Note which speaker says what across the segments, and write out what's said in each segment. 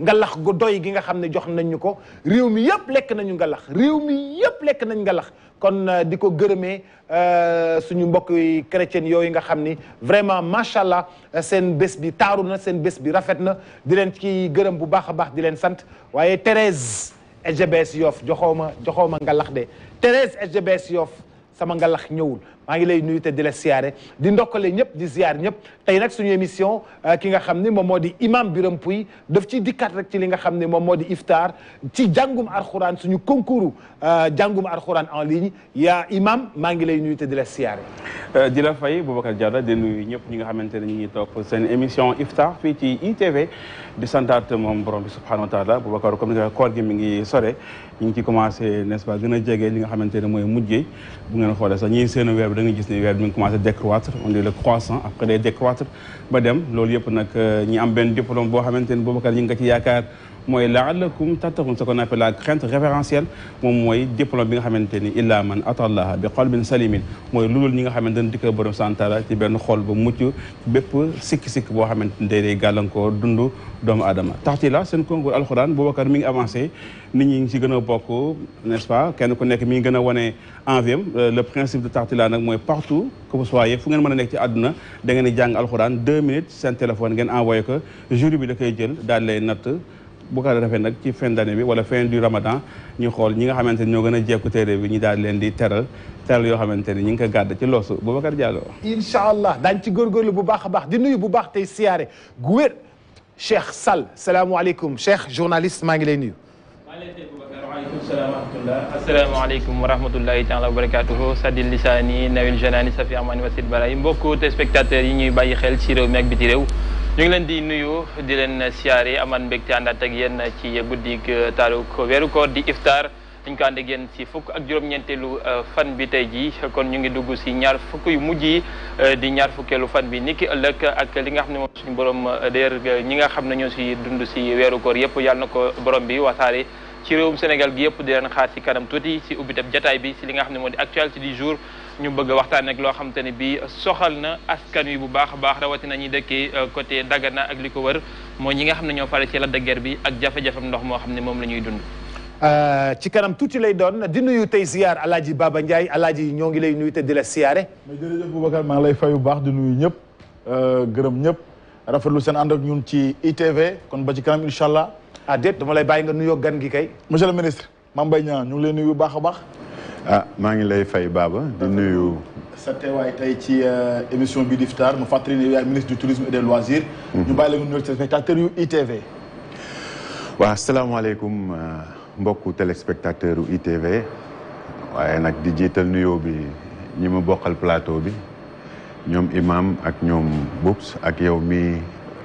Speaker 1: ngalax gu doy gi nga xam ne jox nañ ñu ko réew mi yëpp lekk nañu ngalax réew mi yëpp lekk nañ ngalax kon euh, di ko gërëmee euh, suñu mbokk yi chrétien yooyu nga xam ni vraiment macha allah euh, seen bés bi taaru na seen bés bi rafet na di leen ci gërëm bu baax a baax di leen sant waaye Thérèse SGBS yoof joxoo ma joxoo ma ngalax de Thérèse SGBS Yoff sama ngalax ñëwul maa ngi de la siyaare di ndokkale ñëpp di ziar ñëpp tey nag suñu émission euh, ki nga xam ni moom imam Biram Pouy daf ciy dikat rek ci li nga xam ne moom moo di iftaar ci jàngum arxuraan suñu concours euh, jàngum arxuraan en ligne Ya imam maa ngi de nuyu te di la siyaare
Speaker 2: euh, di la fay Boubacar Diarra di nuyu ñëpp ñi nga xamante ne ñu ngi topp émission iftar fi ci ITV di santaat moom borom bi subhanahu wa taala Boubacar comme nga koor gi mi ngi sore ñu ngi ci commencé n'est-ce pas gën a li nga xamante ne mooy mujj bu ngeen xoolee sax ñi seen da nga gis ni weer bi mu commencé décroître on dit le croissant après day décroître ba dem loolu yëpp nag euh, ñi am benn diplôme boo xamante ni Boubacar ñu ngi ko ci yaakaar mooy laallakum tattaqun ce qu'on appelle la crainte référentielle moom mooy diplôme bi nga xamante ni illaa man atallaha bi qalbin salimin mooy lulul ñi nga xamante ne dikkal borom santala ci benn xol ba mucc bépp sikk-sikk boo xamante ni day day gàllankoor dund doomu aadama tax ci la seen concours alxuraan Boubacar mi ngi avancé nit ñi ngi si gën a bokk n'est-ce pas kenn ku nekk mi ngi gën a wane enviem le principe de Tartila nag mooy partout que vous soyez fu ngeen mën a nekk ci àdduna da ngeen di jàng alxuraan deux minutes seen téléphone ngeen envoyé ko jury bi da koy jël daal lay natt bu ko defee nag ci fin d'année bi wala fin du ramadan ñu xool ñi nga xamante ni ñoo gën a jekku téere bi ñu daal leen di teral teral yoo xamante ni ñi ngi ko gàdd ci loosu Boubacar Diallo
Speaker 1: incha allah daañ ci góorgóorlu bu baax a baax di nuyu bu baax tey siyaare gu wér Cheikh Sall salaamaaleykum Cheikh journaliste maa ngi lay nuyu
Speaker 3: asalaamaaleykum wa rahmatullahi taala wa barakatuhu sadil lisaani nawil janaani safi amani wasid barayi mbokk téléspectateurs yi ñuy bàyyi xel ci réew mi ak biti réew ñu ngi leen di nuyu di leen siyaare aman mbégte àndaat ak yenn ci guddig euh, taaru weeru koor di iftaar dañ ko ànd fukk ak juróom-ñeenteelu euh, fan bi tey jii kon ñu ngi dugg si ñaar fukk yu mujj yi euh, di ñaar fukkeelu fan bi niki ëllëg ak li nga xam ne moom suñu borom déer ñi nga xam ne ñoo si dund si weeru koor yëpp yàlla na ko borom bi wasaare ci réewum Sénégal gi yëpp di leen xaar si kanam tuuti si ubbitab jataay bi si li nga xam ne moo di actualité du jour ñu bëgg a waxtaan ak loo xam te ne bii soxal na askan wi bu baax a baax rawatina ñuy dëkkee euh, côté Dagana ak li ko wër mooy ñi nga xam ne ñoo fare ci la de bi ak jafe ndox moo xam ne moom la ñuy dund.
Speaker 1: Euh, ci kanam tuuti lay doon di nuyu tey ziar alaaji Baba Ndiaye alaaji ñoo ngi lay nuyu te di la siyaare. mais maa ngi lay fay bu baax
Speaker 4: di nuyu ñëpp euh, gërëm ñëpp rafetlu seen ànd ak ñun ci ITV kon ba ci kanam incha allah. ah déet dama lay bàyyi nga nuyoo gan gi kay. monsieur le ministre Mame Mbaye Niang ñu ngi lay nuyu bu baax a baax.
Speaker 5: ah maa ngi lay fay Baba di nuyu.
Speaker 4: sa teewaay tey ci euh, émission bi di Iftar mu fàttali ne ministre du tourisme et des loisirs. Mhm. ñu bàyyi la ñu nuyu téléspectateurs yu ITV.
Speaker 5: waaw salaamaaleykum euh, mbokku téléspectateur yu ITV waaye nag di jiital nuyoo bi ñi ma plateau bi ñoom imam ak ñom Boubs ak yow mi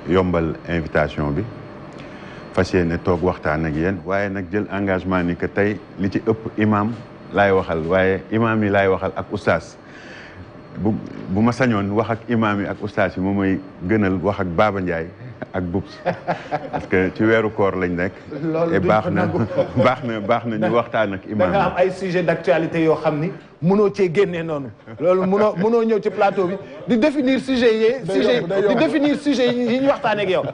Speaker 5: yombal invitation bi. fas tok toog waxtaan ak yéen waye nak jël engagement ni que tay li ci ëpp imam. laay waxal waaye imaam yi laay waxal ak ustaas bu bu ma sañoon wax ak imaam yi ak ustaas yi moom mooy gënal wax ak Baba Ndiaye ak Boubs parce que ci weeru koor lañ nekk. loolu baax na baax na baax na waxtaan ak imaam yi. da nga am ay sujet
Speaker 1: d'actualité yoo xam ni mënoo cee génnee noonu. loolu mënoo mënoo ñëw ci plateau bi di définir sujet yi. di définir sujet yi ñu waxtaan ak yow.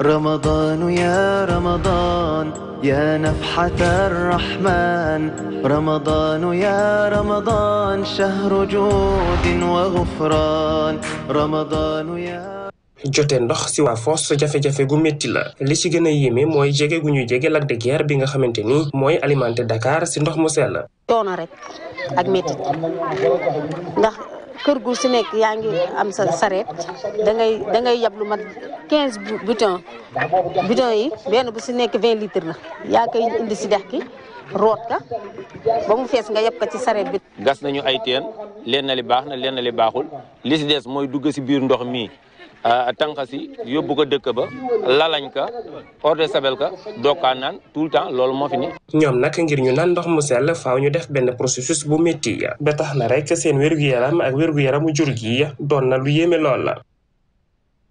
Speaker 6: رمضان يا رمضان يا نفحة الرحمن رمضان يا رمضان شهر جود
Speaker 7: وغفران رمضان يا jote ndox si wa foos jafe-jafe
Speaker 3: gu métti la li ci gëna yéme moy jégué gu ñu jégué lak de guerre bi nga xamante ni moy alimenter Dakar si ndox mu sel
Speaker 7: coono rek ak métti
Speaker 3: ndax
Speaker 8: kër gu si nekk yaa ngi am sa sareet da ngay da ngay yab lu mat 15 bidon bidon yi benn bu si nekk 20 litres la yaa koy indi si dex gi root ka ba mu fees nga yab ko ci sareet bi.
Speaker 3: gas nañu ay teen lenn li baax na lenn li baaxul li si des mooy dugg si biir ndox mi. Euh, tanqasi yóbbu ko dëkk ba lalañ ka eau de Javel ka dookaa naan tout le temps loolu moo fi ni ñoom nag ngir ñu naan ndox mu sell faaw ñu def benn processus bu métti ba tax na rek seen wér-gu-yaram ak wér-gu-yaramu jur gi doon na lu yéeme lool la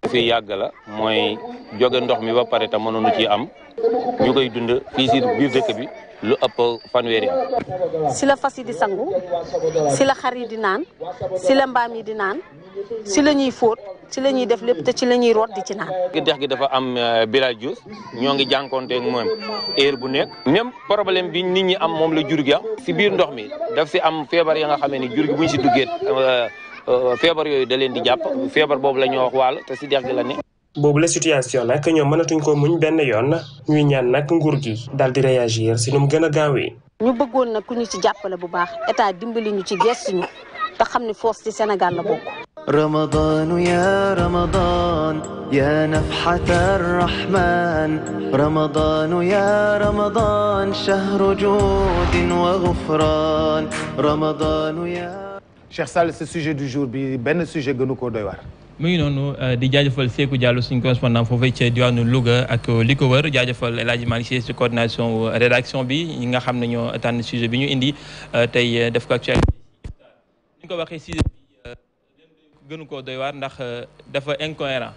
Speaker 3: fi yàgg la mooy jóge ndox mi ba pare te mënoonu ci am ñu koy dund fii si biir dëkk bi lu ëpp fanweeri at.
Speaker 8: si la fas yi di sangu si la xar yi di naan si la mbaam yi di naan si la ñuy fóot ci def te ci di ci naan.
Speaker 3: dex gi dafa am eh, Bilal Diouf ñoo ngi jànkoonteeg moom heure bu nekk. même problème bi nit ñi am moom la jur am. si ah. biir ndox mi daf si am feebar ya nga xamee ni jur buñ si duggee eh, eh, feebar yooyu da leen di jàpp feebar boobu la wax wàll te si dex gi la ne. boobu la situation nag ñoom mënatuñ ko muñ benn yoon ñuy ñaan nag nguur gi daal di réagir si nu mu gën a gaawee.
Speaker 8: ñu bëggoon nag ku ñu ci jàppale bu baax état dimbali ñu ci gestuñu te xam ne force ci Sénégal la bokk.
Speaker 6: رمضان يا رمضان يا نفحة الرحمن رمضان يا رمضان شهر جود sujet du
Speaker 1: jour bi benn sujet gënu ko doy waar
Speaker 3: mu ngi noonu euh, di jaajëfal Seeku Diallo suñu correspondant foofee ca diwaanu luga ak li ko war jaajëfal El Hadj Malick Sy ci coordination rédaction bi ñi nga xam ne ñoo tànn sujet bi ñu indi euh, tey euh, def ko actualité ni ko waxee sujet bi gënu koo doy waar ndax dafa incohérent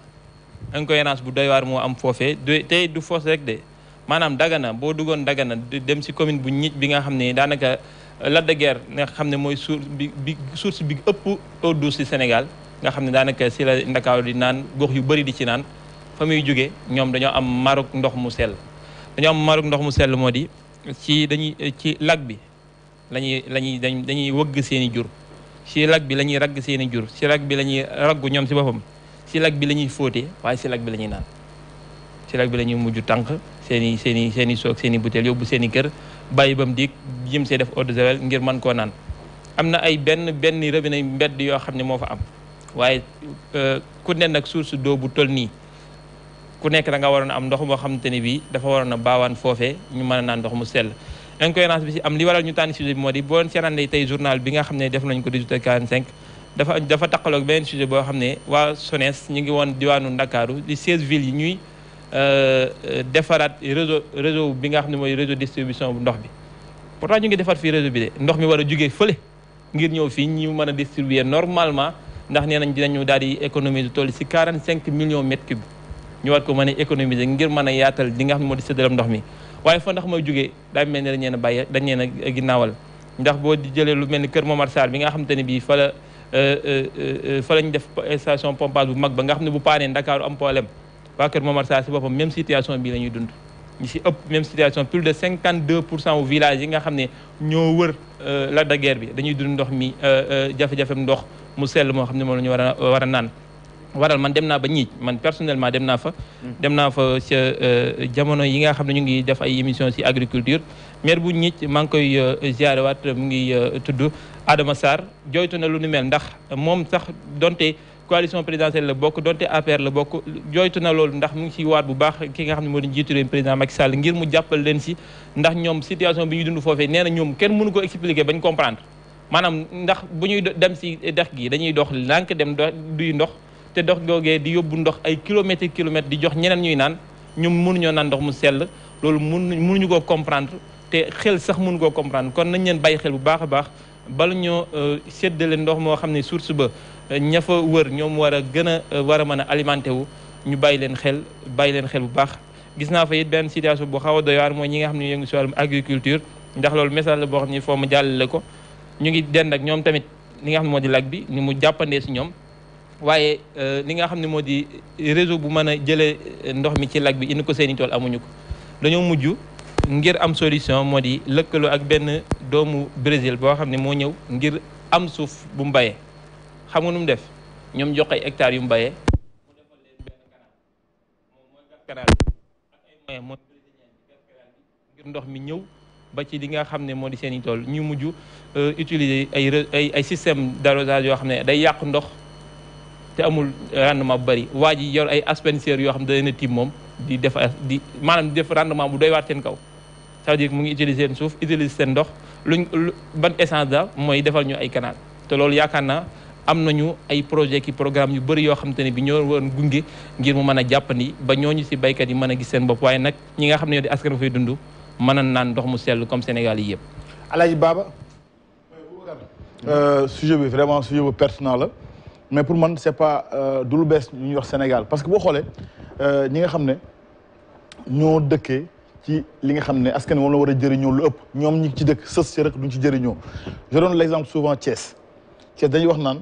Speaker 3: incohérence bu doy waar moo am foofee tey du force rek de maanaam Dagana boo duggoon Dagana dem si commune bu ñit bi nga xam ne daanaka Lac de Guiers nga xam ne mooy source bi source bi ëpp eau douce si Sénégal nga xam ne daanaka si la Ndakaaru di naan gox yu bari di ci naan fa muy jóge ñoom dañoo am maruk ndox mu sell dañoo am maruk ndox mu sell moo di ci dañuy ci lag bi lañuy lañuy dañuy wëgg seen jur ci lag bi lañuy ñuy ragg seen jur ci lag bi la ñuy ñoom si boppam si lag bi lañuy ñuy waaye si lag bi lañuy naan si lag bi lañuy mujj tànk seeni seeni seen i seen i soog seen i yóbbu seen i kër bàyyi ba mu dig jëm see def eau de ngir mën koo naan am na ay benn benn robinet mbedd yoo xam ne moo fa am waaye euh, ku ne nag source doo bu toll nii ku nekk da nga waroon am ndox moo xamante ni bii dafa waroon a baawaan foofee ñu mën a naan ndox mu sell incohérence bi si am li waral ñu tànn sujet bi moo di boo seetaan tey journal bi nga xam ne def nañ ko 18h45 dafa dafa taqaloog beneen sujet boo xam ne waa SONES ñu ngi woon diwaanu Ndakaaru di 16 villes yi ñuy euh, euh, defaraat réseau réseau bi nga xam ne mooy réseau distribution bu ndox bi pourtant ñu ngi defar fii réseau bi de ndox mi war a jóge fële ngir ñëw fii ñu mën a distribuer normalement ndax nee nañ dinañu daal di économiser toll si 45 millions mètres cubes ñu war ko mën a économiser ngir mën a yaatal li nga xam ne moo di séddalam ndox mi waaye fa mooy jógee daa mel ne dañ leen a bàyyi dañ leen a ginnaawal ndax boo jëlee lu mel ni Kër Momar Sarr bi nga xam ne bii fa la euh, euh, euh, fa lañ def station pompage bu mag ba nga xam ne bu paanee Ndakaaru am problème waa Kër Momar Sarr si boppam même situation bii la ñuy dund si ëpp même situation plus de 52 pour cent wu village nga xam ñoo wër Lac de Guiers bi dañuy dund ndox mi jafe-jafem ndox Musel mo moo mo ne moom ñu waral man dem naa ba ñiij man personnellement dem fa mm-hmm. dem naa fa ca euh, jamono yi nga xam ñu ngi def ay émission ci agriculture maire bu ñiij mang koy euh, ziaré wat mu ngi euh, tuddu Adama sar joytu na lu nu mel ndax mom sax donte coalition présidentielle la bokk donte APR la bokk joytu na lolu ndax mu ngi ci waat bu baax ki nga xam ne di président Macky Sall ngir mu jappal leen ci ndax ñom situation bi ñu dund fofé néna ñom kenn mënu ko expliquer bañ comprendre maanaam ndax bu ñuy dem si dex gi dañuy dox lànk dem duy ndox te dox googee di yóbbu ndox ay kilomètres kilomètres di jox ñeneen ñuy naan ñoom mënuñoo naan ndox mu sell loolu mun mënuñu koo comprendre te xel sax mënu koo comprendre kon nañ leen bàyyi xel bu baax a baax bala ñoo euh, séddale ndox moo xam ne source ba euh, ña fa wër ñoom war a gën a euh, war a mën a alimenté wu ñu bàyyi leen xel bàyyi leen xel bu baax gis naa fa it benn situation bu xaw a doy waar mooy ñi nga xam ne yëngu si wàllum agriculture ndax loolu message boo xam ne foo ma jàllale ko ñu ngi dend ak ñoom tamit ni nga xam ne moo di lag bi ni mu jàppandee si ñoom waaye euh, li nga xam ne moo di réseau bu mën a jëlee euh, ndox mi ci lag bi indi ko seeni tool amuñu ko dañoo mujj ngir am solution moo di lëkkaloo ak benn doomu Brésil boo xam ne moo ñëw ngir am suuf bu mu bayee xam nga nu mu def ñoom jox koy hectares yu mu bayee mu ngir ndox mi ñëw ba ci li nga xam ne moo di seen i tool ñu mujj euh, utiliser ay ay ay système d'arrosage yoo xam day yàq ndox te amul rendement bari waji yor ay asperseurs yoo xam ne da leen a tiim di def di maanaam di def rendement bu doy waar seen kaw ça veut dire mu ngi utiliser seen suuf utiliser seen ndox luñ ban essence da mooy defal ñu ay canal te loolu yaakaar naa am nañu ay projet ki programme yu bëri yoo xam te ne bi ñoo woon gunge ngir mu mën a jàppandi ba ñooñu si baykat yi mën a gis seen bopp waaye nag ñi nga xam ne di askan fay dund mën nan naan ndox mu sell comme Sénégal yi yëpp.
Speaker 4: Alaaji Baba. Euh, sujet bi vraiment sujet bu pertinent la mais pour moi c'est pas euh, du lu bees ñu wax Sénégal parce que boo xoolee euh, ñi nga xamné ne ñoo dëkkee ci li nga xamné ne askan moom la war a lu ëpp ñom ñi ci dëkk sës ci rek duñ ci jëriñoo je donne l'exemple souvent Thiès Thiès dañuy wax naan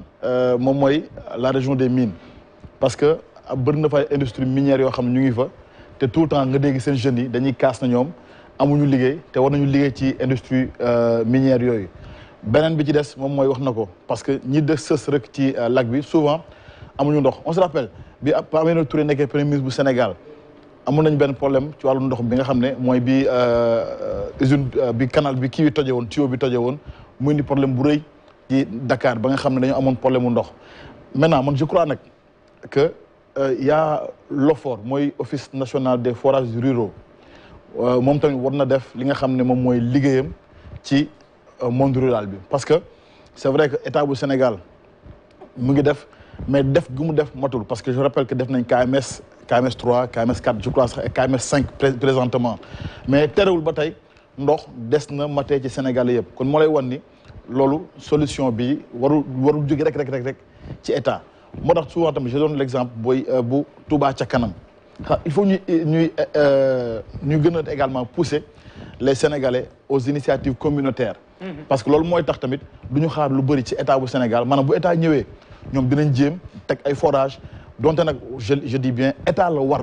Speaker 4: mom moy la région des mines parce que bëri na fa industrie minière yo xamné ñu ngi fa té tout temps nga dégg seen jeunes yi dañuy casse na ñom amuñu liggéey té war nañu liggéey ci industrie euh, minière yooyu benen bi ci dess mom moy wax na parce que ñi de sës rek ci euh, lac bi souvent amuñu ndox on se rappelle bi Pa Aminata Touré nekkee premier ministre bu Sénégal amuñu nañ benn problème ci walu ndox bi nga xamné moy bi euh, euh usine bi canal bi ki wi tojé won tuyau bi tojé won muy ni problème bu reuy ci Dakar ba nga xamné dañu amone problème mu ndox maintenant man je crois nak que il y a l'OFOR Moi, office national des forages ruraux euh, moom tamit war na def li nga xam ne moom mooy liggéeyam ci euh, monde rural bi parce que c'est vrai que état bu Sénégal mu ngi def mais def gu mu def matul parce que je rappelle que def nañ KMS KMS 3 KMS 4 je crois sax KMS 5 présentement mais terewul ba tey ndox des na matee ci Sénégal yëpp kon moo lay wan ni loolu solution bi warul warul jóge rek rek rek rek ci état moo tax souvent tamit je donne l'exemple booy euh, bu Touba ca kanam il faut euh, également pousser les Sénégalais aux initiatives communautaires. Mhm. parce que ce que tax tamit du nous xaar lu avons ci état bu Sénégal Maintenant, bu état ñëwee faire, nous avons fait des forages je je dis bien l'État, la war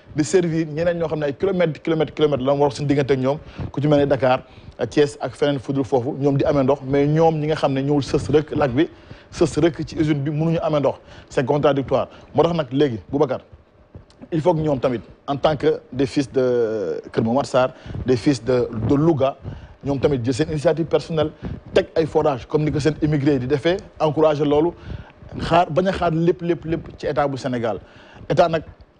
Speaker 4: de servir ñeneen ñoo xam ne ay kilomètres kilomètres kilomètres la mu war seen diggante ak ñoom ku ci mel ne Dakar Thiès ak feneen fudul foofu ñoom di amee ndox mais ñoom ñi nga xam ne ñëwul sës rek lag bi sës rek ci usine bi mënuñu amee ndox c'est contradictoire moo tax nag léegi Boubacar il faut que ñoom tamit en tant que des fils de Kër Momar Sarr des fils de de Louga ñoom tamit jël seen initiative personnelle teg ay forage comme ni ko seen immigré di defee encourager loolu xaar bañ a xaar lépp lépp lépp ci état bu Sénégal état nag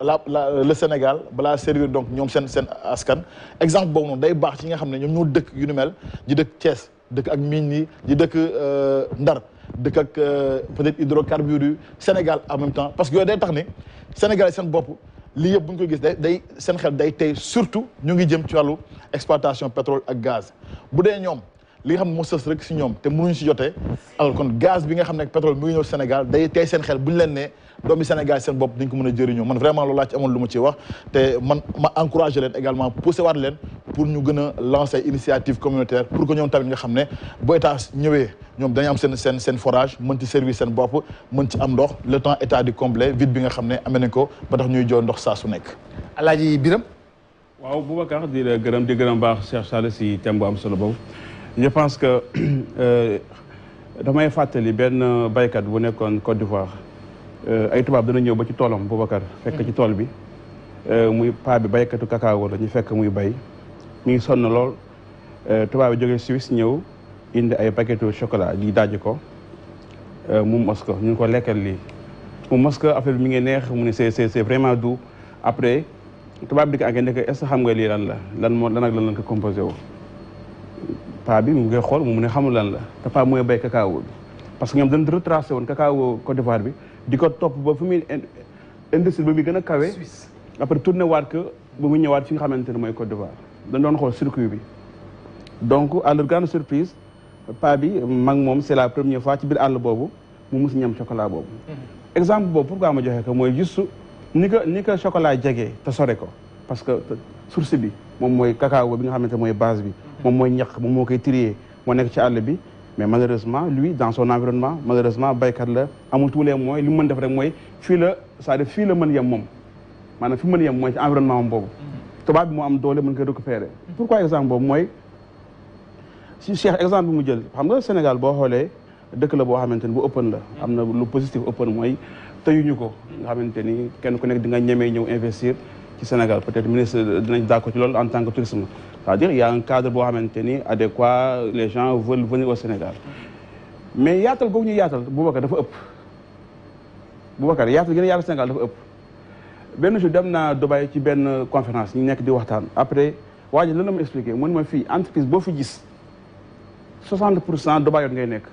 Speaker 4: la le Sénégal donc sen, sen askan exemple bon, noonu day des ci nga ont de ñoo Thiès hydrocarbures Sénégal en même temps parce que le Sénégal est un des gens qui ont gis surtout ñu ngi exploitation pétrole et gaz qui ont li xam ne rek si ñom mënuñ alors kon gaz bi pétrole Sénégal domi Sénégal sen bop dañ ko mëna a jëriñoo man vraiment loolu laa ci amoon lu ci wax té man ma encourager leen également pousser war leen pour ñu gëna lancer initiative communautaire pour que ñom tamit nga xamné bo état ñëwé ñom dañ am sen sen sen forage mën ci service sen bop mën ci am ndox le temps état di combler vide bi nga xamné ne nañ
Speaker 2: ko ba tax ñuy jooy ndox sa su nek Alaaji Biram waaw Boubacar di la gërëm di gërëm baax Cheikh Sall si thème bu am solo boobu je pense que euh damay fàttali benn baykat bu nekkoon Côte d'Ivoire Euh, ay tubaab dana ñëw ba ci toolam Boubacar fekk ci tool bi euh, muy paa bi baykatu cacao la ñu fekk muy bay ñu ngi sonn lool euh, tubaab bi jógee Suisse ñëw indi ay paquetu chocolat lii daaj ko mu mos ko ñu ngi ko lekkal lii mu mos ko affaire bi mi ngi neex mu ne c'est c'est vraiment doux après tubaab bi di ko xam nga lii lan la lan moo lan ak lan lañ ko composé wu bi mu ngi xool mu ne xamul lan la te paa mooy bay cacao parce que ñoom dañ retracé woon cacao Côte d'Ivoire bi di ko topp ba fu muy industrie ba muy gën a kawe. après tourné waat que ba mu ñëwaat fi nga xamante ne mooy Côte d'Ivoire. dañ doon xool circuit bi donc à leur grande surprise pa bi mag moom c'est la première fois ci biir àll boobu mu mus ñam chocolat boobu. Mhm. exemple boobu pourquoi ma joxe ko mooy juste ni ko ni ko chocolat jege te sore ko parce que source bi moom mooy cacao bi nga xamante mooy base bi. Mhm. moom mooy ñax moom moo koy trier moo nekk ci àll bi. mais malheureusement lui dans son environnement malheureusement baykat la amul tous mooy moyens li mu def rek mooy fii la cest à fii la man yem moom maanaam fi mën yem mooy ci environnement am boobu tubaab bi moo am doole mën koy récupérer pourquoi exemple boobu mooy si Cheikh exemple bi mu jël xam nga Sénégal boo xoolee dëkk la boo xamante ni boo open la am na lu positif open mooy ñu ko nga xamante ni kenn ku nekk di nga ñemee ñëw investir ci Sénégal peut-être ministre dinañ d'accord ci loolu en tant que tourisme C'est-à-dire il y a un cadre boo xamante ni adéquat les gens veulent venir au Sénégal mais yaatal googu ñu yaatal Boubacar dafa ëpp Boubacar yaatal gën a yaatal Sénégal dafa ëpp benn jour dem naa Dubaï ci benn conférence ñu nekk di waxtaan après waa ji lan la ma expliqué mu ne ma fii entreprise boo fi gis 60 pour cent Dubaï yoon ngay nekk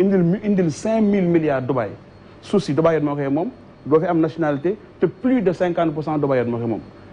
Speaker 2: indil indil 5000 milliards Dubaï suuf si Dubaï yoon moo koy moom doo fi am nationalité te plus de 50 de cent Dubaï yoon moo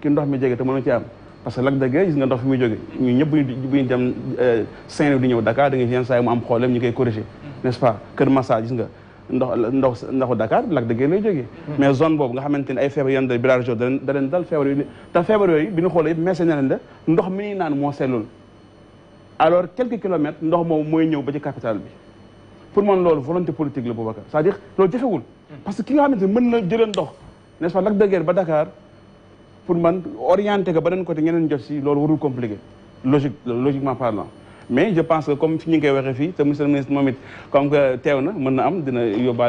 Speaker 2: ki ndox mi jege te mënu nga euh, da nga yenn saa yi mu am problème ñu koy corriger mm-hmm. n'est-ce pas mm-hmm. xamante ne ay feebar da bilaar jo yooyu bi ñu xoolee yëpp meesee na leen da ndox mi ñuy naan moo sellul alors quelques kilomètres ndox moom mooy ñëw ba ci capitale bi pour man loolu volonté politique la Boubacar c'est-à-dire loolu jafewul mm-hmm. parce que ki nga xamante mën na jëlee ndox nest pas Lac de Guiers ba Dakar pour orienter les côté compliqué logiquement parlant mais je pense que comme fi monsieur le ministre comme que téwna am dina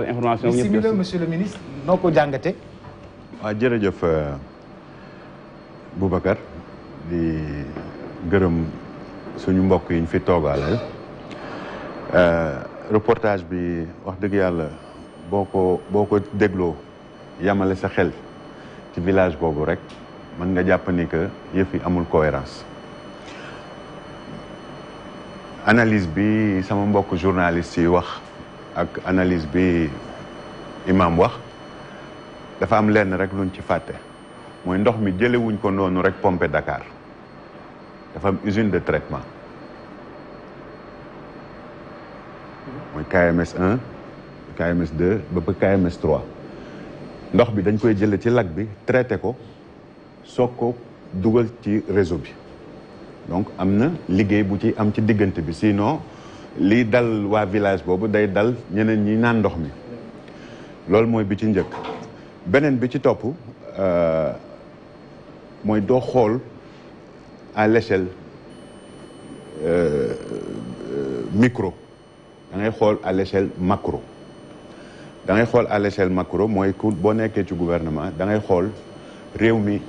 Speaker 2: information.
Speaker 1: monsieur le ministre noko jangaté
Speaker 5: wa euh, Boubacar di suñu mbokk yi ñu fi euh, reportage bi wax dëgg sa xel village boobu mën nga jàpp ni que yëf yi amul cohérence analyse bi sama mbokk journaliste yi wax ak analyse bi imam wax dafa am lenn rek luñ ci fàtte mooy ndox mi jëlewuñ ko noonu rek pompe Dakar dafa am usine de traitement mooy KMS 1 KMS 2 ba ba KMS 3 ndox bi dañ koy jële ci lac bi traité ko Soko dougal ci réseau bi donc amna liguey bu ci am ci diggante bi sinon li dal wa village bobu day dal ñeneen ñi naan ndox mi lool moy bi ci njëkk benen bi ci euh moy do xol à l'échelle euh, micro da ngay xol à l'échelle macro da ngay xol à l'échelle macro moy ku bo nekkee ci gouvernement da ngay xol réew mi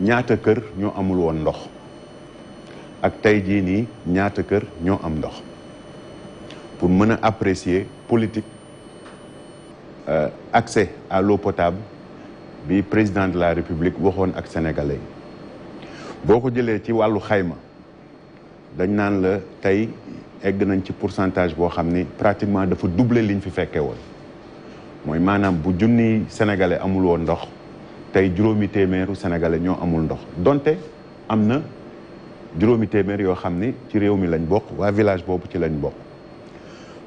Speaker 5: ñaata kër ñoo amul woon ndox ak tey jii nii ñaata kër ñoo am ndox pour mën a apprécier politique euh, accès à l'eau potable bi président de la république waxoon ak sénégalais yi boo ko jëlee ci wàllu xayma dañ naan la tey egg nañ ci pourcentage boo xam ni pratiquement dafa doubler liñ fi fekkee woon mooy maanaam bu junni sénégalais amul woon ndox tey juróomi téeméeru sénégalais ñoo amul ndox donte am na juróomi téeméer yoo xam ni ci réew mi lañ bokk waa village boobu ci lañu bokk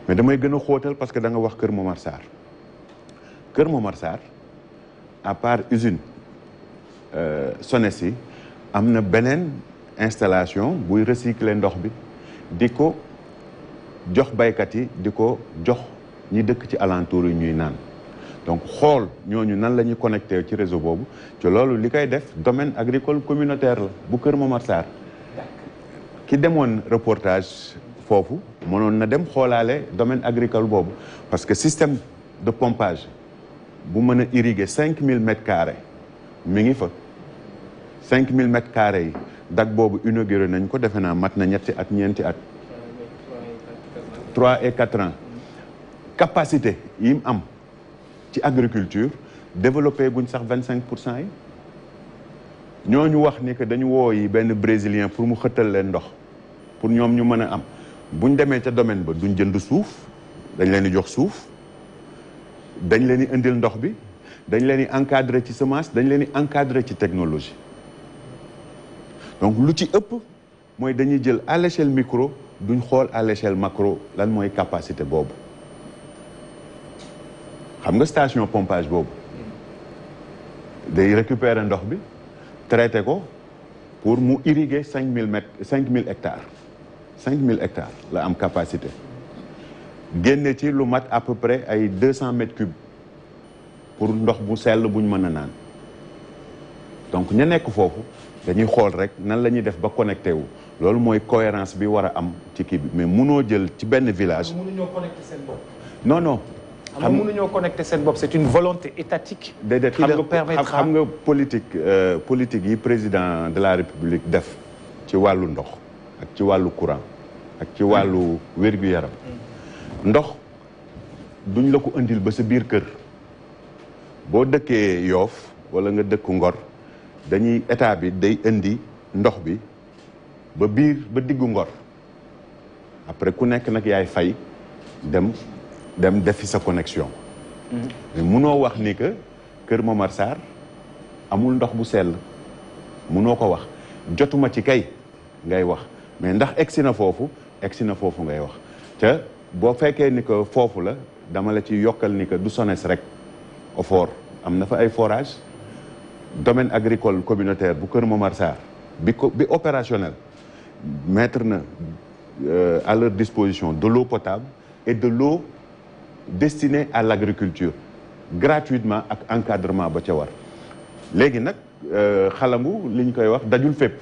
Speaker 5: mais damay gën a xóotal parce que danga wax Kër Momar Sarr Kër Momar Sarr à part usine euh, SONES yi am na beneen installation buy recycler ndox bi di ko jox baykat yi di ko jox ñi dëkk ci alentour yi ñuy naan Donc, nous sommes connectés au réseau Bob. Ce qui est le domaine agricole communautaire, le Bukur Momarsar. Qui a un reportage Fofu, je suis allé le domaine agricole Bob. Parce que le système de pompage, si on irriguer 5000 mètres carrés, c'est là. 5000 mètres carrés. Dak Bob inauguré, nous avons fait un fait un 3 et 4 ans. Capacité, il y a l'agriculture, agriculture développé nous sax dit que brésilien pour nous faire pour nous faire nous am buñ domaine nous duñ jënd suuf dañ nous encadrer semences, technologie donc l'outil à l'échelle micro nous à l'échelle macro lan mooy capacité bob xam nga station pompage boobu day récupérer ndox bi traité ko pour mu irriguer 5000 mille mètres cinq hectares 5000 hectares la am capacité génne ci lu mat à peu près ay 200 cent mètres cubes pour ndox bu sell buñ mën a naan donc ña nekk foofu dañuy xool rek nan la ñuy def ba connecté wu loolu mooy cohérence bi war a am ci kii bi mais munoo jël ci benn village.
Speaker 1: mënuñoo connecté seen bopp.
Speaker 5: non non xam nga
Speaker 1: mënuñoo connecté seen bob. c'est une volonté étatique.
Speaker 5: déedéet qui leur permettra xam politique euh, politique yi président de la république def ci walu ndox ak ci walu courant ak ci walu wér yaram ndox duñ la ko andil ba sa biir kër bo dëkkee yof wala nga dëkk Ngor dañuy état bi day indi ndox bi ba biir ba diggu Ngor après ku nekk nak yaay fay dem dem défi sa connexion. Mhm. mais munoo wax ni que keur Momar sar amul ndox bu sel. wax jotuma ci kay mais ngay te ni que la dama la ci ni que du rek fa domaine agricole communautaire bu marsar bi opérationnel mettre euh, à leur disposition de l'eau potable et de l'eau destiné à l'agriculture gratuitement ak encadrement ba ca war léegi nag euh, xalangu li ñu koy wax dajul fépp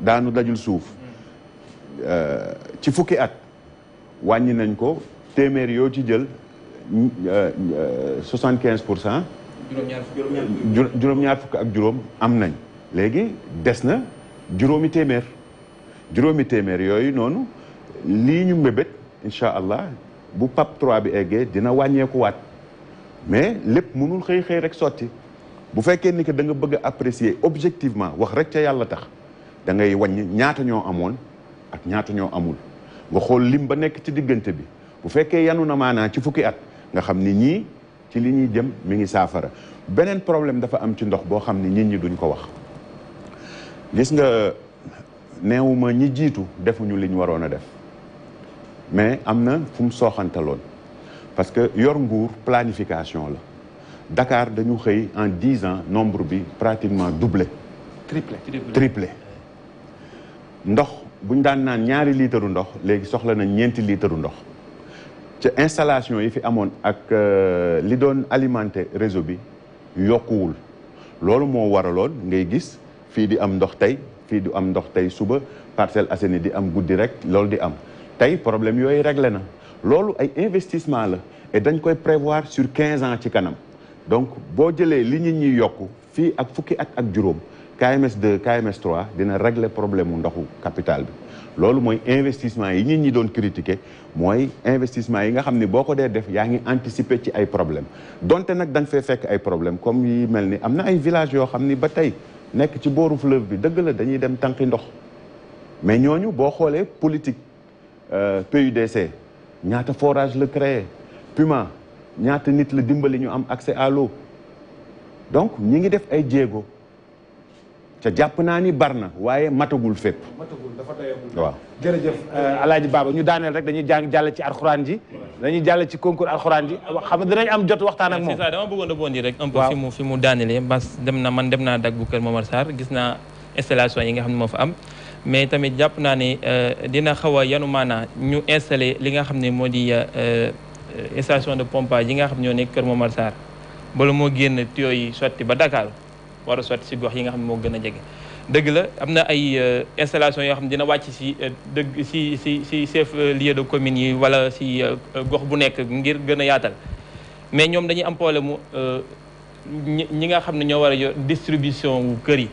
Speaker 5: daanu dajul suuf euh, ci fukki at wàññi nañ ko téeméer yoo ci jël euh, soixante quinze pour cent juróom-ñaar fukk ak juróom am nañ léegi des na juróomi téeméer juróomi téeméer yooyu noonu lii ñu mbébét incha allah bu PAP 3 bi eggee dina wàññeekuwaat mais lépp mënul xëy xëy rek sotti bu fekkee ni que da nga bëgg a apprécier objectivement wax rek ca yàlla tax da ngay wàññi ñaata ñoo amoon ak ñaata ñoo amul nga xool lim ba nekk ci diggante bi bu fekkee yanu na maanaa ci fukki at nga xam ni ñii ci li ñuy jëm mi ngi saafara beneen problème dafa am ci ndox boo xam ni nit ñi duñ ko wax gis nga neewuma ñi jiitu defuñu li ñu waroon a def mais am fum soxantalon parce que yor une planification Dakar en 10 ans nombre bi pratiquement doublé.
Speaker 1: triplé triplé.
Speaker 5: ndox bu daan ñaari litre ndox légui soxla ndox installation yi fi amone ak euh, li réseau bi lolu mo waralon ngay gis di am ndox am ndox suba Parcelles Assainies di am am. Tay problème yooyu réglé na lolu ay investissement la et dañ koy prévoir sur 15 ans ci kanam donc bo jëlee li nit ñi yokku fi ak fukki ak ak juróom KMS 2 KMS 3 dina régler problème mu ndoxu capital bi lolu moy investissement yi nit ñi doon critiquer moy investissement yi nga xamni boko boo def ya ngi anticiper ci ay problème donté nak dañ nga fee fekk ay problème comme yi melni amna ay village yo xamni ni ba tey nekk ci boru fleuve bi deug la dañuy dem tanki ndox mais ñoñu bo xolé politique Euh, PUDC ñaata forage la créé Puma ñaata nit la dimbali ñu am accès à l'eau donc ñi ngi def ay jéego ca jàpp naa ni bar na waaye matagul fépp.
Speaker 1: matagul dafa doyagul. waaw jërëjëf euh, Alaaji Baaba ñu daaneel rek dañuy jàng jàll ci alxuraan ji. dañuy jàll ci concours alxuraan ji xam nga dinañ am jot waxtaan ak moom. c'est
Speaker 3: ça dama bëggoon a bondi rek. un peu fi dem na man dem naa dag bu kër Momar Sarr gis naa installation yi nga xam ne moo fa am. mais tamit jàpp naa ne euh, dina xaw a yanu maanaa ñu installé li nga xam ne moo di euh, euh, station de pompage yi nga xam ñoo nekk Kër Momar Sarr bala moo génn tuyau yi sotti ba Dakar war a sotti si gox yi nga xam ne moo gën a jege. dëgg la am na ay installation yoo xam ne dina wàcc si dëgg si si si chef lieu de commune yi wala si gox bu nekk ngir gën a yaatal mais ñoom dañuy am problème mu ñi nga xam ne ñoo war a yor distribution wu kër yi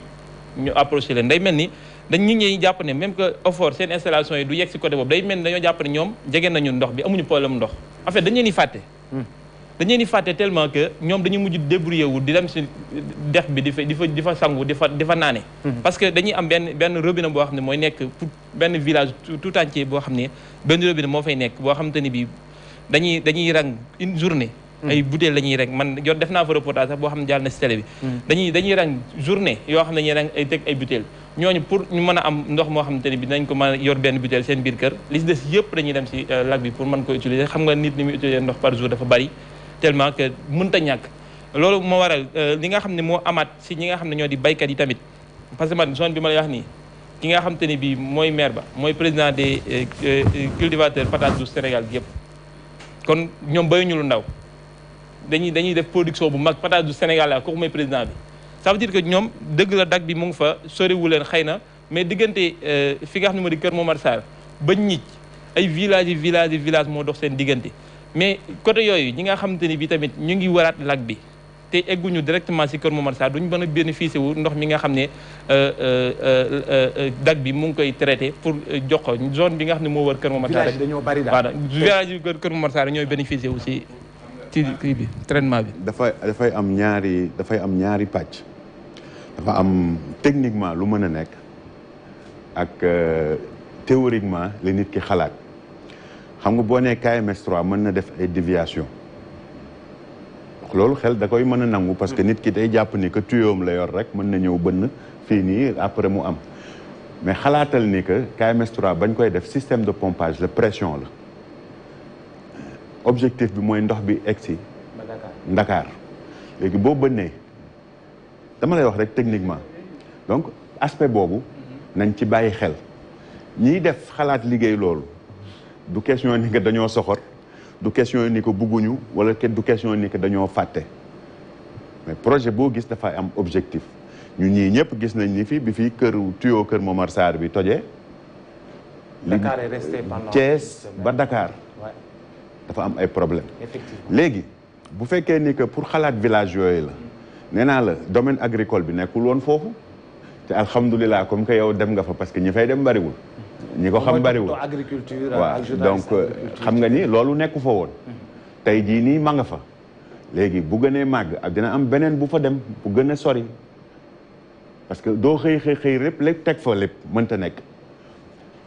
Speaker 3: ñu approché leen day mel ni. dañ ñi ngi jàpp ne même que effort seen installation yi du yegg si côté boobu day mel ni dañoo jàpp ne ñoom jege nañu ndox bi amuñu problème ndox en fait dañu leen di fàtte hmm. dañu leen que ñoom dañu mujj débrouiller wu di dem si dex bi di fa di fa di fa sangu di fa di fa naane hmm. parce que dañuy am benn benn robinet boo xam ne mooy nekk pour benn village tout entier boo xam ne benn robinet moo fay nekk boo xam te ne bi dañuy dañuy rang une journée Mm. ay butéel la rek rang man jot def naa fa reportage sax boo xam ne jàll na si télé bi mm. dañuy dañuy rang journée yoo xam ne dañuy rang ay teg ay butéel pour ñu mën a am ndox moo xamante ne bi dinañ ko mën a yor benn butéel seen biir kër li si des yëpp dañuy dem si euh, lac bi pour mën ko utiliser xam nga nit ni muy utiliser ndox par jour bari tellement que mënta ñàkk loolu moo waral euh, li nga xam ne moo amaat si ñi nga xam ne ñoo di baykat yi tamit parce que man zone bi ma lay wax nii ki nga xam te ne bii mooy maire ba mooy président des euh, cultivateurs patates du Sénégal bi yëpp kon ñoom bayuñu lu ndaw dañuy dañuy def production bu mag patate du Sénégal la kooku mooy président bi ça veut que ñoom dëgg la dagg bi mu ngi fa soriwu leen xëy na mais diggante euh, fi nga xam ne moo di Kër Momar Sarr ba ñic ay village village village moo dox seen diggante mais côté yooyu ñi nga xamante ni bi tamit ñu ngi waraat lag bi te egguñu directement ci Kër Momar Sarr duñ mën a bénéficier wu ndox mi nga xam ne euh, euh, dag bi mu ngi koy traité pour jox ko zone bi nga xam ne moo wër Kër Momar Sarr. village bari daal voilà village yi Kër Momar Sarr ñooy bénéficier wu
Speaker 5: ci bi traitement bi. dafay am ñaari dafay am ñaari pàcc. dafa am techniquement lu mën a nekk ak euh, théoriquement li nit ki xalaat xam nga boo ne KMS mën na def ay déviation loolu xel da koy mën a nangu parce que nit ki day jàpp ni que tuyoom la yor rek mën na ñëw bënn fii nii après mu am mais xalaatal ni que KMS bañ koy def système de pompage de pression la. objectif bi moy ndox bi Et si dama lay wax rek techniquement donc aspect bobu nañ ci baye xel ñi def xalaat liguey du question ni nga daño soxor du question ni que wala du question ni mais projet bo gis am objectif ñun ñi ñep gis nañ ni fi bi fi keur tuyo keur Momar bi Dakar est resté pendant ba Dakar. dafa am ay problème léegi bu fekkee ni que pour xalaat village yooyu la nee naa la domaine agricole bi nekkul woon foofu te alhamdulilah comme que yow dem nga fa parce que ñi fay dem bariwul ñi ko xam bariwul
Speaker 1: waaw donc euh, xam
Speaker 5: nga ni loolu nekku fa woon mhm. tey jii nii ma nga fa léegi bu gënee màgg ak dina am beneen bu fa dem bu gën a sori parce que doo xëy xëy xëy lépp lépp teg fa lépp mënta nekk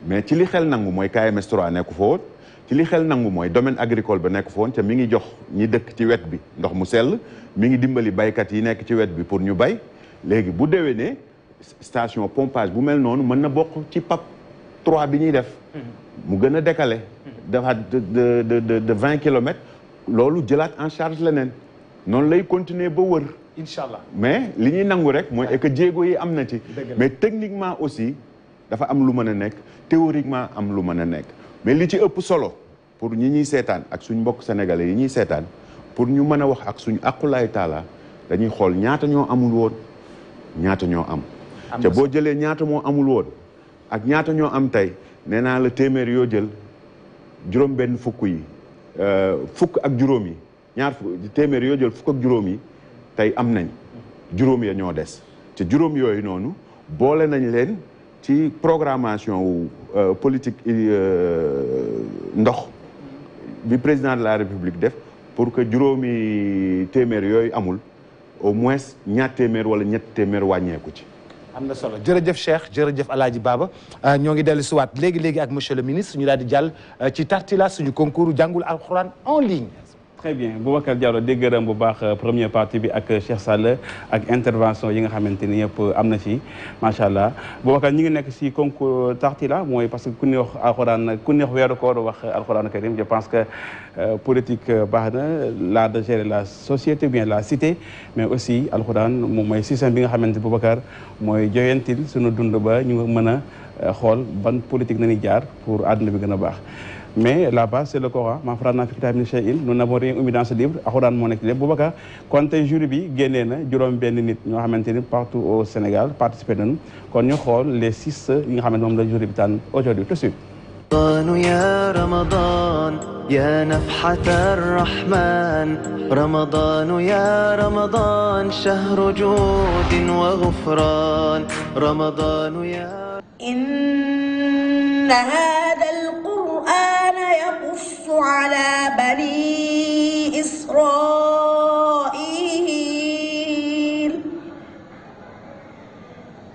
Speaker 5: mais ci li xel nangu mooy KMS 3 nekku fa woon ci li xel nangu moy domaine agricole ba nek foon ci mi ngi jox ñi dëkk ci wet bi ndox mu sel mi ngi dimbali baykat yi nek ci wet bi pour ñu bay léegi bu déwénee station pompage bu mel noonu mën na bokk ci PAP 3 bi ñi def mu gëna a décalé dafa de de de 20 km lolu jëlat en charge lenen non lay continuer ba wër inshallah mais li ñi nangu rek moy est que jéego yi amna ci mais techniquement aussi dafa am lu mën nek théoriquement am lu mën nek mais li ci ëpp solo pour ñi ñuy seetaan ak suñ mbokk sénégalais yi ñuy seetaan pour ñu mën a wax ak suñ aqulaay taala dañuy xool ñaata ñoo amul woon ñaata ñoo am te boo jëlee ñaata moo amul woon ak ñaata ñoo am tey nee naa la téeméer yoo jël juróom benn fukk yi euh, fukk ak juróom yi téeméer yoo jël fukk ak juróom yi tey am nañ juróom ya ñoo des te juróom yooyu noonu boole nañ leen ci programmation ou euh, politique euh, ndox bi président de la république def pour que juróomi témèr yoy amul au moins ñaar témèr wala ñet témèr wañéku ci.
Speaker 1: amna solo jërëjëf Cheikh jërëjëf aladi Baba euh, ñoo ngi dellu siwaat léegi léegi ak monsieur le ministre ñu daal di jàll ci tartila suñu concours jangul alcorane en ligne
Speaker 2: très bien Boubacar Diallo di gërëm bu baax euh, première partie bi ak Cheikh Sall ak intervention yi nga avez ni pour euh, am Masha'Allah. fi Boubacar ñi ngi nekk si concours euh, tartila parce que nous ñuy wax alxuraan ku ñuy wax weeru koor wax alxuraan karim je pense que politique baax na l'art de gérer la société bien la cité mais aussi alxuraan c'est mooy système bi nga xamante ni Boubacar mooy joyantil que nous ba ñu mën a xool ban politique nañu jaar pour àdduna bi gën a mais là-bas c'est le Coran Ma faral naa fi kitaab min nous n'avons rien omis dans ce livre alxuraan moo nekk ci lépp Boubacar jury bi génnee na juróom benn nit ñoo xamante partout au Sénégal participé nañu kon ñu xool les six yi nga xamante moom la jury bi tànn aujourd'hui
Speaker 6: tout de suite يا رمضان يا نفحة الرحمن رمضان يا رمضان شهر جود وغفران رمضان يا
Speaker 9: إن هذا القرآن يقص على بني إسرائيل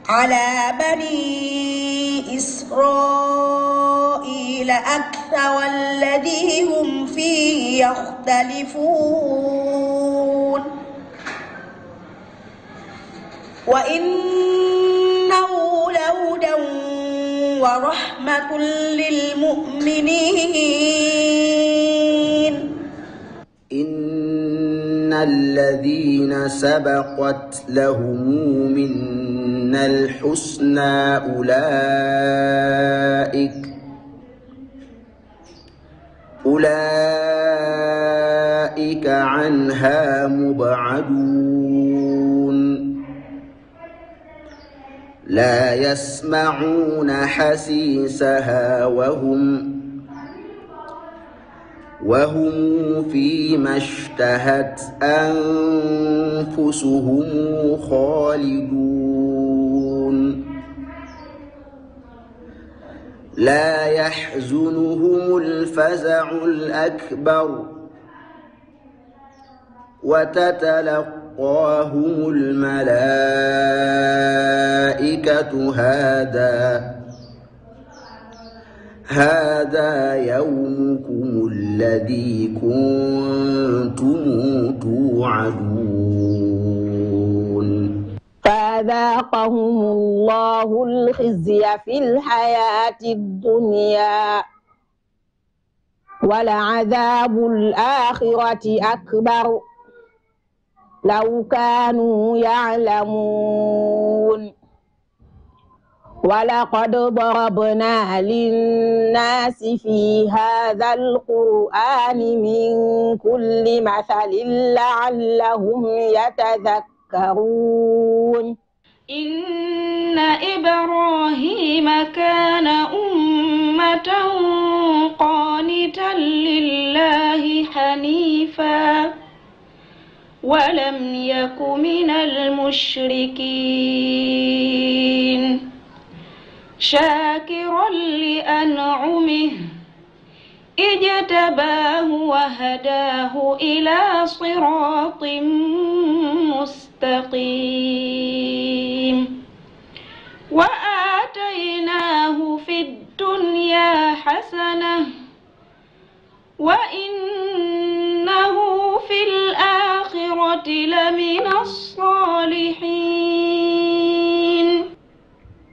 Speaker 9: على بني إسرائيل أكثر الذي هم فيه يختلفون
Speaker 8: وإنه لهدى ورحمة
Speaker 10: للمؤمنين إن الذين سبقت لهم من الحسنى أولئك أولئك عنها مبعدون لا يسمعون حسيسها وهم وهم فيما اشتهت أنفسهم خالدون لا يحزنهم الفزع الأكبر وتتلقاهم الملائكة الملائكة هذا هذا يومكم الذي كنتم توعدون
Speaker 8: فذاقهم الله الخزي في الحياة الدنيا ولعذاب الآخرة أكبر لو كانوا يعلمون ولقد ضربنا للناس في هذا القرآن من كل مثل لعلهم يتذكرون
Speaker 9: إن
Speaker 8: إبراهيم كان أمة قانتا لله حنيفا ولم يك من المشركين شاكرا لأنعمه اجتباه وهداه إلى صراط مستقيم وآتيناه في الدنيا حسنة وإنه
Speaker 9: في الآخرة لمن الصالحين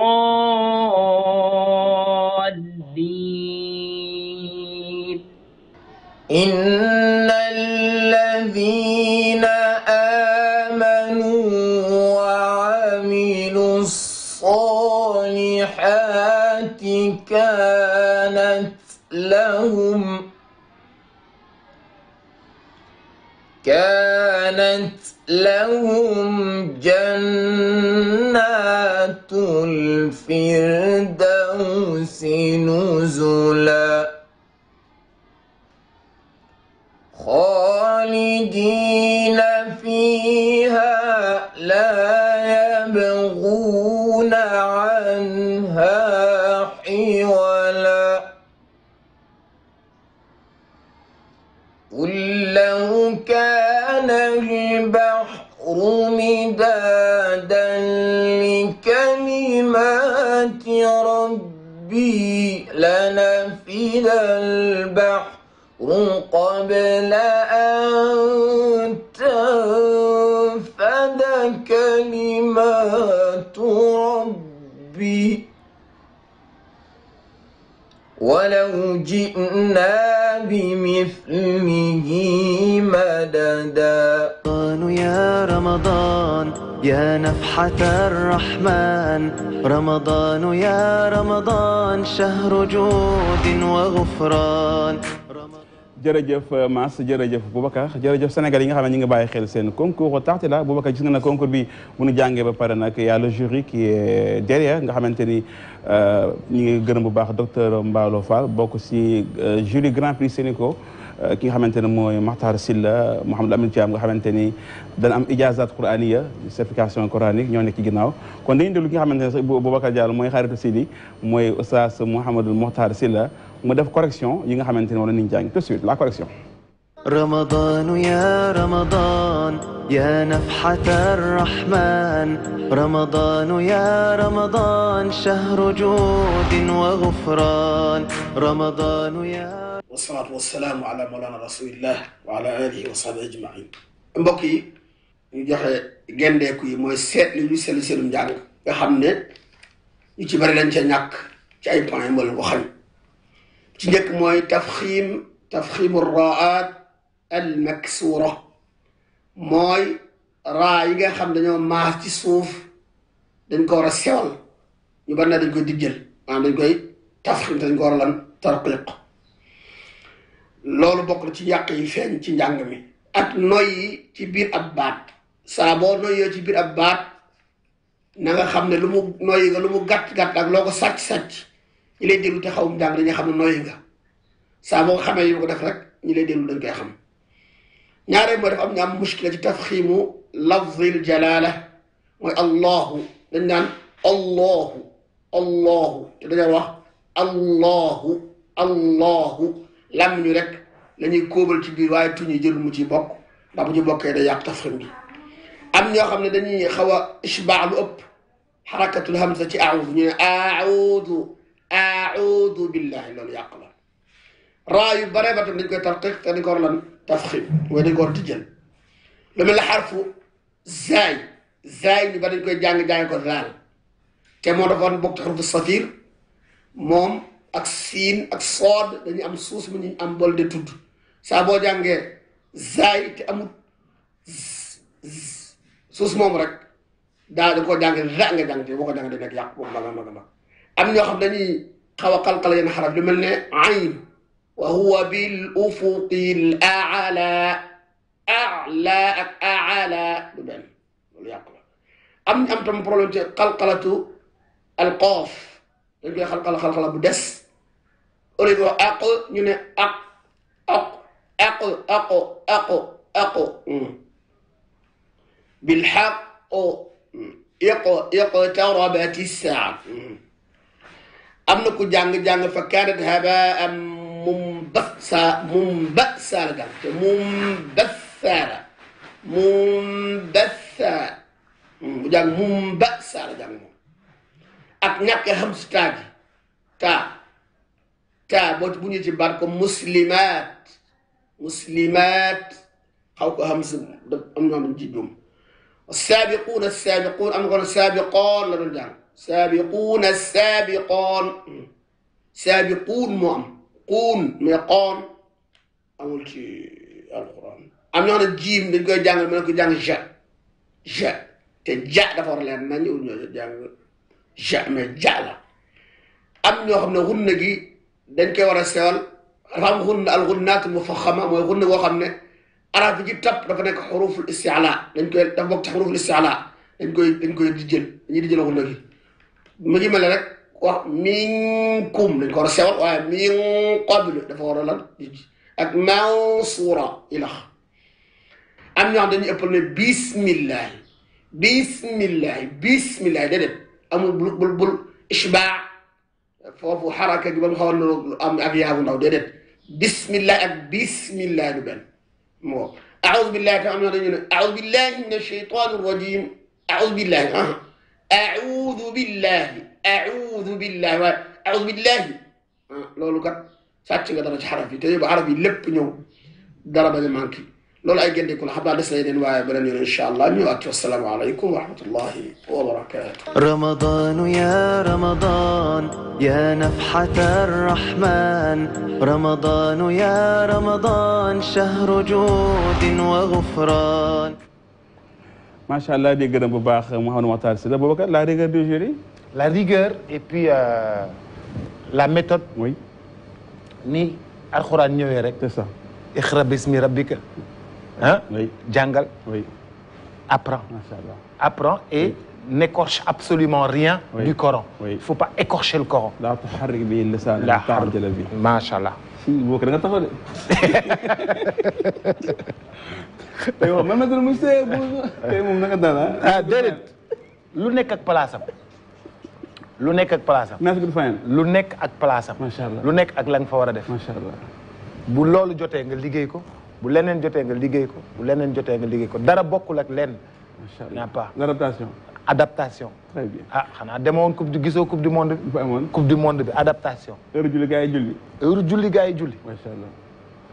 Speaker 9: الضالين إن
Speaker 11: الذين آمنوا وعملوا الصالحات كانت لهم كانت لهم جنات جنات الفردوس نزلا خالدين فيها لا لنفد البحر قبل أن تنفد كلمات ربي ولو جئنا بمثله
Speaker 6: مددا يا رمضان يا نفحة الرحمن رمضان يا رمضان شهر جود وغفران جرجف ماس جرجف بوبكا
Speaker 2: جرجف السنغال ييغا خاامني نيغا باي خيل سين كونكور تارتي لا بوبكا جينا نا كونكور بي مونو جانغي با بارنا ك يا لو جوري كي آه، ديريير غا خامنتيني ا آه، نيغي غنم باخ دكتور مبالو فال بوكو سي آه، جوري غران بري سينيكو كي خامتاني موي مختار سيلا محمد الامين تيام خامتاني دا ام اجازات قرانيه سيرتيفيكاسيون قرانيك ньо نيكي غيناو كون داي ندلو كي خامتاني بو بكر ديال موي خاريتو سيدي موي استاذ محمد المختار سيلا مو داف كوريكسيون ييغا خامتاني ولا نين جانغ تسويت لا كوريكسيون
Speaker 6: رمضان يا رمضان يا نفحة الرحمن رمضان يا رمضان شهر جود وغفران رمضان
Speaker 7: يا رمضان والصلاة والسلام على مولانا رسول الله وعلى آله وصحبه أجمعين. مبكي يجي جندي كوي موي سيت لي ني سيل سيلم جان يا خامني ني تي بري لنجا نياك تي اي بوين مول وخال تي نيك موي تفخيم تفخيم الراءات المكسوره موي را ييغا خام دانيو ما تي سوف دنجو را سيول ني بان دنجو ديجل مان دنجو تفخيم دنجو را لان ترقيق loolu bokk na ci yàq yi feeñ ci njàng mi ak noyyi ci biir ab baat saa boo ci biir ab baat na xam ne lu mu noyyi nga lu mu gàtt-gàtt ak loo ko sàcc-sàcc ñi lay déglu te xawum njàng dañuy xam ne noyyi nga xamee ko def ñi lay déglu dañ koy xam ñaareel mooy dafa am ñu am muskila ci tafximu lafzil jalaala mooy allahu dañ naan allahu allahu te dañoo wax allahu allahu làmmiñu rek la ñuy kóobal ci biir waaye tuñu jël mu ci bokk ndax bu ci bokkee day yàq tafxim bi am ñoo xam ne dañuy xaw a ishbaa lu ëpp xarakatul hamza ci aawudu ñu ne aawudu aawudu billahi loolu yàq la raa yu bare ba tam dañ koy tarqiq te dañ ko war lan tafxim mooy dañ ko war tijjal lu mel la xarfu zaay zaay ñu ba dañ koy jàng jàng ko zaal te moo dafa war bokk ci xarfu safir moom ak aksod ak sood dañu am sus mu ñu am bol de tudd saa boo jàngee zaay te amut sus moom rek daa da koo jànge ra nga jàng te ko jàng de nekk yàq boobu bala mag a mag am ñoo xam dañuy xaw a xalxal yenn lu mel ayn wa huwa bil ufuqi l a'la aala ak a'la du benn loolu yàq am am tam problème ci xalxalatu al dañ koy bu uridu aql ñu ne aq aq aku aku aku, aqo bil haqq iqo iqo tarabat as amna ku jang jang fa kanat haba am mumbassa mumbassa dal mumbassa mumbassa bu jang mumbassa jang ak ñak e hamstag ta تعبد بني جبارك مسلمات مسلمات خوك همس أمنهم جدهم السابقون السابقون أم غير سابقون لرجال سابقون السابقون سابقون مهم قون مقام أقول شيء القرآن أم نحن الجيم نقول جان من نقول جان جا جا تجا دفر لنا نيو نيو جان جا ما جا لا أم نحن نجي dañ koy war a sewal dafa am xunn al xunnaat mufaxama mooy xunn boo xam ne araf bi ci tab dafa nekk xuruful istiala dañ koy dafa bokk ci xuruful istiala dañ koy dañ koy di jël dañuy di jël xunna gi mu ngi mel rek wax minkum dañ ko war a sewal waaye min qablu dafa war a lan ak mansura ilax am ñoo xam dañuy ëppal ne bismillah bismillah bismillah déedéet amul bul bul bul ishbaa foofu xaraka gi ba mu xaw a noonu am ak yaabu ndaw déedéet bismillah ak bismillah du benn moo أعوذ بالله كما أمنا دينا أعوذ بالله من الشيطان الرجيم أعوذ بالله أه. أعوذ بالله أعوذ بالله أعوذ بالله لولو كات ساتشي غدا حرفي تيبو عربي لب نيو ضرب المانكي لول اي جندي كون حبا دس لين واي بلن ان شاء الله ني واتي والسلام عليكم ورحمه الله وبركاته
Speaker 6: رمضان يا رمضان يا نفحة الرحمن رمضان يا رمضان شهر جود وغفران ما شاء الله دي غرم بو باخ محمد معتار سي بو
Speaker 1: بكر لا ريغور دي جوري لا ريغور اي بي لا ميثود وي ني القران نيوي رك سي سا اقرا باسم ربك Hein? Oui. Djangal, Oui. apprends apprends et n'écorche absolument rien du Coran il ne faut pas écorcher le Coran vous avez dit que vous avez dit allah si avez dit da nga avez de que vous avez na que vous avez que ah que lu avez ak que lu avez ak que vous avez allah lu que ak la nga fa vous avez dit que allah bu bu leneen jotee nga liggéey ko bu leneen jotee nga liggéey ko dara bokkul ak lenn. macha allah pas l'adaptation. adaptation. très bien ah xanaa demoon coupe du gisoo coupe du monde bi. coupe du monde bi adaptation. heure julli gars yi julli. heure julli gars yi julli. allah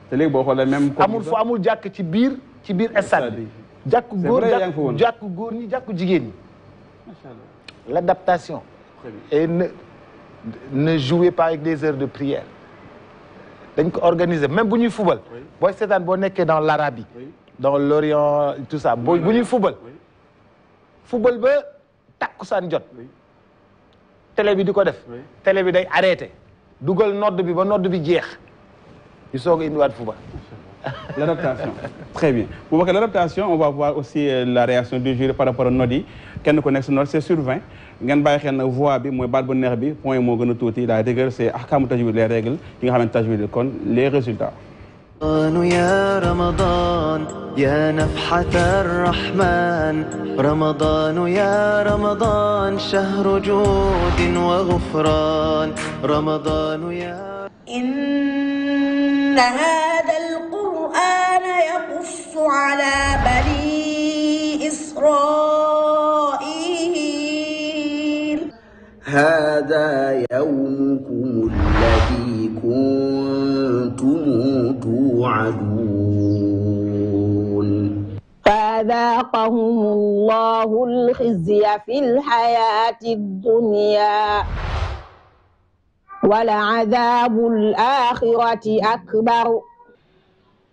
Speaker 1: te léegi boo xoolee même. amul fu amul jàkk ci biir ci biir stade bi. jàkku góor jàkku góor ñi jàkku jigéen ñi. macha allah l'adaptation. et ne ne jouez pas avec des heures de prière dañ ko organiser même bu football. fubal booy seetaan boo dans l'Arabie dans l'Orient tout ça boo football. Football fubal fubal ba takkusaan jot télé bi Télévision ko def télé bi day Nord dugal nodd bi ba nodd bi jeex ñu soog a indiwaat L'adaptation.
Speaker 12: Très
Speaker 2: bien. Pour voir l'adaptation, on va voir aussi la réaction du jury par rapport au Nodi. Quand nous connaissons Nodi, c'est sur 20. ngeen bàyyi xel nag voix bi mooy baat bu neex bi point moo gën a tuuti la règle c' est ahkaamu tajwid les règles yi nga xam ne tajwid kon les résultats
Speaker 6: يا رمضان يا نفحة الرحمن رمضان يا رمضان شهر جود وغفران رمضان يا
Speaker 9: إن هذا القرآن يقص على بني إسرائيل
Speaker 10: هذا يومكم الذي كنتم توعدون
Speaker 8: فذاقهم الله الخزي في الحياة الدنيا ولعذاب الآخرة أكبر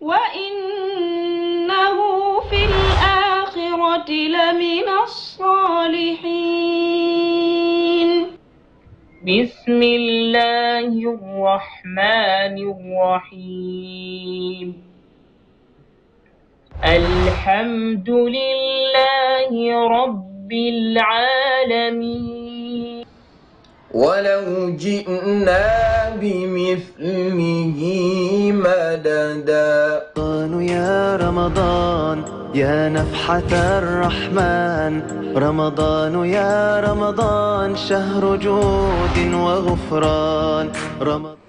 Speaker 9: وإنه
Speaker 8: في الآخرة لمن الصالحين
Speaker 9: بسم الله الرحمن الرحيم الحمد لله رب العالمين ولو جئنا
Speaker 6: بمثله مددا يا رمضان يا نفحة الرحمن رمضان يا رمضان شهر جود وغفران رمضان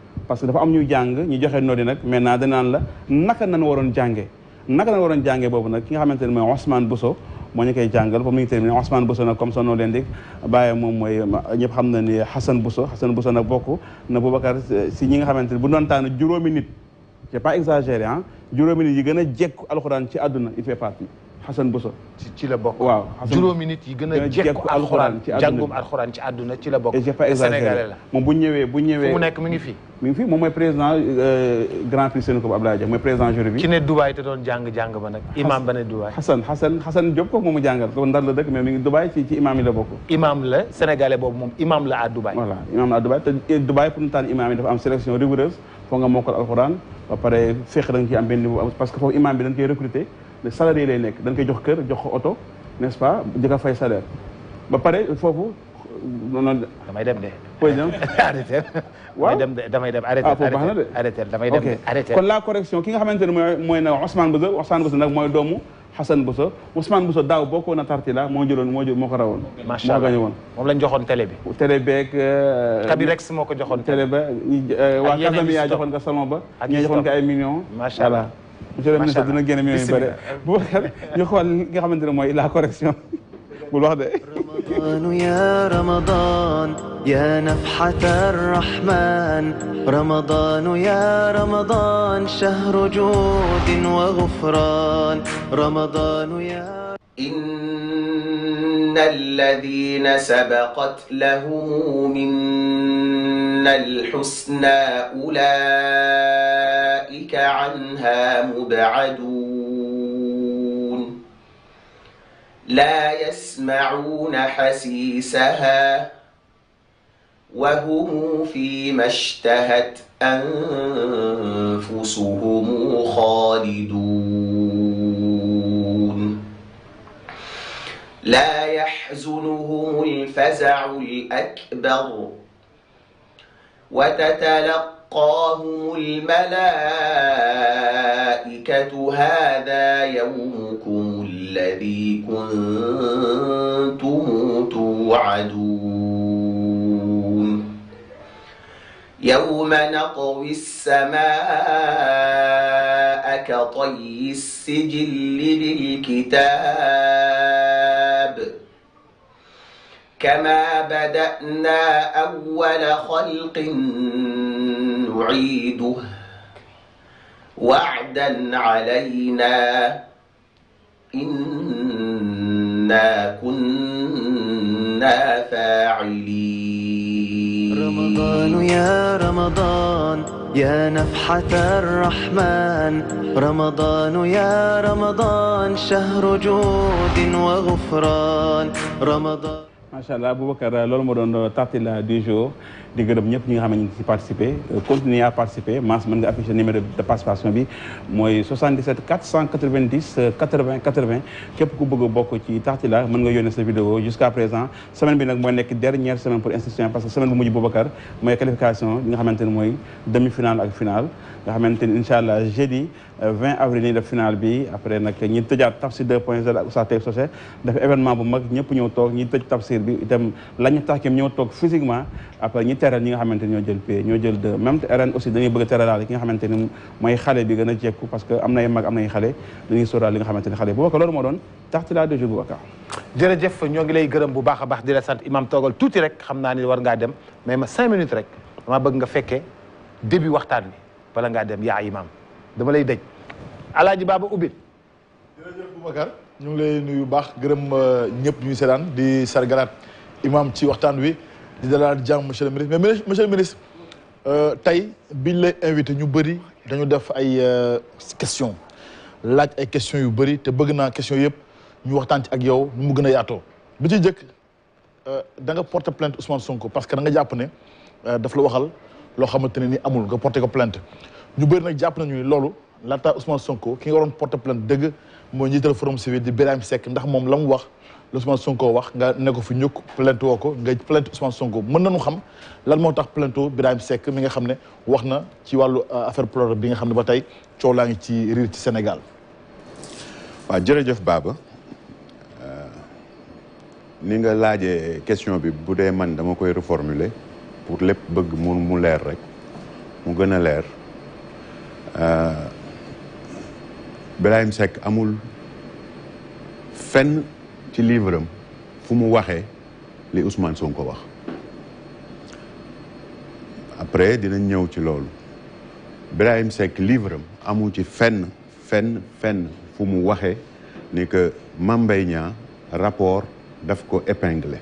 Speaker 2: parce que dafa am ñuy jàng ñu joxe noddi nag maintenant danaan la naka nan waroon jànge naka nan waroon jànge boobu nag ki nga xamante ne mooy Ousmane Bousso moo ñu koy jàngal foofu mu ngi terminé Ousmane Bousso nag comme son nom l'indique bàyyi moom mooy ñëpp xam na ni bokk na nga xamante ne bu doon tànn juróomi nit c'est pas exagéré ah juróomi nit yi gën a jekku alxuraan ci àdduna il fait partie Xasan Boso. waaw juróomi
Speaker 1: nit yi gën a jekku alxuraan ci àdduna jàngum alxuraan ci àdduna ci la bokk. et
Speaker 2: bu ñëwee bu ñëwee mu nekk mi ngi fi. mi ngi mooy président euh, grand prix Sénégal Abdoulaye Dia mooy président ci ne Dubaay
Speaker 1: te doon jàng mu jàngal ko ndar la
Speaker 2: dëkk mais mi ngi Dubaay ci ci am sélection rigoureuse foo nga mokkal alxuraan ba pare fexe da am benn niveau parce que foofu imaam bi dañ koy les salariés lay nek dañ koy jox kër jox auto n'est-ce pas di nga fay salaire ba pare fofu non non damay dem de. président
Speaker 1: arrêté. waaw damay dem damay dem arrêté. arrêté damay dem arrêté. kon
Speaker 2: la correction ki nga xamanteni moy moy na Ousmane Bousso Ousmane Bousso nak moy doomu Hassan Bousso Ousmane Bousso daw boko na tarti la mo jëloon mo jël moko rawon ma macha allah mom
Speaker 1: lañ joxoon télé bi. télé bi ak Kabirex
Speaker 2: Rex moko joxoon télé ba. wa yeneen waa Casamia joxoon ko salon ba. ñi joxoon ko ay millions. ma sha allah رمضان
Speaker 6: يا رمضان يا نفحة الرحمن رمضان يا رمضان شهر
Speaker 13: جود وغفران رمضان يا إن الذين سبقت لهم منا الحسنى أولئك عنها مبعدون لا يسمعون حسيسها وهم فيما اشتهت أنفسهم خالدون لا يحزنهم الفزع الأكبر وتتلقاهم الملائكة هذا يومكم الذي كنتم توعدون يوم نطوي السماء كطي السجل للكتاب كما بدأنا أول خلق نعيده
Speaker 14: وعدا
Speaker 13: علينا إنا كنا فاعلين
Speaker 6: رمضان يا رمضان يا نفحة الرحمن رمضان يا رمضان شهر جود وغفران رمضان macha allah Boubacar euh, loolu moo doon euh, là la euh, du jour di gërëm
Speaker 2: ñëpp ñi nga xam ne ñu ngi participé à participer Mass mën nga numéro de participation bi 77 490 80 80 qui ku beaucoup beaucoup qui ci tartine la mën nga yónnee vidéo jusqu'à présent semaine bi nag mooy nekk dernière semaine pour inscription parce que semaine bu mujj Boubacar moi qualification bi nga xamante ne demi-finale ak finale nga xamanteni inshallah jeudi 20 avril nii def final bi après nak ñi tëjaat tafsir 2.0 ak oustad tey sosé def événement bu mag ñëpp ñëw tok ñi tëj tafsir bi itam la ñu ñëw tok physiquement après ñi teral ñi nga xamanteni ñoo jël pay ñoo jël deux même rn aussi dañuy bëgg teralaal ki nga xamanteni moy xale bi gëna a jekku parce que amna nay mag amna nay xale dañuy sóoraal li nga xamanteni xale bu baax lolu mo doon taxtilaa de jour waka
Speaker 1: jere jeuf ñoo ngi lay gërëm bu baaxa baax di la sante imam togal touti rek xamna ni war nga dem mais ma 5 minutes rek dama bëgg nga fekke début waxtaan ni bala ngaa dem yaa imaam dama lay dëj alaaji baaba ubbil jërëjëf
Speaker 4: Boubacar ñu ngi lay nuyu baax gërëm euh, ñëpp ñu seetaan di sargalaat imaam ci waxtaan wi di dalal jàmm monsieur le ministre mais monsieur le ministre euh, tey biñ lay invité ñu bëri dañu def ay euh, question laaj ay question yu bëri te bëgg naa question yëpp ñu waxtaan ci ak yow ñu mu gën a yaatoo bi ci jëkk danga nga porter plainte Ousmane Sonko parce que da nga jàpp ne daf la waxal loo xamante ne ni amul nga porte ko plainte ñu bëri na jàpp nañu loolu laata Ousmane Sonko ki nga waroon porté plainte dëgg mooy njiital forum civil di Birahim Seck ndax moom la wax la Ousmane Sonko wax nga ne ko fi ñukk plainte woo ko nga plainte Ousmane Sonko mën nañu xam lan moo tax plainte Birahim sekk mi nga xam ne wax na ci wàllu euh, affaire plore bi nga xam ne ba tey coow laa ngi ci
Speaker 5: riir ci Sénégal waaw jërëjëf baaba euh, ni nga laajee question bi bu dee man dama koy reformuler pour lépp bëgg mu mu leer rek mu gën a leer euh, Birahim sekk amul fenn ci livre fu mu waxee li Ousmane ko wax après dinañ ñëw ci loolu Birahim Seck livre am amul ci fenn fenn fenn fu mu waxee ni que Mame rapport daf ko épinglé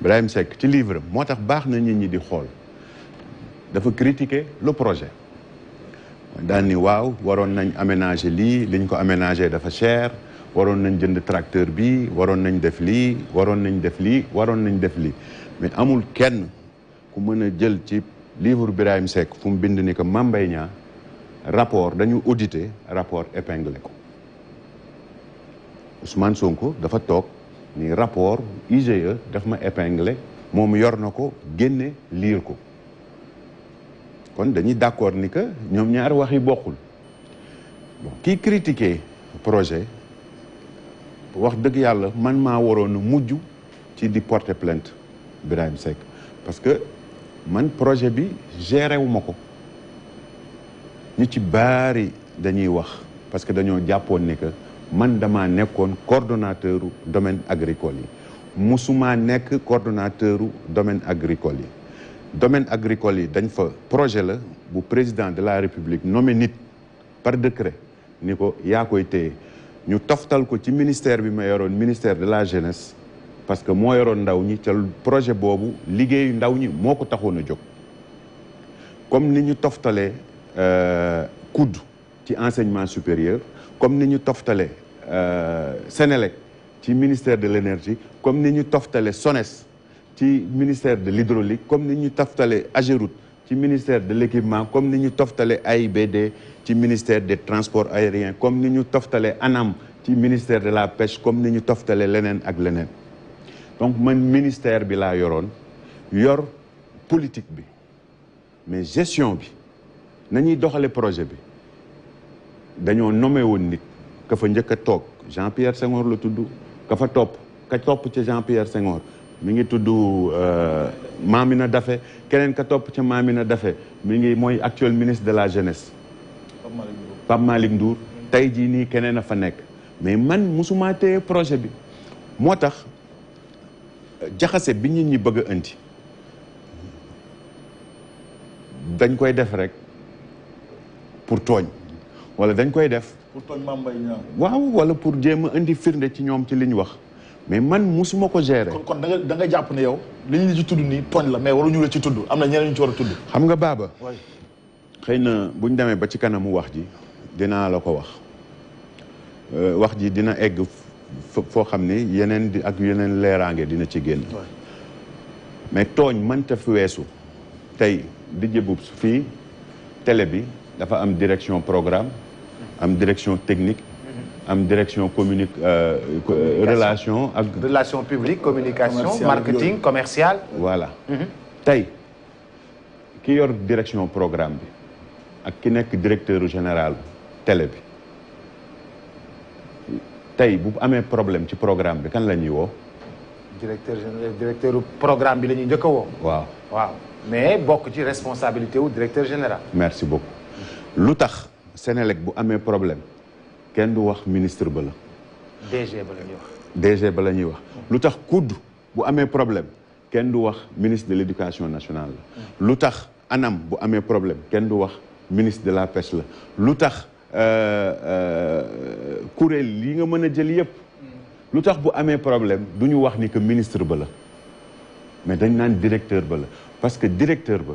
Speaker 5: Ibrahim Sek, ci livre moo tax baax na nit ñi di xool dafa critiquer le projet daal ni waaw waroon nañ aménager lii liñ ko aménager dafa cher waroon nañ jënd tracteur bi waroon nañ def lii waroon nañ def lii defli. nañ def mais amul kenn ku mën a jël ci livre Birahim Seck fu mu bind ni que Mame Mbaye Niang rapport dañu rapport épinglé ko Ousmane Sonko dafa ni rapport IGE daf ma épinglé moom yor na ko génne liir ko kon dañuy d'accord ni que ñoom ñaar wax yi bokkul bon kii critiquer projet wax dëgg yàlla man maa waroon a mujj ci di porter plainte Birahim Seck parce que man projet bi géré wu ma ko ñu ci baari dañuy wax parce que dañoo jàppoon ni que man dama nekkoon coordonnateur domaine agricole yi musuma nekk coordonnateur domaine agricole Le domaine agricole yi dañ projet la bu président de la république nommé par décret ni ko yaa koy téye ñu toftal ko ministère bi ministère de la jeunesse parce que moo yoroon ndaw ñi ca projet boobu liggéeyu ndaw ñi moo ko taxoon a jóg comme ni ñu toftalee euh, COUD ci enseignement supérieur comme ni ñu toftalee euh, Sénélec le ministère de l'énergie comme nous fait le SONES le ministère de l'hydraulique comme nous avons toftale Ageroute le ministère de l'équipement comme nous avons toftale AIBD le ministère des transports aériens comme nous avons toftale ANAM le ministère de la pêche comme nous avons LENEN leneen ak LENEN. donc le ministère bi la yor politique bi mais gestion bi nañuy le projet bi avons nommé woon nit ka fa njëkk a toog Jean Pierre Senghor la tudd ka fa topp ka topp ca Jean Pierre Senghor mi ngi tudd euh, na Dafe keneen ka topp ca Mamina Dafe mi ngi mooy actuel ministre de la jeunesse Pape Malick Ndour tey jii nii keneen a fa nekk mais man musuma téye projet bi moo tax jaxase bi nit ñi bëgg a dañ koy def rek pour tooñ wala dañ koy def
Speaker 4: pour tooñ Mame Mbaye Niang
Speaker 5: waaw wala pour jéem a indi firnde ci ñoom ci li ñu wax mais man musuma ko gérer. kon kon da nga da nga jàpp ne yow li ci tudd nii tooñ la mais waruñu la ci tudd am na ñeneen ñu ci war a tudd. xam nga baaba. xëy na bu ba ci kanamu wax ji dinaa la ko wax euh, wax ji dina egg foo xam ni yeneen di ak yeneen leeraange dina ci génn. mais tooñ mënta fi weesu tey di jëbub fii télé bi dafa am direction programme. am direction technique. Mhm. am direction communi euh, euh, relation ak.
Speaker 1: relation publique communication marketing commercial.
Speaker 5: voilà qui mhm. est yor direction programme bi qui ki nek directeur général télé bi vous bu un problème ci programme bi kan la directeur
Speaker 1: général euh, directeur programme bi lañuy de wo waaw waaw mais beaucoup de responsabilité au directeur général.
Speaker 5: merci beaucoup lu Sénélec bu amee problème kenn du wax ministre ba la.
Speaker 1: DG ba la ñuy
Speaker 5: wax. DG ba la ñuy wax lu kudd bu problème Quel du wax ministre de l'Éducation nationale la. anam bu amee problème Quel du wax ministre de la pêche la lu tax euh, euh, kuréel yi nga mën a jël bu problème du ñu wax ni que ministre ba la mais dañ naan directeur ba la parce que directeur ba.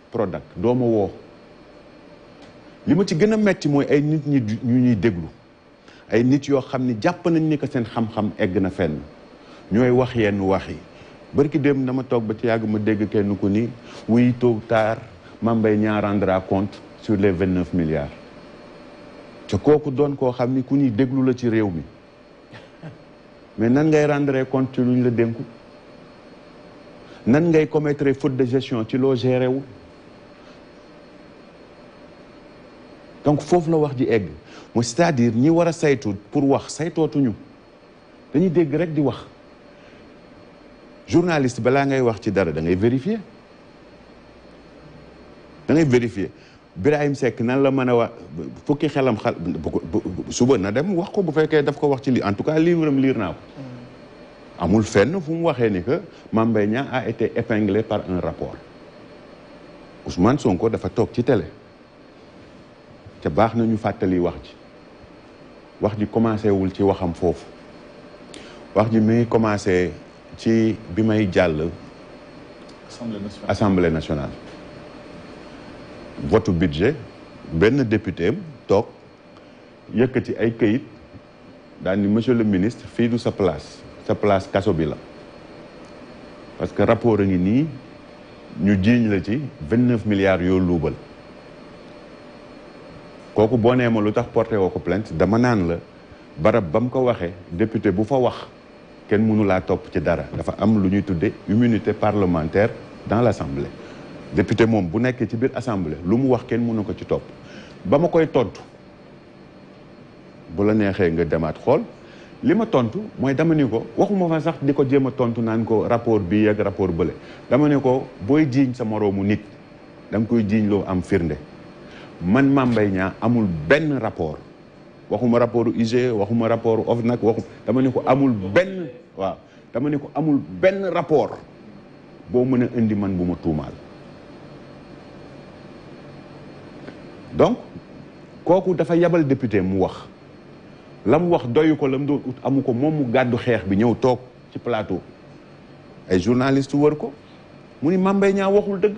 Speaker 5: Prodac doo woo li ma ci gën a metti mooy ay nit ñi ñu ñuy déglu ay nit yoo xam ne jàpp nañ ni que seen xam-xam egg na fenn ñooy wax yenn wax yi barki dem dama toog ba ci yàgg ma dégg kenn ku ni wuy tôt ou tard Mame Mbaye Niang rendra compte sur les vingt neuf milliards te kooku doon koo xam ni ku ñuy déglu la ci réew mi mais nan ngay rendre compte ci luñ la dénku nan ngay commettre faute de gestion ci loo géré wu donc foofu la wax di egg mooy c'est-à-dire ni wara a pour wax saytootuñu dañuy dégg rek di wax journaliste balaa ngay wax ci dara da ngay vérifier da ngay vérifier Birahim Seck nan la mën a wax fukki xelam xal suba na dem wax ko bu fekkee daf ko wax ci li en tout cas livre am liir naa ko amul fenn fu mu waxee ni que Mame Mbaye Niang a été épinglé par un rapport Ousmane Sonko dafa tok ci télé ca baax nañu ñu fàttali wax ji wax ji commencé wul ci waxam foofu wax ji mi ngi commencé ci bi may jàll. assemblée nationale assemblée nationale. votu budget benn député toog yëkkati ay këyit daal ni monsieur le ministre fii du sa place sa place kaso bi la parce que rapport a ngi nii ñu jiiñ la ci 29 milliards yoo luubal. kooku boo nee ma lu tax porté woo ko plainte dama naan la barab ba mu ko waxee député bu fa wax kenn mënu laa topp ci dara dafa am lu ñuy tudde immunité parlementaire dans l'assemblée député moom bu nekkee ci biir assemblée lu mu wax kenn mënu ko ci topp ba ma koy tontu bu la neexee nga demaat xool li ma tontu mooy dama ni ko waxuma fa sax di ko jéem a tontu naan ko rapport bi ak rapport bële dama ni ko booy jiiñ sa moroomu nit danga koy jiiñ loo am firnde man Mame Mbaye amul benn rapport waxuma rapport IGE waxuma rapport OFNAC waxu dama ne ko amul benn waaw dama ne ko amul benn rapport boo mën a indi man bu ma tuumaal donc kooku dafa yabal député mu wax la mu wax doyu ko la mu doon ut amu ko moom mu gàddu xeex bi ñëw toog ci plateau ay journaliste wër ko mu ni Mame waxul dëgg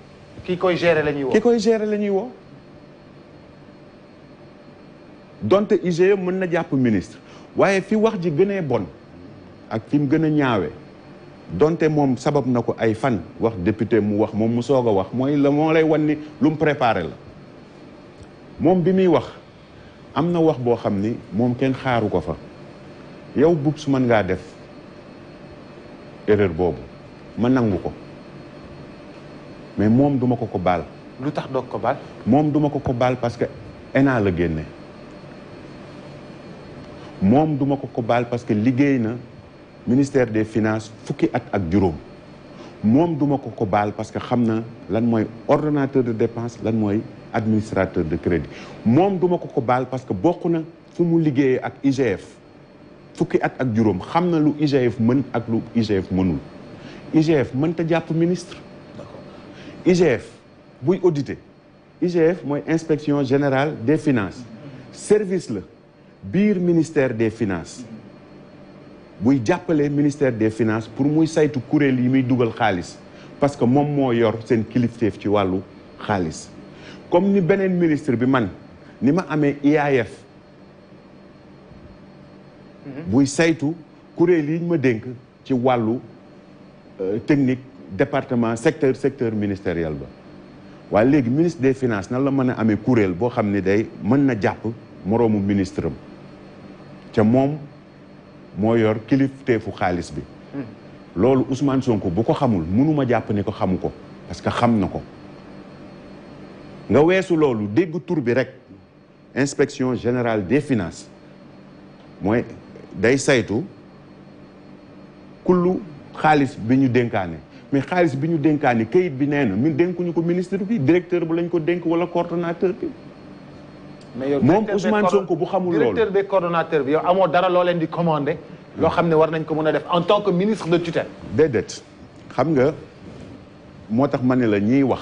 Speaker 1: ki koy gérer la ñuy woo ki koy gérer la ñuy
Speaker 5: donte IGE mën na jàpp ministre waaye fi wax ji gënee bon ak fi mu gën a ñaawee donte moom sabab na ko ay fan wax député mu wax moom mu soog a wax mooy la moo lay wan ni lu mu préparé la moom bi muy wax am na wax boo xam ni moom kenn xaaru ko fa yow bub su mën ngaa def erreur boobu ma nangu ko mais moi, je ko ko baal. lu je parce que ENA la génne moom ko parce que le ministère des finances fukki at ak je ne suis parce que je lan de dépenses lan administrateur de crédit moom du ko parce que beaucoup de fu mu ne IGF fukki at ak juróom Je sais lu suis l'IGF ak IGF IGF ministre IGF vous audité IGF moi, inspection générale des finances service le Bire, ministère des finances buy le ministère des finances pour muy saytu kuréel yi muy double chalice. parce que moom moo yor seen kilifteef ci comme ni un ministre bi man IAF. ma amee IAF mhm. buy saytu kuréel yi ñu ma dénk ci wàllu euh, technique département secteur secteur ministériel ba waaye léegi ministre des finances nan la mën a amee kuréel boo xam ne day mën na jàpp moroomu ministre am ca moom moo yor kilifteefu xaalis bi hmm. loolu Ousmane Sonko bu ko xamul mënuma jàpp ne ko xamu parce que xam na ko nga weesu loolu dégg tur bi rek inspection générale des finances mooy day saytu kullu xaalis bi ñu dénkaane mais xaalis bi ñu dénkaani kayit bi nee na ñun dénkuñu ko ministre bi directeur bu lañ ko dénk wala coordonnateur bi. mais yow moom ko bu xamul loolu directeur
Speaker 1: bi coordonnateur bi yow amoo dara loo leen di commandé. loo xam ne war nañ ko mën a def en tant
Speaker 5: que ministre de tutelle. déedéet xam nga moo tax ma ne la ñiy wax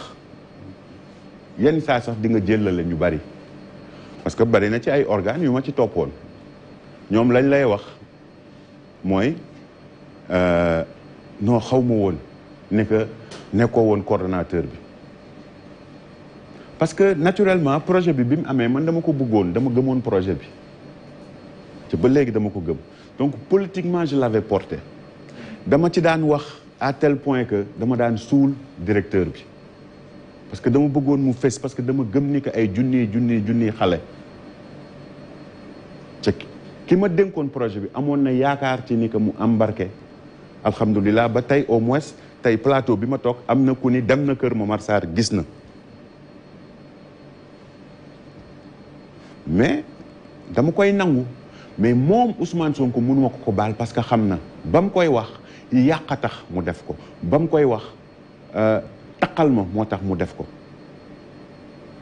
Speaker 5: yenn saa sax di nga jëlale ñu bari parce que bari na ci ay organes yu ma ci toppoon ñoom lañ lay wax mooy euh, non xaw ma woon. ne que nekkoo woon bi parce que naturellement projet bi bi mu amee man dama ko bëggoon dama gëmoon projet bi ci ba léegi dama ko gëm donc politiquement je l'avais porté dama ci daan wax à tel point que dama daan suul directeur bi parce que dama bëggoon mu fes parce que dama gëm ni que ay junni junni junni xale ci ki ma dénkoon projet bi amoon na yaakaar ci ni que mu embarqué alhamdulilah ba tey au moins tey plateau bi ma toog am na ku ni dem na kër Momar Sarr gis na mais dama koy nangu mais moom Ousmane Sonko mënuma ko ko baal parce que xam na ba mu koy wax yàq a tax mu def ko ba mu koy wax euh, taqal ma moo tax mu def ko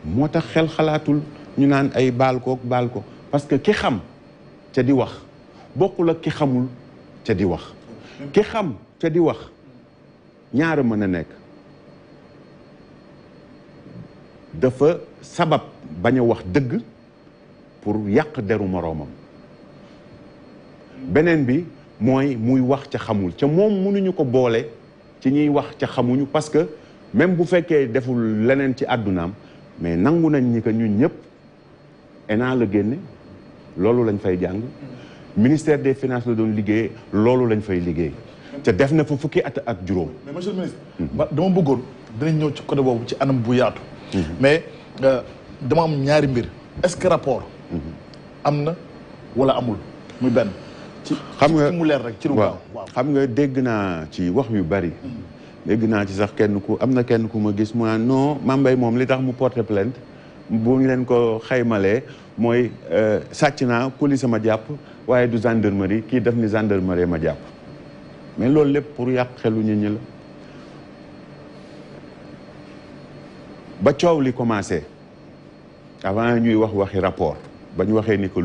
Speaker 5: moo tax xel xalaatul ñu naan ay baal kook baal ko parce que ki xam ca di wax bokkul ak ki xamul ca di wax ki xam ca di wax ñaara mën a nekk dafa sabab bañ a wax dëgg pour yàq deru moroomam beneen bi mooy muy wax ca xamul ca moom mënuñu ko boole ci ñuy wax ca xamuñu parce que même bu fekkee deful leneen ci àddunaam mais nangu nañ ñi ko ñun ñëpp ENA la génne loolu lañ fay jàng ministère des finances la doon liggéey loolu lañ fay liggéey te def na fa fukki at ak juróom. mais monsieur le ministre. dama bëggoon danañ ñëw ci côté boobu
Speaker 4: ci anam bu yaatu. Mhm. mais euh, dama am ñaari mbir est-ce que rapport. Mhm. am na
Speaker 5: wala amul muy benn.
Speaker 4: ci xam nga mu leer rek ci lu waaw
Speaker 5: xam nga dégg naa ci wax yu bari. Mhm. dégg naa ci sax kenn ku am na kenn ku ma gis mu naan non Mame Mbaye moom li tax mu porter plainte bu leen ko xaymale mooy euh, sàcc naa police ma jàpp waaye du gendarmerie kii def ni gendarmerie ma jàpp. mais c'est tout pour nous avons tu commencé avant ñuy wax waxi rapport nous avons que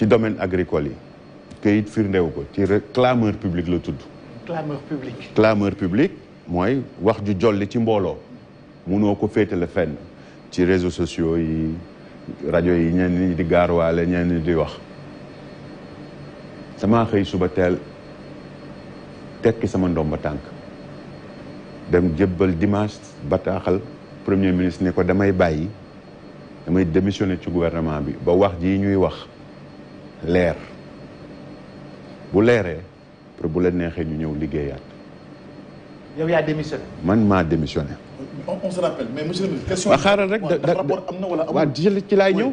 Speaker 5: le domaine agricole le le public ko ci clameur publique la
Speaker 1: clameur publique
Speaker 5: clameur publique avons wax ju réseaux sociaux yi radios, les di sama xëy suba teel tekki sama ndomba tànk dem jeubal dimanche bataaxal premier ministre ne ko damay bàyyi damay démissioner ci gouvernement bi ba wax ji ñuy wax leer bu leeree pour bu la nexé ñu ñëw liggéeyaat.
Speaker 1: yow ya démissioner
Speaker 5: man ma démissioner
Speaker 4: on se rappelle mais monsieur le ministre. question.
Speaker 5: xaaral rek da da da waaw ci lay ñëw.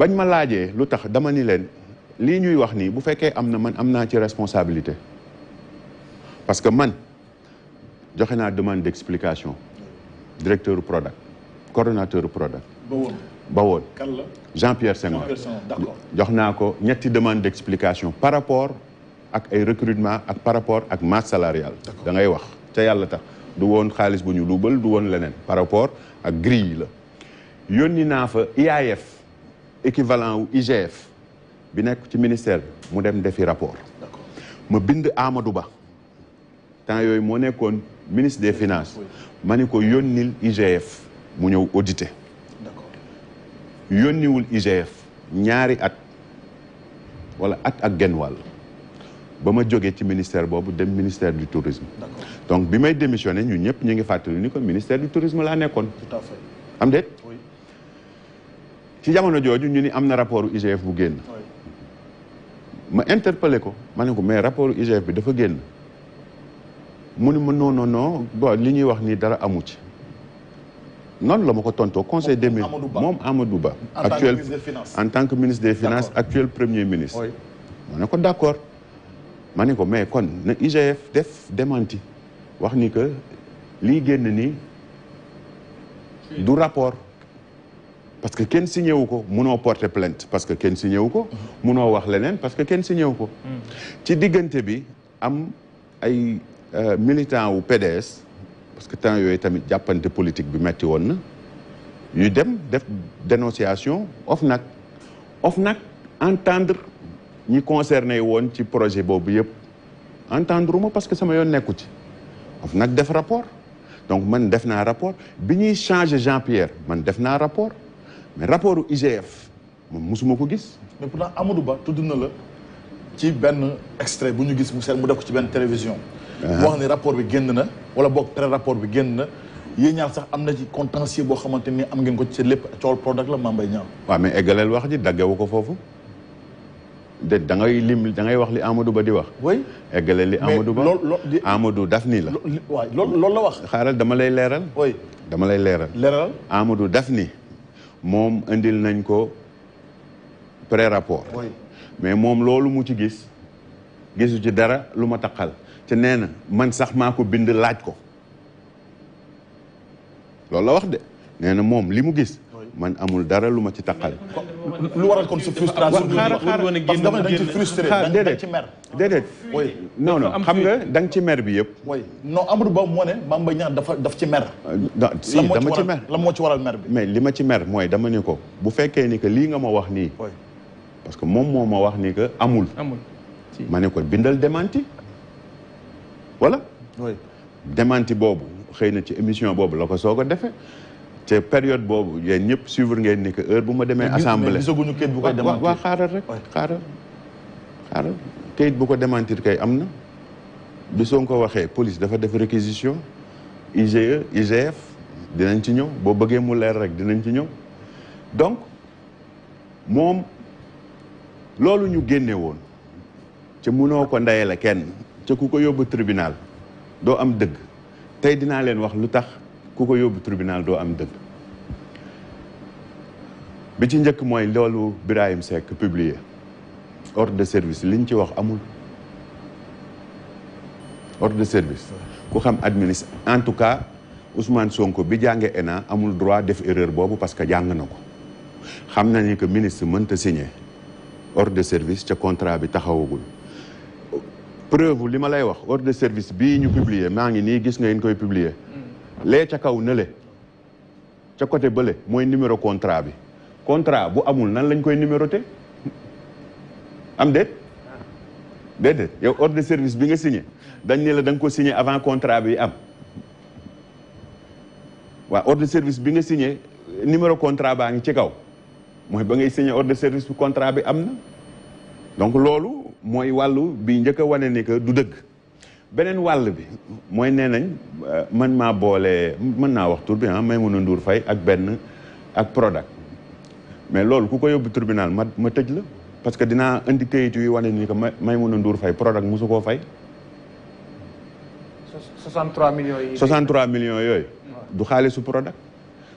Speaker 5: bañ ma laajee lutax dama ni len li ñuy wax ni bu féké amna man amna ci responsabilité parce que man joxé na demande d'explication directeur Prodac coordinateur Prodac ba woon Jean-Pierre Senghor jox naa ko ñetti demande d'explication par rapport ak ay recrutement ak par rapport ak masse salariale da ngay wax té yalla tax du won xaliss bu ñu luubal du won lenen par rapport ak grille la yónni naa fa IAF équivalent au IGF bi ministère a un rapport ma bind Amadou Ba temps je suis ministre des finances maniko IGF audité IGF at wala at ak Genwal. ba ministère bobu dem ministère du tourisme donc bi démissionné ñun ministère du tourisme ci jamono jooju ñu ni am na rapport IGF bu génn ma interpellé ko ma ne ko mais rapport IGF bi dafa génn mu ne ma non non non li ñuy wax nii dara amu ci noonu la ma ko tontoo conseil des ministres moom Amadou Ba actuel en tant que ministre des finances actuel premier ministre ma ne ko d'accord ma ni ko mais kon na IGF def démenti wax ni que lii génn nii du rapport parce que kenn signé wu quoi? munoo porter plainte parce que kenn signé wu quoi? Mon wax leneen parce que kenn signé wu quoi? ci dis bi am ay euh, militants ou PDS parce que tant temps yooyu tamit de politique bi metti woon na yu dem def dénonciation OFNAC OFNAC entendre ñi concerné woon ci projet boobu yëpp entendre moi parce que sama yoon nekku ci OFNAC def rapport donc man def naa rapport bi ñuy changer Jean Pierre man def naa rapport. mais rapport IGF moom mosuma ko gis. mais pourtant Amadou Ba tudd na
Speaker 4: la ci benn extrait bu ñu gis mu seet mu def ko ci benn télévision. Uh-huh. wax ni rapport bi génn na wala boog pré rapport bi génn na. yéen ñaar sax am ci contentieux boo am ngeen ko
Speaker 5: ci product la maa mbay ñaar. waaw mais eggaleel wax ji daggewu ko foofu de da ngay lim da ngay wax li Amadou Ba di wax. oui eggaleel li Amadou Ba Amadou daf nii la. waaw loolu la wax. xaaral dama lay oui dama lay Leral. leeral Amadou daf moom indil nañ ko pré rapport mais moom loolu mu ci gis gisu ci dara lu ma taqal te nee na man sax maa ko bind laaj ko loolu la wax de nee na moom li mu gis man amul dara lu ma ci taqal. lu waral kon sa frustration. xaaral xaaral parce que dama ne da nga ci frustré. déedéet ci mer. déedéet. oui non non xam nga da nga ci mer bi yëpp. oui
Speaker 4: non Amadou Ba moo ne Mame Mbaye Niang dafa daf ci mer. Euh,
Speaker 5: si dama ci mer la moo ci waral mer bi. mais li ma ci mer mooy dama ni ko bu fekkee ni que lii nga ma wax nii. parce que moom moo ma wax ni que amul. amul ma ne ko bindal démenti voilà. oui démenti boobu xëy na ci émission boobu la ko soog a defee. te période boobu yéen ñëpp suivre ngeen ni que heure bu ma demee. assemblée gisaguñu kayit bu koy démentir waaw xaaral rek xaaral xaaral kayit bu ko démentir kay am na. bi soo ko waxee police dafa def réquisition IGE IGF dinañ ci ñëw boo bëggee mu leer rek dinañ ci ñëw donc moom loolu ñu génne woon ca mënoo ko la kenn ca ku ko yóbbu tribunal doo am dëgg tey dinaa leen wax lu tax ku ko yóbbu tribunal doo am dëgg bi ci njëkk mooy loolu Birahim Seck publier ordre de service liñ ci wax amul ordre de service ku xam administre en tout cas Ousmane Sonko bi jànge naa amul droit def erreur boobu parce que jàng na ko xam na ni que ministre mënta signé ordre de service ca contrat bi taxawagul preuve li ma lay wax ordre de service bii ñu publier maa ngi nii gis nga yéen koy publier mm. lee ca kaw nële ca côté bële mooy numéro contrat bi contrat bu amul nan lañ koy numéroté am déet déedéet yow ordre service bi nga signé dañ ne la da nga ko signé avant contrat bi am waaw ordre service bi nga signee numéro contrat baa ngi ci kaw mooy ba ngay signé ordre service bu contrat bi am na donc loolu mooy wàllu bi njëkk a wane ni que du dëgg beneen wàll bi mooy nee nañ euh, man maa boole mën naa wax tur bi ah Maimouna Ndour fay ak benn ak Prodac mais loolu ku ko yóbbu tribunal ma ma tëj la parce que dina indi kayit yu wane ni que may Ndour a Prodac mosu koo fay.
Speaker 1: 63 millions yi. 63
Speaker 5: millions yooyu. du xaalisu Prodac.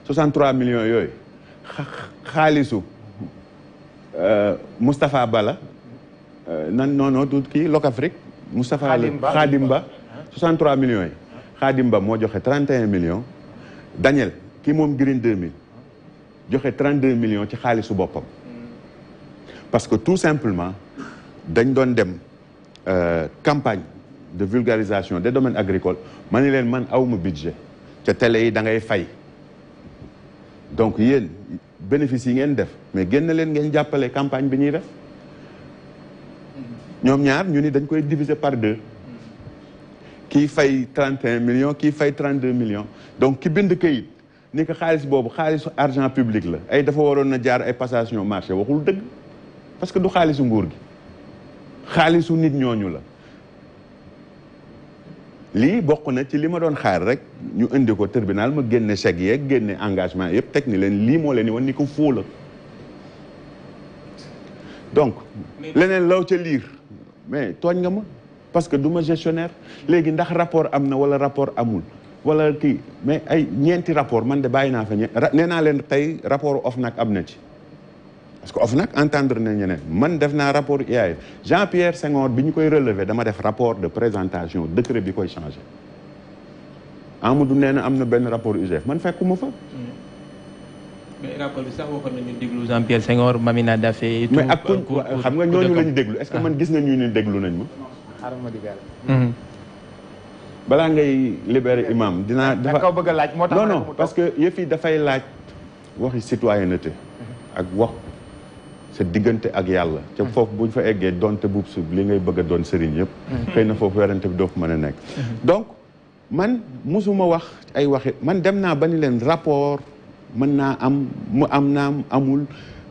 Speaker 5: 63 millions yooyu xaalisu euh, Moustapha Bala euh, nan non non kii Locafrique. Moustapha Khadim Ba Khadim Ba 63 millions yi. Khadim Ba moo joxe 31 million Daniel kii moom Green 2000. a 32 millions qui ci xaalisu boppam. parce que tout simplement dans une dem euh, campagne de vulgarisation des domaines agricoles Je n'ai pas man de budget ca télé yi da failles. donc il bénéfice yi des def mais génn leen ngeen jàppale campagne de ñuy def nous ñaar diviser par deux Qui fait 31 millions qui fait 32 millions donc ki bind kayit. ni ko xaalis boobu xaalisu argent public la ay dafa waroon na jaar ay passation marché waxul dëgg parce que du xaalisu nguur gi xaalisu nit ñooñu la lii bokk na ci li ma doon xaar rek ñu indi ko tribunal ma génne chèque yeeg génne engagement yëpp teg ni leen lii moo leen di wan ni ko foo la donc leneen law ca liir mais tooñ nga ma parce que du ma gestionnaire léegi ndax rapport am na wala rapport amul wala kii mais ay ñeenti rapport man de bàyyi naa fa ñe nee naa leen tey rapport OFNAC am na ci parce que OFNAC entendre na ñeneen man def naa rapport IAF jean bi ñu koy relever dama def rapport de présentation bi koy changé Amadou nee na am na benn rapport IGF man fekkuma fa
Speaker 3: mais rapport bi sax waxoon nañu déglu Jean-Pierre euh, xam nga ñooñu la ñu déglu est-ce que ah. man gis na ñu ni déglu nañ ma balaa
Speaker 5: ngay libérer imam dinaa dafa kaw bëgg laaj moo tax non parce que yëf yi dafay laaj waxi citoyenneté ak wax sa diggante ak yàlla ca mhm. foofu buñ fa eggee donte buub suub li ngay bëgg a doon sëriñ yëpp mhm. xëy na foofu werante bi doo fa mën a nekk mhm. donc man musuma wax ay waxi man dem naa ba ni leen rapport man naa am mu am naam amul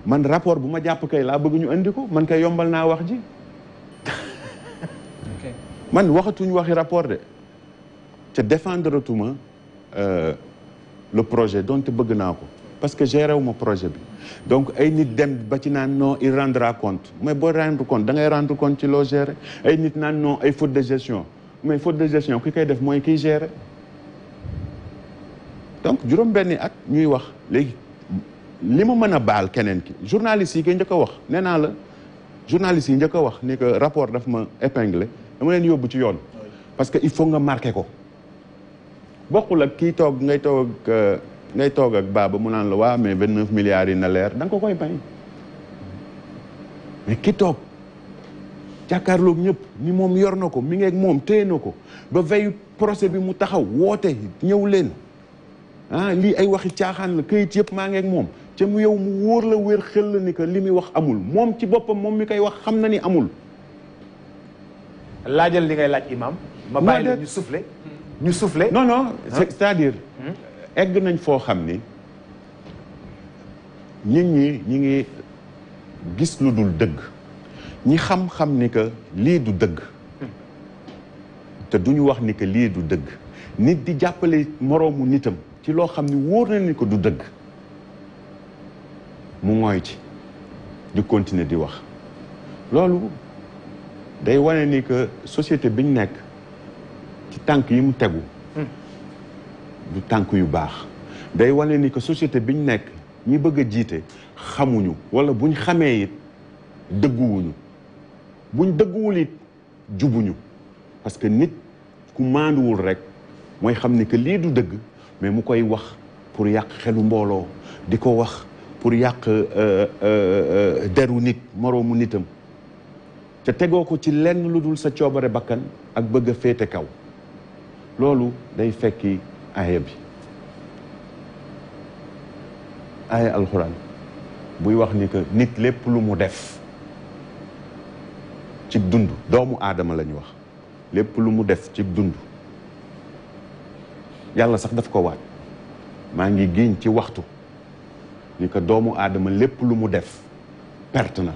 Speaker 5: man rapport bu ma jàpp kay laa bëgg ñu andi ko man kay yombal naa wax ji man waxatuñu waxi rapport de te défendre tuma euh, le projet dont tu veux ko parce que j'ai wu mon projet donc ay nit dem ba ci naan non il rendra compte mais bo rendre compte da ngay rendre compte ci lo gérer ay nit naan non ay faute de gestion mais faute de gestion ki kay def moy ki géré donc juróom benni at ñuy wax légui li ma bal kenen ki journaliste yi koy njëkk wax nee la journaliste yi njëkk wax ni que rapport daf ma épinglé dama len yóbbu ci yoon parce que il faut nga marquer ko bokkul ak kii toog ngay toog ak euh, ngay toog ak baaba mu naan la waa mais vingt neuf milliards yi na leer danga ko koy bañ mais ki toog jàkkaarloog ñëpp ni moom yor na ko mi ngeeg moom téye ko ba veyu procès bi mu taxaw woote ñëw leen ah lii ay waxi caaxaan la kayit yëpp maa ngeeg moom ca mu yow mu wóor la wér xel la ni que li muy wax amul moom ci boppam moom mi koy wax xam na ni amul laajal li ngay laaj imam ma bàyyi la ñu soufflé ñu soufflé non non cest hmm? egg nañ foo xam ni ñi ñi ñi ngi gis lu dul dëgg ñi xam-xam ni que lii du dëgg hmm. te duñu wax ni que lii du dëgg nit di jàppale moroomu nitam ci loo xam ni wóor na ni ko du dëgg mu mooy ci di continuer di wax loolu day wane ni que société bi ñu nekk ci tànk yi mu tegu hmm. du tànk yu baax day wane ni que société bi ñu nekk ñi bëgg a jiite xamuñu wala buñ xamee it dëgguwuñu buñ dëgguwul it jubuñu parce que nit ku maanduwul rek mooy xam ni que lii du dëgg mais mu koy wax pour yàq xelu mbooloo di ko wax pour yàq euh, euh, euh, deru nit moroomu nitam te tegoo ko ci lenn lu dul sa coobare bakkan ak bëgg féete kaw loolu day fekki aaya bi aaya alxuraan buy wax ni que nit lépp lu mu def ci dund doomu aadama la ñu wax lépp lu mu def ci dund yàlla sax daf ko waat maa ngi giñ ci waxtu ni que doomu aadama lépp lu mu def pert na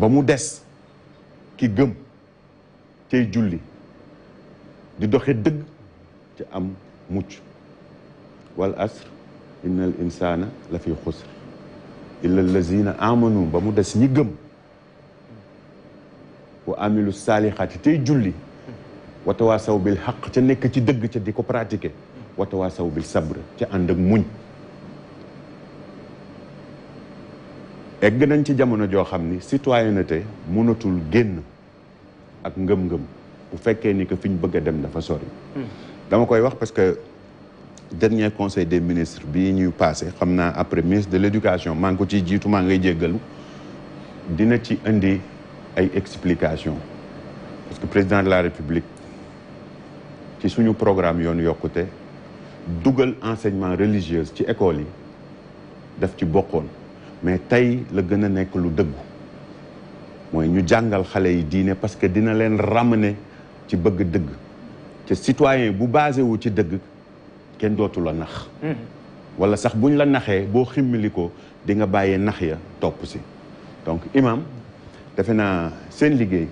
Speaker 5: ba mu des ki gëm tey julli di doxe dëgg ci am mucc wal asr inna insana la fi xusr illa allazina amanu ba mu des ñi gëm wa amilu saalihaati tey julli watawaasaw bil xaq ca nekk ci dëgg ca di ko pratiquer watawaasaw bil sabr ca ànd ak muñ egg nañ ci jamono joo xam citoyenneté mënatul génn ak ngëm-ngëm bu faire ni que fi ñu bëgg a sori. dama koy wax parce que dernier conseil des ministres bi ñuy passé comme après ministre de l'éducation, je maa dit, tout le monde maa ngay jéggalu dina ci indi ay explications parce que président de la république qui ci suñu programme yoonu côté, dugal enseignement religieuse ci école yi daf ci beaucoup. mais taille le gën n'est que lu dëggu mooy ñu jàngal yi parce que dina leen ramener ci bëgg dëgg te citoyen bu basé ci dëgg kenn dootu la nax mm-hmm. wala sax buñ la naxee boo ximmili ko dinga bàyyee nax ya topp si donc imam defe naa seen liggéey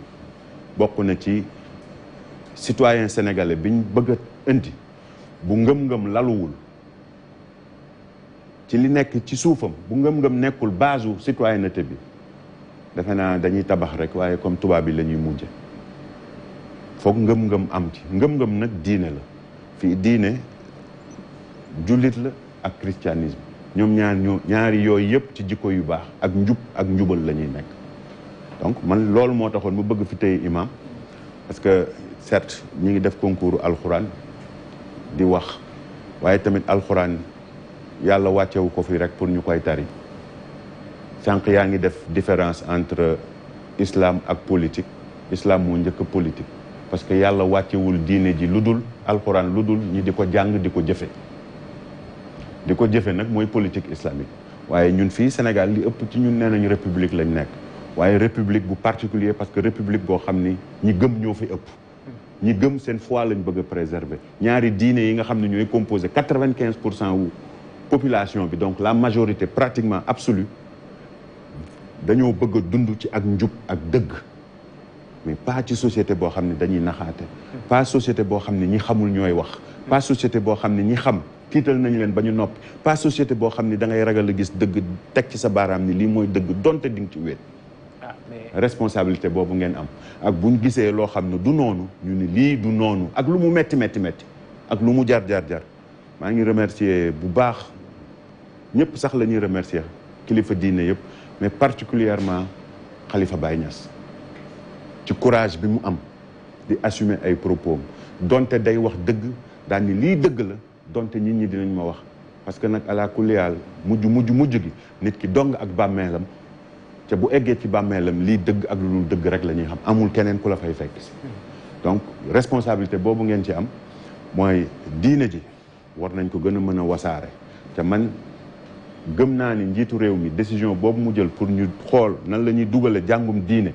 Speaker 5: bokk na ci citoyen sénégalais biñ bëgg a indi bu ngëm-ngëm laluwul ci li nekk ci suufam bu ngëm-ngëm nekkul base u citoyenneté bi defe naa dañuy tabax rek waaye comme tubaab bi lañuy ñuy mujje foog ngëm-ngëm am ci ngëm-ngëm nag diine la fii diine jullit la ak christianisme ñoom ñaar ñoo ñaari yooyu yëpp ci jikko yu baax ak njub ak njubal la ñuy nekk donc man loolu moo taxoon mu bëgg fi tey imam parce que certes ñi ngi def concours alxuraan di wax waaye tamit alxuraan yàlla wàccewu ko fi rek pour ñu koy tari sànq yaa ngi def différence entre islam ak politique islam moo njëkk politique parce que les gens qui ji que luddul, ñi politique islamique Nous, ñun Sénégal li ëpp ci république lañ république bu parce que république boo xamni ñi gëm foi lañ bëgg préserver ñaari yi nga composé population donc la majorité pratiquement absolue dañoo bëgg ci ak mais pas ci société boo xam ne dañuy naxaate pas société boo xam ne ñi xamul ñooy wax pas société boo xam ne ñi xam tiital nañ leen ba ñu pas société boo xam ne da ngay ragal a gis dëgg teg ci sa baaraam ni lii mooy dëgg donte di ci ah, responsabilité boobu ngeen am ak buñ gisee loo xam du ñu ni lii du noonu ak lu mu metti metti metti ak lu mu jar jar jar maa ngi remercier bu baax ñëpp sax la ñuy remercier kilifa diine yëpp mais particulièrement Baye Niass ci courage bi mu am di assumer ay propos donte day wax deug dal ni lii dëgg la donte nit ñi dinañ ma wax parce que nak ala kulliyaal muju muju muju gi nit ki dong ak bamélam te bu éggé ci bamélam li deug ak lu deug rek la ñuy xam amul kenen ku la fay fekk donc responsabilité bobu ngeen ci am moy diiné ji war nañ ko gëna mëna wasaré te man gëm na ni njiitu réew mi décision bobu mu jël pour ñu xol nan lañuy ñuy jangum diiné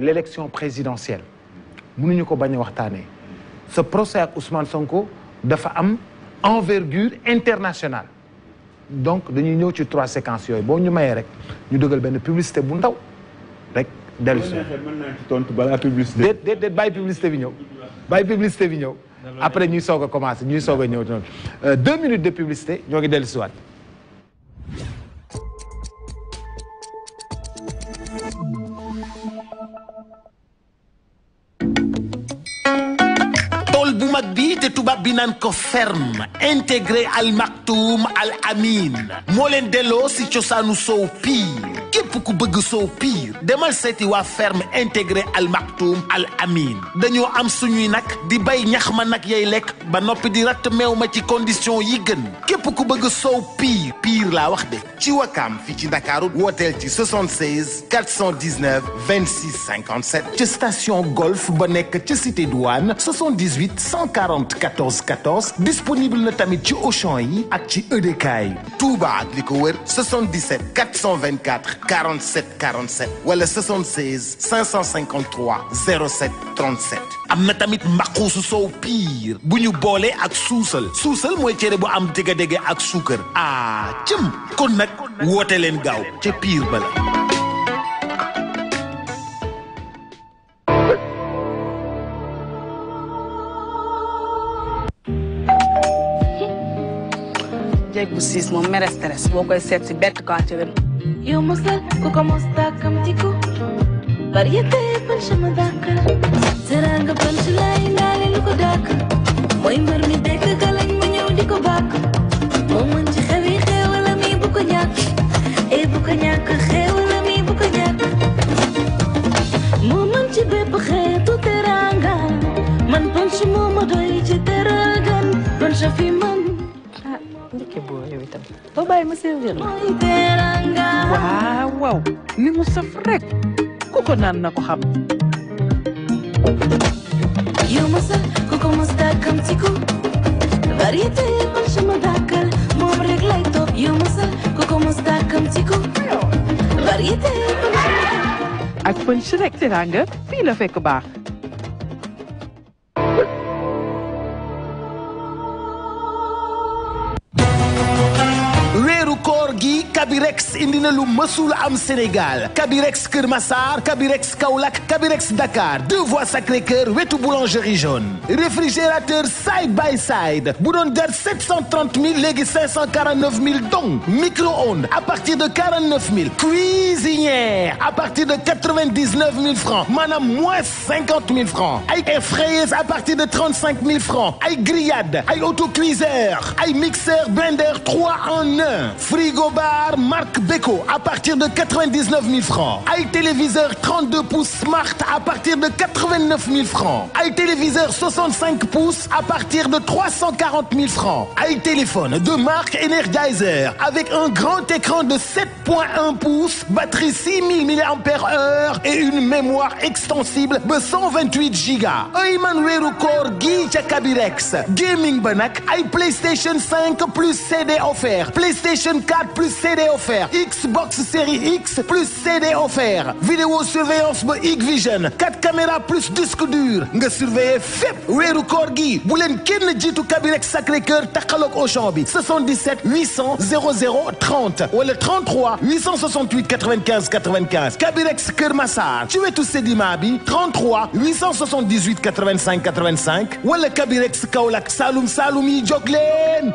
Speaker 1: l'élection présidentielle ce procès ak Ousmane Sonko dafa une envergure internationale donc nous avons trois séquences nous avons ñu rek ñu dëggal publicité bu ndaw rek dellu la publicité bi ñëw publicité après nous avons commencé deux minutes de publicité nous avons dellu bu mag bi te tubaab bi naan ko ferme intégré al maktoum al amin moo leen delloo si cosaanu sow pii képp ku bëgg soow piir demal seeti waa ferme intégré Al Maktoum Al Amin dañoo am suñuy nag di bay ñax ma nag yay lekk ba noppi di ratt meew ma ci condition yi gën képp ku bëgg soow piir piir laa wax de ci wakaam fi ci ndakaaru wooteel ci 76 419 26 57 ci station golf ba nekk ci cité douane 78 140 14 14 disponible na tamit ci Auchan yi ak ci EDK Touba ak li ko wër 77 424 47 wala 76 553 am na tamit mbaquusu soow piir bu ñu boolee ak suusal suusal mooy cere bu am dégg-dégg ak suukar ah cëm kon nag woote leen gaaw ca piir ba la
Speaker 8: jéeg boo koy seet si يوم وصل وكم وصداك متيكو بريت بنش مذاك ترى قبل شلاي نالي لكو داك موي مرمي ديك غلن من يوديكو باك مو منش خوي خيولا مي بوكو نياك اي بوكو نياك خيولا مي بوكو نياك مو منش بيب خيطو ترانغا من بنش مو مدوي جي ترانغا بنش في من
Speaker 12: ah, ini kebo ya, hitam. doo bàyyi ma servir la waaw
Speaker 8: waaw li mu saf ku ko
Speaker 14: naan na ko xam
Speaker 12: yow ma sa
Speaker 8: ku ko mos dàkkam ci ko variété man sama dàkkal moom rek lay topp ma sa ku ko mos dàkkam ci ko variété ak pënc rek teraanga fii la fekk baax
Speaker 1: Kabirex indina na am Sénégal Kabirex Kër Kabirex Kaulak, Kabirex Dakar deux voies Sacré-Cœur wetu boulangerie jaune réfrigérateur side by side Boulanger 730 000 léegi 549 000 donc micro-ondes à partir de 49 000 cuisinière à partir de 99 000 francs Manam moins 50 000 francs Aïe fraise à partir de 35 000 francs Aïe grillade Aïe autocuiseur Aïe mixeur blender 3 en 1 frigo bar marque Beko à partir de 99 000 francs. Aïe téléviseur 32 pouces Smart à partir de 89 000 francs. Aïe téléviseur 65 pouces à partir de 340 000 francs. Aïe téléphone de marque Energizer avec un grand écran de 7.1 pouces, batterie 6000 mAh et une mémoire extensible de 128 Go. Emmanuel man Gaming Banak High PlayStation 5 plus CD offert. PlayStation 4 plus CD offert. Xbox série X plus CD offert. surveillance X-Vision. 4 caméras plus disque dur. nga surveiller fep weeru Corgi. Boulen bu leen kenn Sacré Cœur Takalok au 77 800 00 30 le 33 868 95 95. Kabirex Kër Massar es tout Sedima Mabi. 33 878 85 85 ou le Kaulak Saloum Saloum yi Tu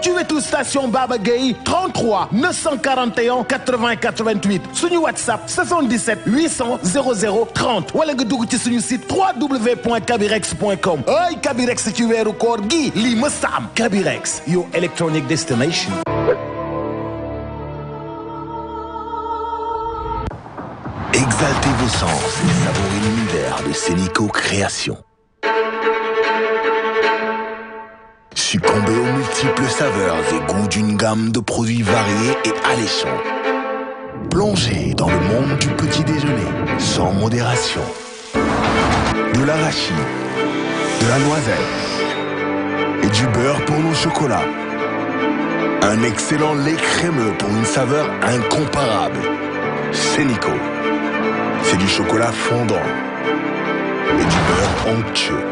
Speaker 1: Tu mets station Baba Gay. 33 941 81 80 88 suñu whatsapp 77 800 00 30 wala nga ci suñu site www.kabirex.com e ay Kabirex ci weeru koor gi li mës Kabirex your electronic destination. Exaltez vos sens et savourez l'univers de Sénico Création. Succomber aux multiples saveurs et goûts d'une gamme de produits variés et alléchants. Plongez dans le monde du petit déjeuner, sans modération. De l'arachide, de la noisette et du beurre pour nos chocolats. Un excellent lait crémeux pour une saveur incomparable. C'est Nico. C'est du chocolat fondant et du beurre onctueux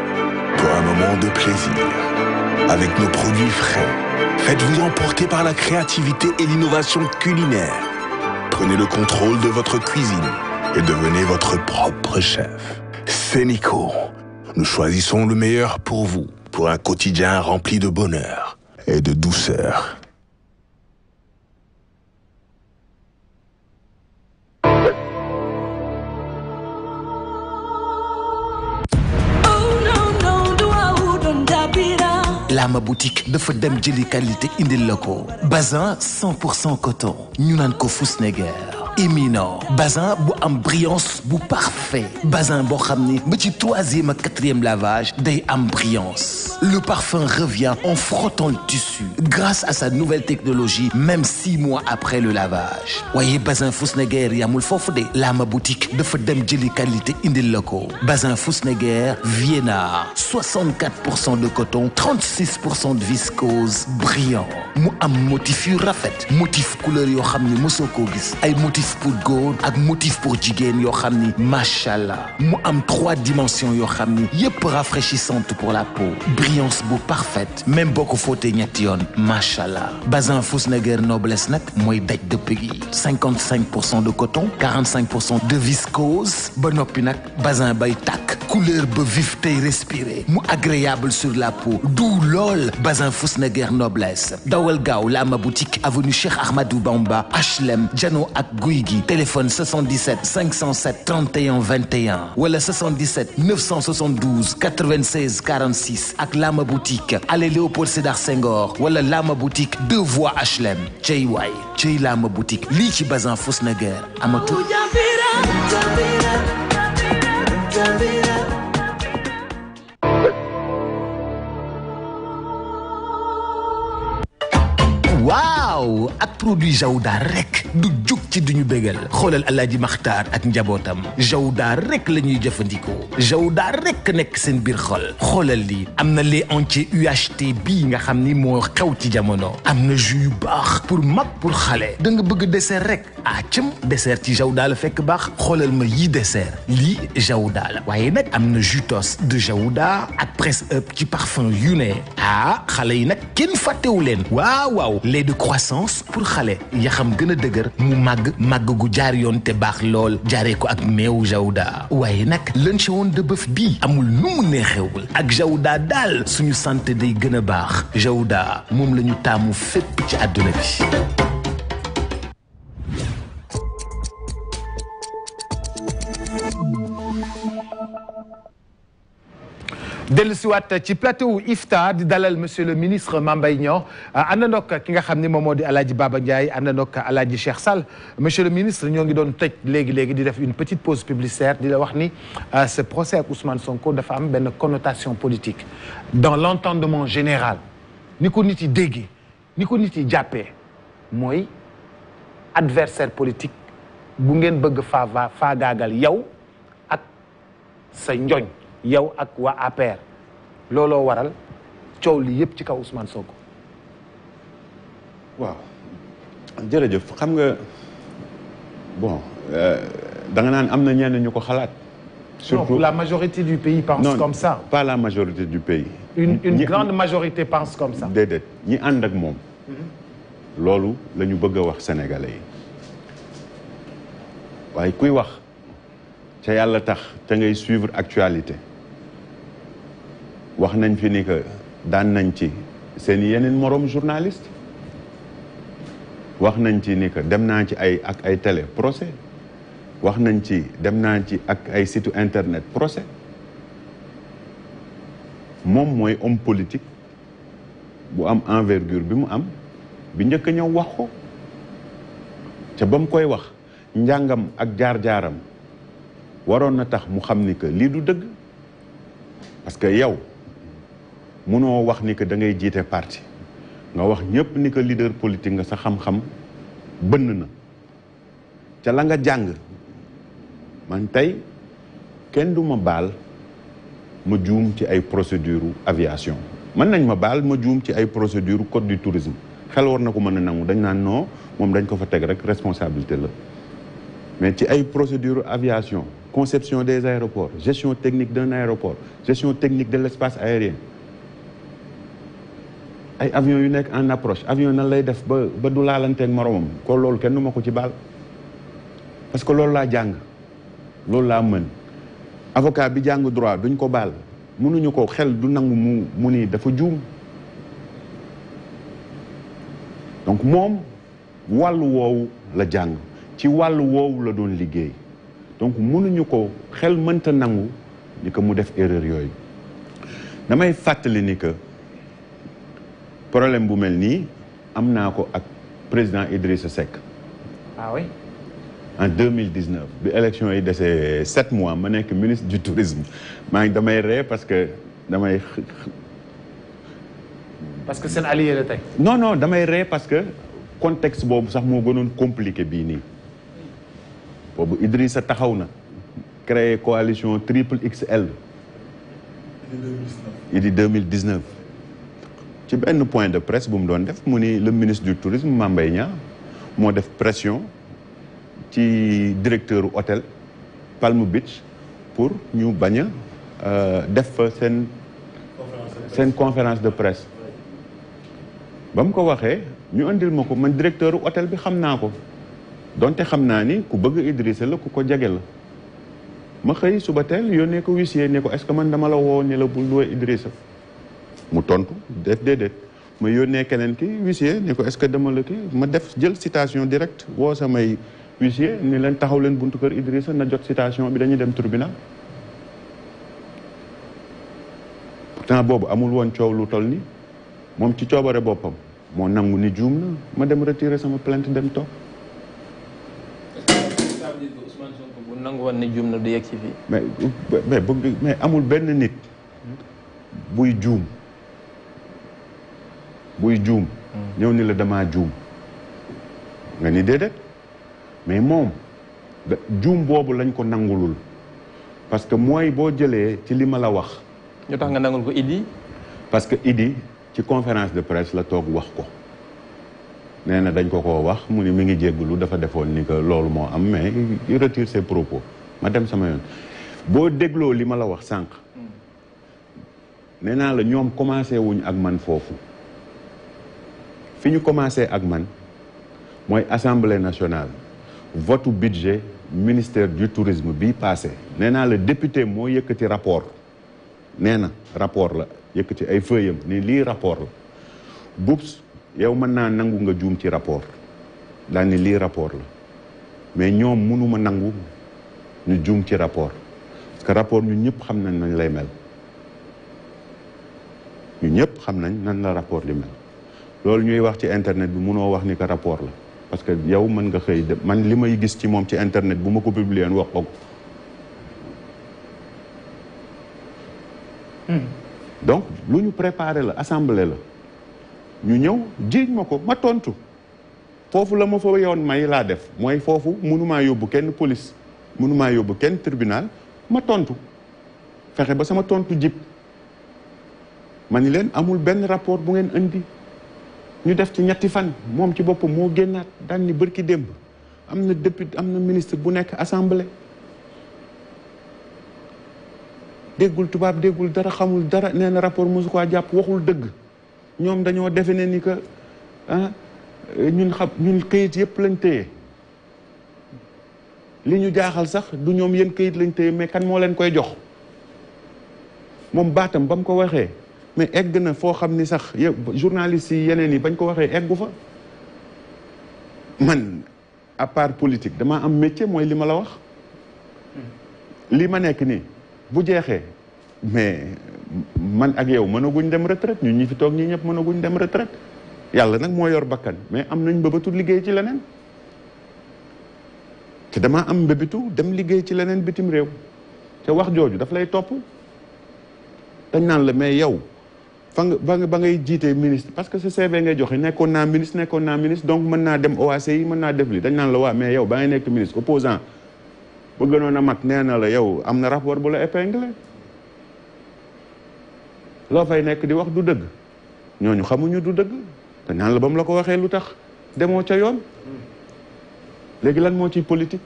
Speaker 1: pour un moment de plaisir avec nos produits frais. Faites-vous emporter par la créativité et l'innovation culinaire. Prenez le contrôle de votre cuisine et devenez votre propre chef. C'est Nous choisissons le meilleur pour vous, pour un quotidien rempli de bonheur et de douceur. dama boutique dafa dem jëli qualité indil la ko bazin 100 pour cent coton ñu naan ko Fousnéguer imminent. Bazin bu am brillance bu parfait bazin bo xam troisième ak quatrième lavage day am brillance le parfum revient en frottant le tissu grâce à sa nouvelle technologie même six mois après le lavage voyez, Bazin Fousséguer yamul y de ma boutique fa dem jeli qualité indil la Vienna 64 de coton 36 de viscose brillant mu am motif yu motif couleur yo xam ni ay motif motif pour gold ak motif pour jigen yo xamni Mou am trois dimensions yohamni. Yep rafraîchissante pour la peau brillance beau parfaite même beaucoup fauté fóotee yon. bazin Noblesse net. moy daj de pays. 55 de coton 45 de viscose bon noppi basin bazin bay couleur ba vif tay respirer agréable sur la peau lol lol bazin Fussnagher Noblesse dawal gaw la ma boutique avenue Cheikh Ahmadou Bamba HLM jano ak téléphone 77 507 31 21 wala 77 972 96 46 ak Lama boutique Allez Léopold Sédar Senghor wala Lama boutique deux voix HLM Chey Y, Lama boutique Lichibazan ci Amato À ak produit Jawda rek du jug ci duñu bégal aladi mahtar at ak njabootam Jawda rek le jëfëndiko jaouda Jawda rek nek seen Cholal xol xolal li amna na lait entier UHT bi nga xamni mo xew ci jamono jus pour map pour xalé D'un bug bëgg dessert rek a ah, cëm dessert ci Jawda la fekk yi xolal ma yi dessert li Jawda la waaye de jaouda ak presse up ci parfum yu a ah xalé yi nag kenn fàttewu Waouh. waaw waaw de croissant essence pour xale yaxam gën a dëgër mu màgg màgg gu jaar yoon te baax lool jaaree ko ak meewu jawda waaye nag lunch woon de bëf bii amul nu mu neexewul ak jawda daal suñu santé day gën a baax jawda moom la ñu taamu fépp ci àdduna bi delsiwat ci plateau iftar, di dalal monsieur le ministre Mame Mbaye ah, ki nga xamni ne moom di Alaaji Baba Ndiaye àndandoog Alaaji Cheikh Sall monsieur le ministre ñoo ngi doon tej léegi léegi di def une petite pause publicitaire di la wax ni ah, ce procès ak Ousmane Sonko dafa am ben connotation politique dans l'entendement général ni ko nit yi déggee ni ko nit yi jàppee mooy adversaire politique bu ngeen bëgg fa faagaagal yow ak sa njoñ yow ak wa APR lolo waral
Speaker 5: ciow li yëpp ci kaw Ousmane Sonko. waaw jërëjëf xam nga bon euh, da nga naan amna ñen ñuko xalat surtout la
Speaker 1: majorité du pays pense non, comme
Speaker 5: ça. pas la majorité du pays.
Speaker 1: une une ñi, grande
Speaker 5: majorité pense comme ça. dedet ñi and ak mom
Speaker 12: mm-hmm.
Speaker 5: lolu lañu bëgg wax sénégalais waye kuy wax ca yalla tax te ngay suivre actualité. wax nañ fi ni que daan nañ ci seen yeneen moroom journaliste wax nañ ci ni que dem naa ci ay ak ay télé procès wax nañ ci dem naa ci ak ay situ internet procès moom mooy homme politique bu am envergure bi mu am bi njëkk a ñëw wax ko ca ba mu koy wax njàngam ak jaar-jaaram waroon na tax mu xam ni que lii du dëgg parce que yow munoo wax ni que da ngay jiite parti nga wax ñëpp ni ko leader politique nga sax xam-xam bënn na ca la nga jàng man tey kenn du ma baal ma juum ci ay procédure aviation mën nañ ma baal ma juum ci ay procédure code du tourisme xel war na ko mën a nangu dañ naan non moom dañ ko fa teg rek responsabilité la mais ci ay procédure aviation conception des aéroports gestion technique d'un aéroport gestion technique de l'espace aérien ay avion yu nekk en approche avion nan lay def ba ba du laalanteeg moromam ko loolu kenn du ma ko ci baal parce que loolu laa jàng loolu laa mën avocat bi jàng droit duñ ko baal mënuñu ko xel du nangu mu mu ni dafa juum donc moom wàll woowu la jàng ci wàllu woowu la doon liggéey donc mënuñu ko xel mënta nangu ni ko mu def erreur yooyu damay fàttali ni que problème bu que je ko ak président Idrissa Seck. ah oui. en 2019 bi élection yi desee sept mois ma le ministre du tourisme Je ngi damay ré parce que damay. parce que c'est un allié de non non damay ré parce que contexte est sax mo compliqué bi ni bobu Idrissa taxawna créer coalition triple XL. est 2019. ci benn point de presse bu mu doon def mu ni le ministre du tourisme Mame Mbaye Niang def pression ci directeur hôtel Palm Beach pour ñu bañ a euh, def sen, sen seen conférence de presse ba mu ko waxee ñu indil ma ko man directeur hôtel bi xam naa ko donte xam naa ni ku bëgg Idrissa la ku ko jege la ma xëy suba teel yónnee ko huissier ne ko est-ce que man dama la woo ne la bul luwe Idrissa mu tontu def déedéet ma yónnee keneen ki huissier ni ko est-ce que dama ma def jël citation directe woo samay huissier ni leen taxaw leen buntu kër Idrissa na jot citation bi dañuy dem tribunal pourtant boobu amul woon coow lu toll nii moom ci coobare boppam moo nangu ni juum na ma dem retirer sama plainte dem toog.
Speaker 3: Ousmane Sonko bu nangu na du yegg ci
Speaker 5: mais mais mais amul benn nit buy juum. buy juum mm. ñëw ni la damaa juum nga ni déedéet mais moom juum boobu lañ ko nangulul parce que mooy boo jëlee ci li ma la wax
Speaker 3: ñu tax nga nangul ko Idi
Speaker 5: parce que Idi ci conférence de presse la toog wax ko nee na dañ ko koo wax mu ni mi ngi jéggulu dafa defoon ni ko loolu moo am mais il retire ses propos ma dem sama yoon boo dégloo li ma la wax sànq mm. nee naa la ñoom commencé wuñ ak man foofu fi ñu commencé ak man moy assemblée nationale votre budget ministère du tourisme bi passé néna le député mo yëkëti rapport néna rapport la yëkëti ay feuillam ni li rapport la bubs yow mën naa nangu nga juum ci rapport daal ni li rapport la mais ñom mënuma nangu ñu juum ci rapport parce que rapport ñun ñëpp xam nañ nañ lay mel ñu ñëpp xam nañ nan la rapport li mel loolu ñuy wax ci internet bi munoo wax ni que rapport la parce que yow man nga xëy de man li may gis ci moom ci internet bu ma ko publier wax ko. Hmm. donc lu ñu préparé la assemblée la ñu ñëw jiiñ ma ko ma tontu foofu la ma fa yoon may laa def mooy foofu mënumaa yóbbu kenn police mënumaa yóbbu kenn tribunal ma tontu fexe ba sama tontu jib ma ni leen amul benn rapport bu ngeen indi ñu def ci ñetti fan moom ci boppam moo génnaat daan ni bërki démb am na député am na ministre bu nekk assemblée déggul tubaab déggul dara xamul dara nee rapport mosu ko jàpp waxul dëgg ñoom dañoo defe ne ni que ah, ñun xam ñun këyit yëpp lañ téye li ñu jaaxal sax du ñoom yéen këyit lañ téye mais kan moo leen koy jox moom baatam ba mu ko waxee mais egg na foo xam ni sax yow journaliste yi yeneen yi bañ ko waxee eggu fa man à part politique damaa am métier mooy li ma la wax lii ma nekk nii bu jeexee mais man ak yow mënaguñ dem retraite ñun ñi fi toog ñi ñëpp mënaguñ dem retraite yàlla nag moo yor bakkan mais am nañ mbëbëtu liggéey ci leneen te damaa am mbëbëtu dem liggéey ci leneen bitim réew te wax jooju daf lay topp dañ naan la mais yow fa nga ba nga ba ngay jiitee ministre parce que sa CV ngay joxe nekkoon naa ministre nekkoon naa ministre donc mën naa dem OAC yi mën naa def li dañ naan la waa mais yow ba ngay nekk ministre a mag nee na la yow am na rapport bu la épinglé loo fay nekk di wax du dëgg ñooñu xamuñu du dëgg dañ naan la ba mu la ko waxee lu tax demoo ca yoon léegi lan moo ciy politique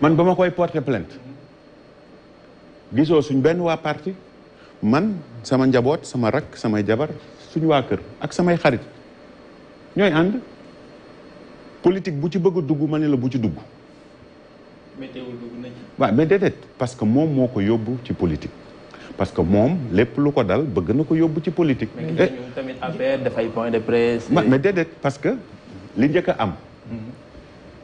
Speaker 5: man ba ma koy porter plainte gisoo suñ benn waa parti man sama njaboot sama rak sama jabar suñu waa kër ak samay xarit ñooy ànd politique bu ci bëgg a dugg ma ne la bu ci dugg waaw mais déedéet parce que mom moo ko ci politique parce que moom lépp lu ko dal bëgg na ko yóbbu ci politique eh.
Speaker 3: tamit affaire dafay point de presse mais
Speaker 5: déedéet parce que li am mhm.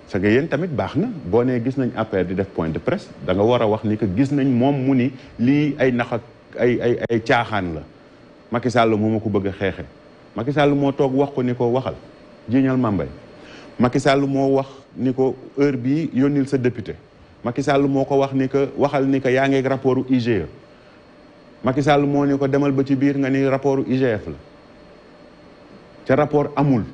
Speaker 5: sa tamit baax na boo gis nañ di def point de presse da nga war wax ni que gis nañ ay nax ay ay caaxaan la Macky Sall mu ma ko bëgg a xeexe Macky moo toog wax ko ni ko waxal jiiñal mambay Macky Sall moo wax ni ko heure bii yónnil sa député Macky Sall moo ko wax ni que waxal ni que yaa ngi rapport IGE Macky Sall moo ni ko demal ba ci biir nga ni rapport IGF e la ca rapport amul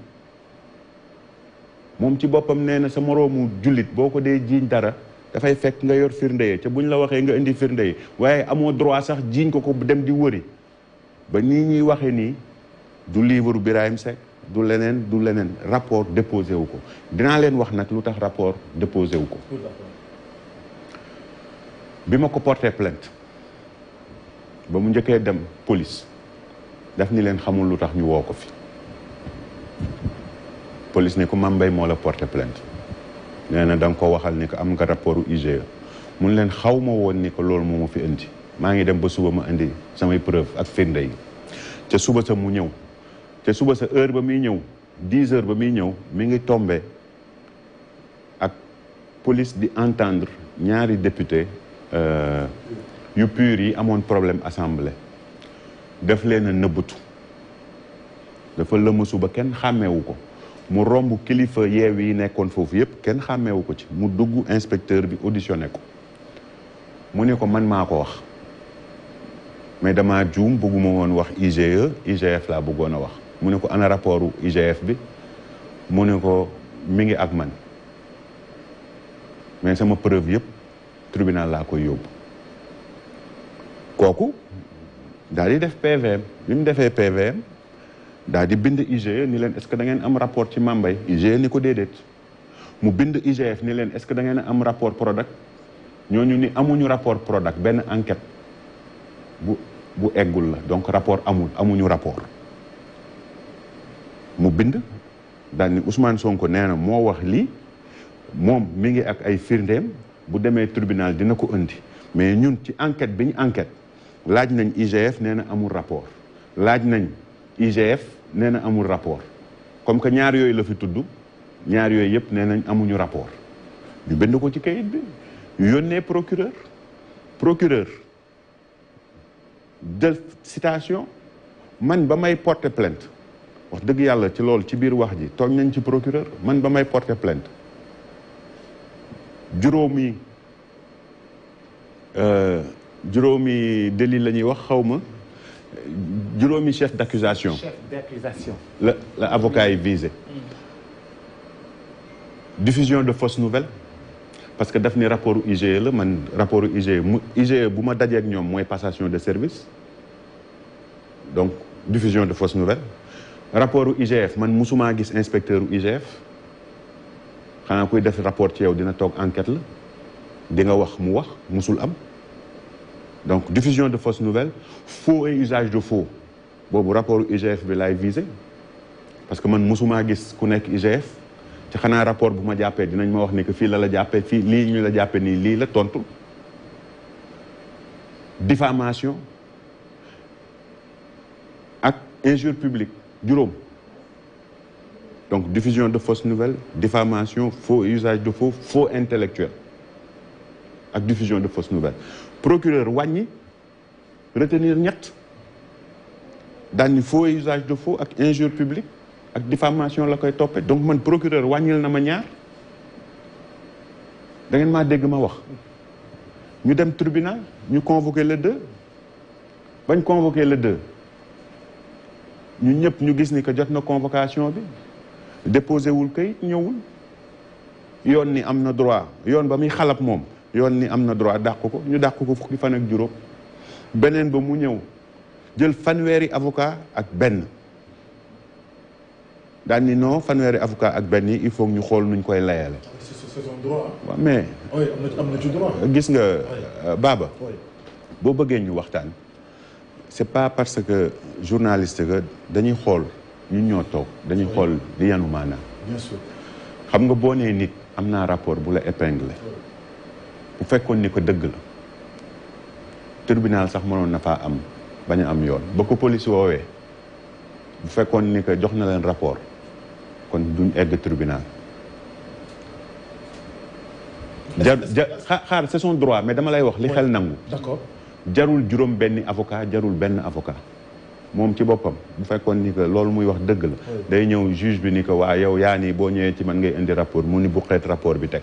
Speaker 5: moom ci boppam nee na sa moroomu jullit boo ko dee jiiñ dara dafay fekk nga yor firnde yi ca buñ la waxee nga indi firnde yi waaye amoo droit sax jiiñ ko ko dem di wëri ba nii ñuy waxee nii du livre Birahim Seck du leneen du leneen rapport déposé wu ko dinaa leen wax nag lu tax rapport déposé wu ko bi ma ko porté plainte ba mu njëkkee dem police daf ni leen xamul lu tax ñu woo ko fi police ni ko Mame Mbaye moo la porté plainte nee na da ko waxal ni que am nga rapport IGE mun leen xawma woon ni que loolu moom ma fi indi maa ngi dem ba suba ma indi samay preuve ak firnde yi ca suba sa mu ñëw ca suba sa heure ba muy ñëw 10 heures ba muy ñëw mi ngi tombe ak police di entendre ñaari député euh, yu pur yi amoon problème assemblée def leen a nëbbutu dafa lëmasu ba kenn xàmmeewu ko mu romb kilifa yeew yi nekkoon foofu yëpp kenn xàmmeewu ko ci mu dugg inspecteur bi auditionné ko mu ne ko man maa ko wax mais dama juum bëgguma woon wax IGE IGF laa bëggoon a wax mu ne ko ana rapportu IGF bi mu ne ko mi ngi ak man mais sama preuve yëpp tribunal laa koy yóbbu kooku daal di def pv bi mu defee PVM daa di bind IGE ni leen est-ce que da ngeen am rapport ci Mambay IGE ni ko déedéet mu bind IGF e ni leen est-ce que da ngeen am rapport Prodac ñooñu ni amuñu rapport Prodac benn enquête bu bu eggul la donc rapport amul amuñu rapport mu bind daal ni sonk Sonko nee na moo wax lii moom mi ngi ak ay firndeem bu demee tribunal dina ko indi mais ñun ci enquête bi ñu enquête laaj nañ IGF e nee na amul rapport laaj nañ IGF nee na amul rapport comme que ñaar yooyu la fi tudd ñaar yooyu yëpp nee nañ amuñu rapport ñu bind ko ci kayit bi yónnee procureur procureur de citation man ba may porter plainte wax dëgg yàlla ci loolu ci biir wax ji tooñ nañ ci procureur man ba may porter plainte juróomi euh, juróomi délit lañuy wax xaw ma juróomi chef d'accusation chef
Speaker 1: d'accusation
Speaker 5: l'avocat est visé mm. diffusion de fausses nouvelles parce que daf rapport IGE le rapport IGE IGE bu passation de service donc diffusion de fausses nouvelles rapport IGF man suis gis inspecteur IGF a un rapport ci enquête donc diffusion de fausses nouvelles faux et usage de faux Le rapport IGF est visé parce que man suis gis ku IGF ci un rapport pour ma je dinañ ma wax que la la jàppee fii lii ñu la la diffamation ak injure publique donc diffusion de fausses nouvelles diffamation faux usage de faux faux intellectuel ak diffusion de fausses nouvelles procureur Wagny, retenir Niat, dans le faux usage de faux, avec injure publique, avec diffamation, la topé. Donc, mon procureur Wagny, il n'a pas de Nous sommes au tribunal, nous convoquons les deux. Quand nous convoquons les deux, nous avons que nous que nous avons convocation. Déposer le nous avons le droit. Nous avons le droit. yoon ni am na droit dàq ko ñu dàq ko fukki fan ak juróom beneen ba mu ñëw jël fanweeri avocat ak benn daan ni non fanweeri avocat ak benn yi il faut ñu xool nuñ koy layale
Speaker 4: c'est son droit mais am
Speaker 5: gis nga euh, Baba boo bëggee ñu waxtaan c'est pas parce que journalist que dañuy xool ñu ñoo toog dañuy xool di yanu maanaam xam nga boo nee nit am naa rapport bu la épinglé bu fekkoon ni ko dëgg la tribunal sax mënoon na faa am bañ am yoon ba ko police woowee bu fekkoon ni ko jox na leen rapport kon duñ egg tribunal. jar xaar c'est son droit mais dama lay wax li xel nangu. d'accord jarul juróom benn avocat jarul benn avocat. moom ci boppam bu fekkoon ni que loolu muy wax dëgg la. day ñëw juge bi ni ko waa yow yaa nii boo ñëwee ci man ngay indi rapport mu ni bu xeet rapport bi teg.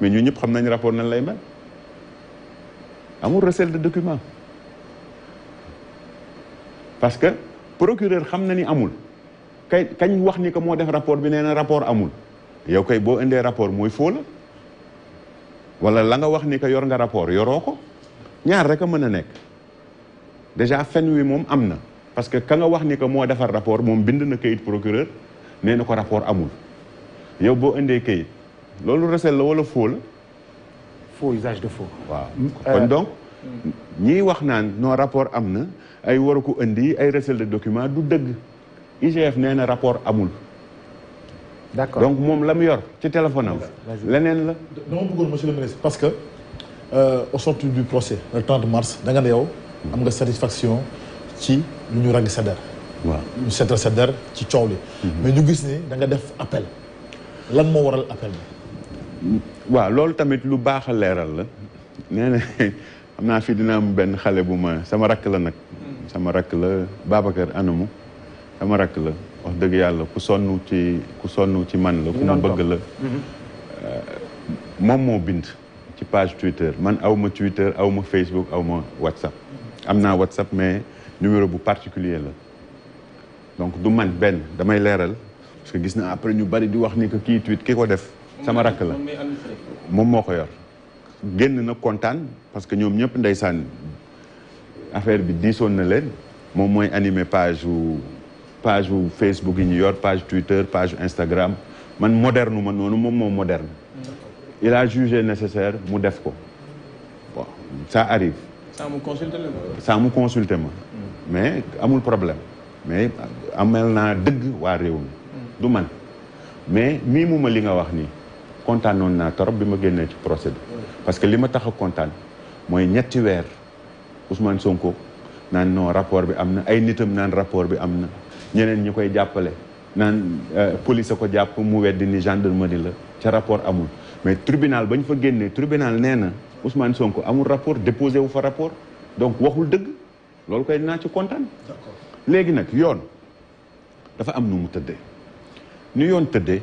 Speaker 5: mais ñu ñëpp xam nañ rapport nan lay mel amul recel de document parce que procureur xam na ni amul kay kañ wax ni que moo def rapport bi nee na rapport amul yow kay boo indee rapport mooy faux la wala la nga wax ni que yor nga rapport yoroo ko ñaar rek a mën a nekk déjà fen wi moom am na parce que ka nga wax ni que moo defar rapport moom bind na kayit procureur nee na ko rapport amul yow boo indee kayit loolu recel la wala faux la. faux usage de faux. waaw euh, kon donc ñi wax naan non rapport amna ay waru ko indi ay recel de document du deug IGF nee rapport amul. d'accord donc mom lam yor ci téléphone am. leneen la. dama bëggoon monsieur le ministre parce que
Speaker 4: euh, au sortir du procès le 30 mars da nga ne yow. am nga satisfaction ci lu ñu rang Sédar. waaw ñu seetal Sédar ci coow li. Mhm. mais ñu gis ni da nga def appel lan mo waral appel
Speaker 5: waaw loolu tamit lu baax a leeral la nee na xam naa fii dina am benn xale bu ma sama rakk la nag sama rakk la Babacar Anamu sama rakk la wax dëgg yàlla ku sonnu ci ku sonn ci man la ku ma bëgg la mhm. euh, moom moo bind ci page Twitter man aw ma Twitter aw ma Facebook aw ma WhatsApp am naa WhatsApp mais numéro bu particulier la donc du man benn damay leeral parce que gis na après ñu bari di wax ni que kii tweet ki ko def sama rakk la Mon moo ko yor génn na parce que nous ñëpp pendant affaire bi affaire na leen moom mooy animé page ou page ou Facebook yi ñu yor page Twitter page Instagram man moderne man noonu moom moom moderne il a jugé nécessaire mu def ko bon ça arrive
Speaker 14: Ça me consulter
Speaker 5: Ça sans mu consulter ma mm. mais amul problème mais amel naa dëgg waa réew mi mm. du man mais mi mu ma li nga wax kontaanoon naa torop bi ma génnee ci procès bi parce que li ma tax a kontaan mooy ñetti weer Ousmane Sonko naan non rapport bi am na ay nitam naan rapport bi am na ñeneen ñi koy jàppale naan euh, police a ko jàpp mu weddi ni gendarmerie la ca rapport amul mais tribunal ñu fa génnee tribunal nee na Ousmane Sonko amul rapport déposé wu fa rapport donc waxul dëgg loolu koy naa ci kontaan léegi nag yoon dafa am nu mu tëddee nu yoon tëddee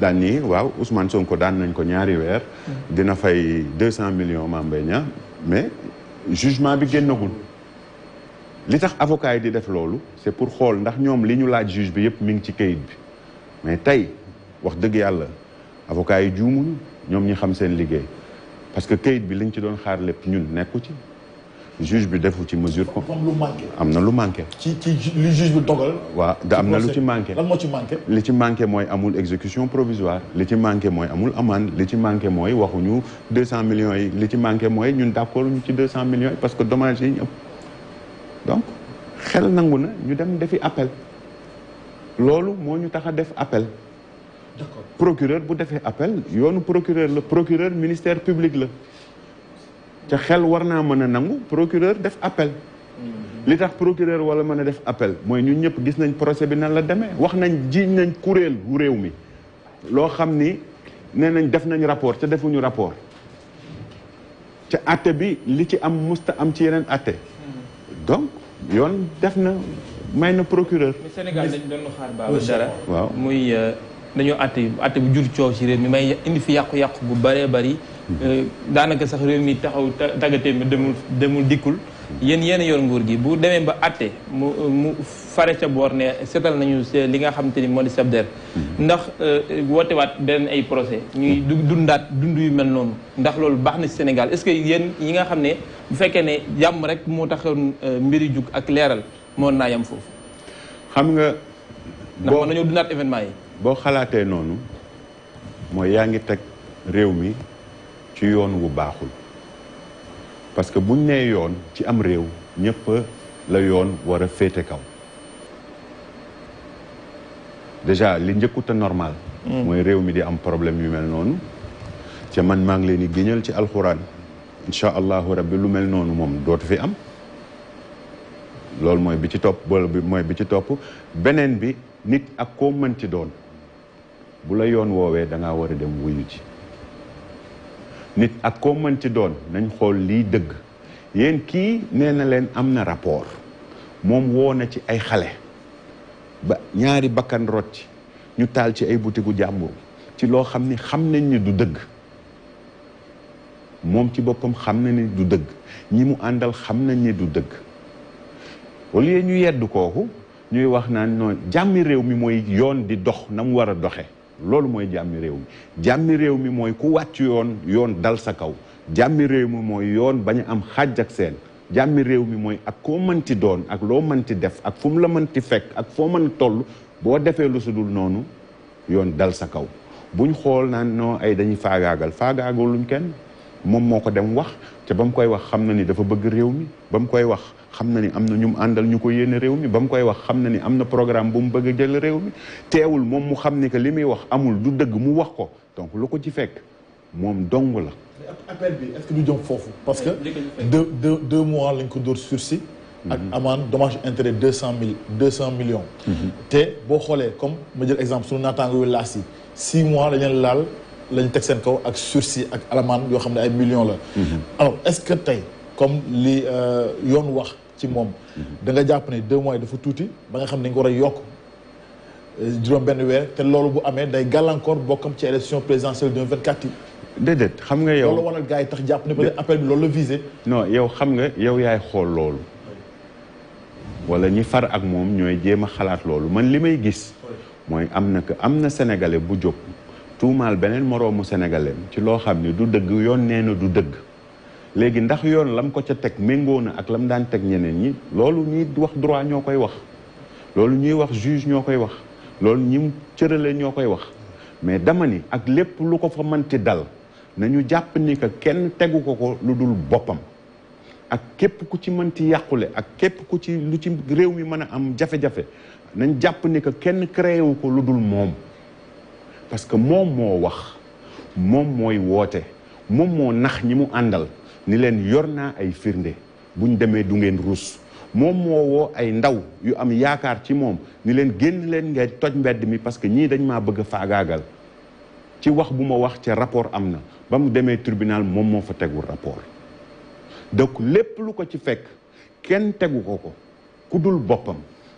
Speaker 5: daan ni waaw Ousmane Sonko dan nañ ko ñaari weer. dina fay 200 millions Mame mais jugement bi génnagul. li tax avocat yi di def loolu c'est pour xol ndax ñom li ñu laaj juge bi yépp mi ngi ci kayit bi mais tay wax deug yalla avocat yi juumuñu ñom ñi xam seen liggéey parce que kayit bi liñ ci doon xaar lepp ñun nekku ci juge bi defu ci mesure juge
Speaker 4: bi manque Wa,
Speaker 5: lu manqué lan ci manqué li ci exécution provisoire li manqué amul amende li ci manqué millions yi li ci manqué ñun d'accord ñu ci 200 millions parce que dommage donc xel nanguna ñu appel manque. mo ñu appel d'accord procureur bu defé appel yoonu procureur le procureur ministère public ca xel war naa mën a nangu procureur def appel
Speaker 12: mm-hmm.
Speaker 5: li tax procureur wala mën a def appel mooy ñun ñëpp gis nañ procès bi nan la demee wax nañ jiiñ nañ kuréel wu réew mi loo xam ni nee nañ def nañ rapport ca defuñu rapport ca atte bi li ci am musta am ci yeneen
Speaker 3: atte mm-hmm. donc yoon
Speaker 5: def na may na procureur
Speaker 2: Sénégal dañ
Speaker 3: doon xaar baaba dara waaw muy euh, dañoo atte atte bu jur coow ci réew mi may indi fi yàqu-yàqu bu bëree bari Euh, daanaka sax réew mi taxaw tàggatee mi demul demul dikkul yéen yenn yoon nguur gi bu demee ba atte mu mu fare ca boor ne seetal nañu see li nga xam te ni moo di sab der mm-hmm. ndax euh, wootewaat beneen ay procès ñuy mm-hmm. dundaat dund yu mel noonu ndax loolu baax na ci Sénégal est-ce que yéen ñi nga xam ne bu fekkee ne jàmm rek moo tax euh, mbiri jug ak leeral moo naa yam foofu xam nga ndax mën nañoo dundaat événement yi
Speaker 5: boo xalaatee noonu mooy yaa ngi teg réew mi ci yoon wu baaxul parce que buñ nee yoon ci am réew ñëpp la yoon war a féete kaw déjà li njëkkut a normal hmm. mooy réew mi di am problème yu mel noonu te man maa ngi leen di géñal ci alxuraan incha allahu rabbi lu mel noonu moom dootu fi am loolu mooy bi ci topp bi mooy bi ci topp beneen bi nit ak koo mënti doon bu la yoon woowee da ngaa war a dem wuyu ji nit ak koo mën ci doon nañ xool lii dëgg yéen kii nee na leen am na rapport moom woo na ci ay xale ba ñaari bakkan rot ñu taal ci ay butigu jàmbur ci loo xam ni xam nañ ni du dëgg moom ci boppam xam na ni du dëgg ñi mu àndal xam nañ ni du dëgg au lieu ñu yedd kooku ñuy wax naan noonu jàmmi réew mi mooy yoon di dox na mu war a doxe loolu mooy jàmmi réew mi jàmmi réew mi mooy ku wàcc yoon yoon dal sa kaw jàmmi réew mi mooy yoon bañ am xàjj ak seen jàmmi réew mi mooy ak koo mënti doon ak loo mënti def ak fu mu la mënti fekk ak foo man toll boo defee lu sudul noonu yoon dal sa kaw buñ xool naan non ay dañuy faagaagal faagaagaluñ kenn moom moo ko dem wax te ba mu koy wax xam na ni dafa bëgg réew mi ba mu koy wax xam na ni am na ñu mu àndal ñu ko yéene réew mi ba mu koy wax xam na ni am na programme bu mu bëgg a jël réew mi teewul moom mu xam ni que li muy wax amul du dëgg mu wax ko donc lu ko ci fekk moom dong la.
Speaker 4: appel bi est-ce que du jëm foofu. parce que deux deux deux mois lañ ko door sursi. Mm-hmm. ak amende dommage intérêt deux cent mille deux millions. Mm-hmm. te boo xoolee comme ma jël exemple sunu naataangoo yu laas yi six mois dañ leen laal lañ teg seen kaw ak sursi ak amende yoo xam ne ay millions la. Mm-hmm. alors est-ce que tey comme li euh, yoon wax. ci moom. danga jàpp ne deux mois dafa tuuti ba nga xam ne dañ ko war a yokk euh, juróom benn weer te loolu bu amee day gàllankoor bokkam ci élection présidentielle 2024 yi.
Speaker 5: déedéet xam nga yow loolu waral yi tax jàpp ne peut être
Speaker 4: bi loolu la visé.
Speaker 5: non yow xam nga yow yaay xool loolu. wala ñi far ak moom ñooy jéem a xalaat loolu man li may gis. mooy am na que am na sénégalais bu jóg tuumaal beneen moroomu sénégalais ci loo xam ne du dëgg yoon nee na du dëgg. léegi ndax yoon lam ko ca teg méngoo na ak lam daan teg ñeneen ñi loolu ñuy wax droit ñoo koy wax loolu ñuy wax juge ñoo koy wax loolu ñim mu cërale ñoo koy wax mais dama ni ak lépp lu ko fa mënti dal na ñu jàpp ni que kenn tegu ko ko lu dul boppam ak képp ku ci mënti yàqule ak képp ku ci lu ci réew mi mën a am jafe nañ jàpp ni que kenn créé wu ko lu dul moom parce que moom moo wax moom mooy woote moom moo nax ñi mu àndal ni leen yor naa ay firnde buñ demee du ngeen ruus moom moo woo ay ndaw yu am yaakaar ci moom ni leen génn leen ngay toj mbedd mi parce que ñii dañ maa bëgg faagaagal ci wax bu ma wax ca rapport am na ba mu demee tribunal moom moo fa tegul rapport donc lépp lu ko ci fekk kenn tegu ko ko ku dul boppam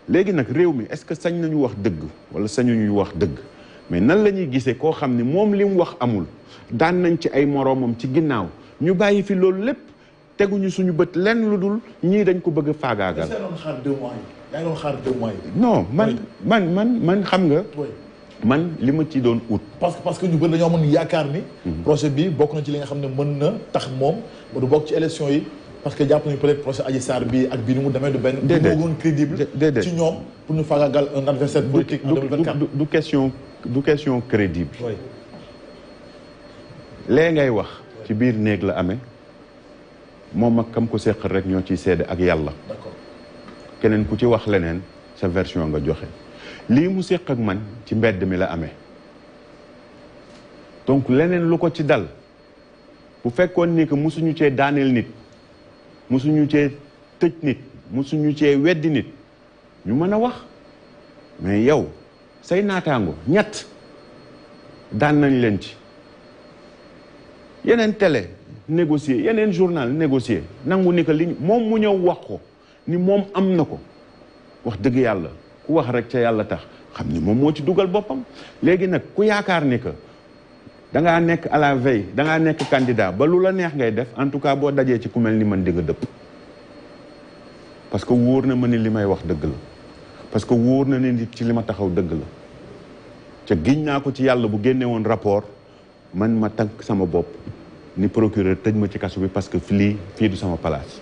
Speaker 5: léegi nag réew mi est-ce que sañ nañu wax dëgg walla sañu ñuy wax dëgg mais nan la ñuy gisee koo xam ni moom li mu wax amul daan nañ ci ay moroomam ci ginnaaw ñu bàyyi fi loolu lépp teguñu suñu bët lenn lu dul ñii dañ ko bëgg a faagaagal. yaa ngi doon
Speaker 4: xaar deux mois yi.
Speaker 5: man man man man xam nga. man li ma ci doon ut. parce que parce que ñu bëri dañoo amoon yaakaar ni. Mhm.
Speaker 4: projet bi bokk na ci li nga xam ne mën na tax moom du bokk ci élection yi parce que jàpp nañu peut-être projet Adji Sarr bi ak bii ni mu demee du benn. déedéet du crédible ci ñoom pour ñu faagaagal un adversaire politique
Speaker 5: en 2024 du du question du question crédible. oui. lee ngay wax. ci biir néeg la ame moom ak kam ko seqal rek ñoo ciy seede ak yàlla keneen ku ci wax leneen sa version nga joxe lii mu seq ak man ci mbedd mi la amee donc leneen lu ko ci dal bu fekkoon ni que musuñu cee daaneel nit musuñu cee tëj nit musuñu cee weddi nit ñu mën a wax mais yow say naataango ñett daan nañ leen ci yeneen télé négocier yeneen journal négocier nangu ni que li moom mu ñëw wax ko ni moom am na ko wax dëgg yàlla ku wax rek ca yàlla tax xam ni moom moo ci dugal boppam léegi nag ku yaakaar ni que dangaa nekk à la veille dangaa nekk kandidaa ba lu la neex ngay def en tout cas boo dajee ci ku mel ni man di nga dëpp parce que wóor na ma ni li may wax dëgg la parce que wóor na ni ci li ma taxaw dëgg la ca giñ naa ko ci yàlla bu génne woon rapport man ma tànk sama bop ni procureur tëj ma ci kasso bi parce que fii fii du sama Palace.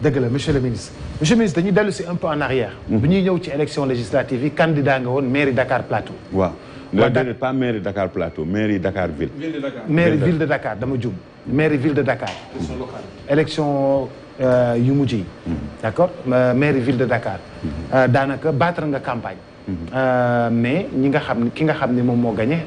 Speaker 5: deug
Speaker 1: la monsieur le ministre monsieur le ministre dañuy dalu ci un peu en arrière. Mhm. bu ñuy ñew ci élection législative candidat nga woon
Speaker 5: mairie Dakar Plateau. wa non déedéet pas mairie Dakar Plateau mairie Dakar ville. ville de Dakar mairie ville
Speaker 1: de Dakar dama djum mhm. mairie ville de Dakar. élection locale. élection euh, yu mujj yi. Mhm. mairie ville de Dakar. Euh, danaka battre nga campagne. Euh, mais ñi nga xamni ki nga xamni mom mo gagner gagné.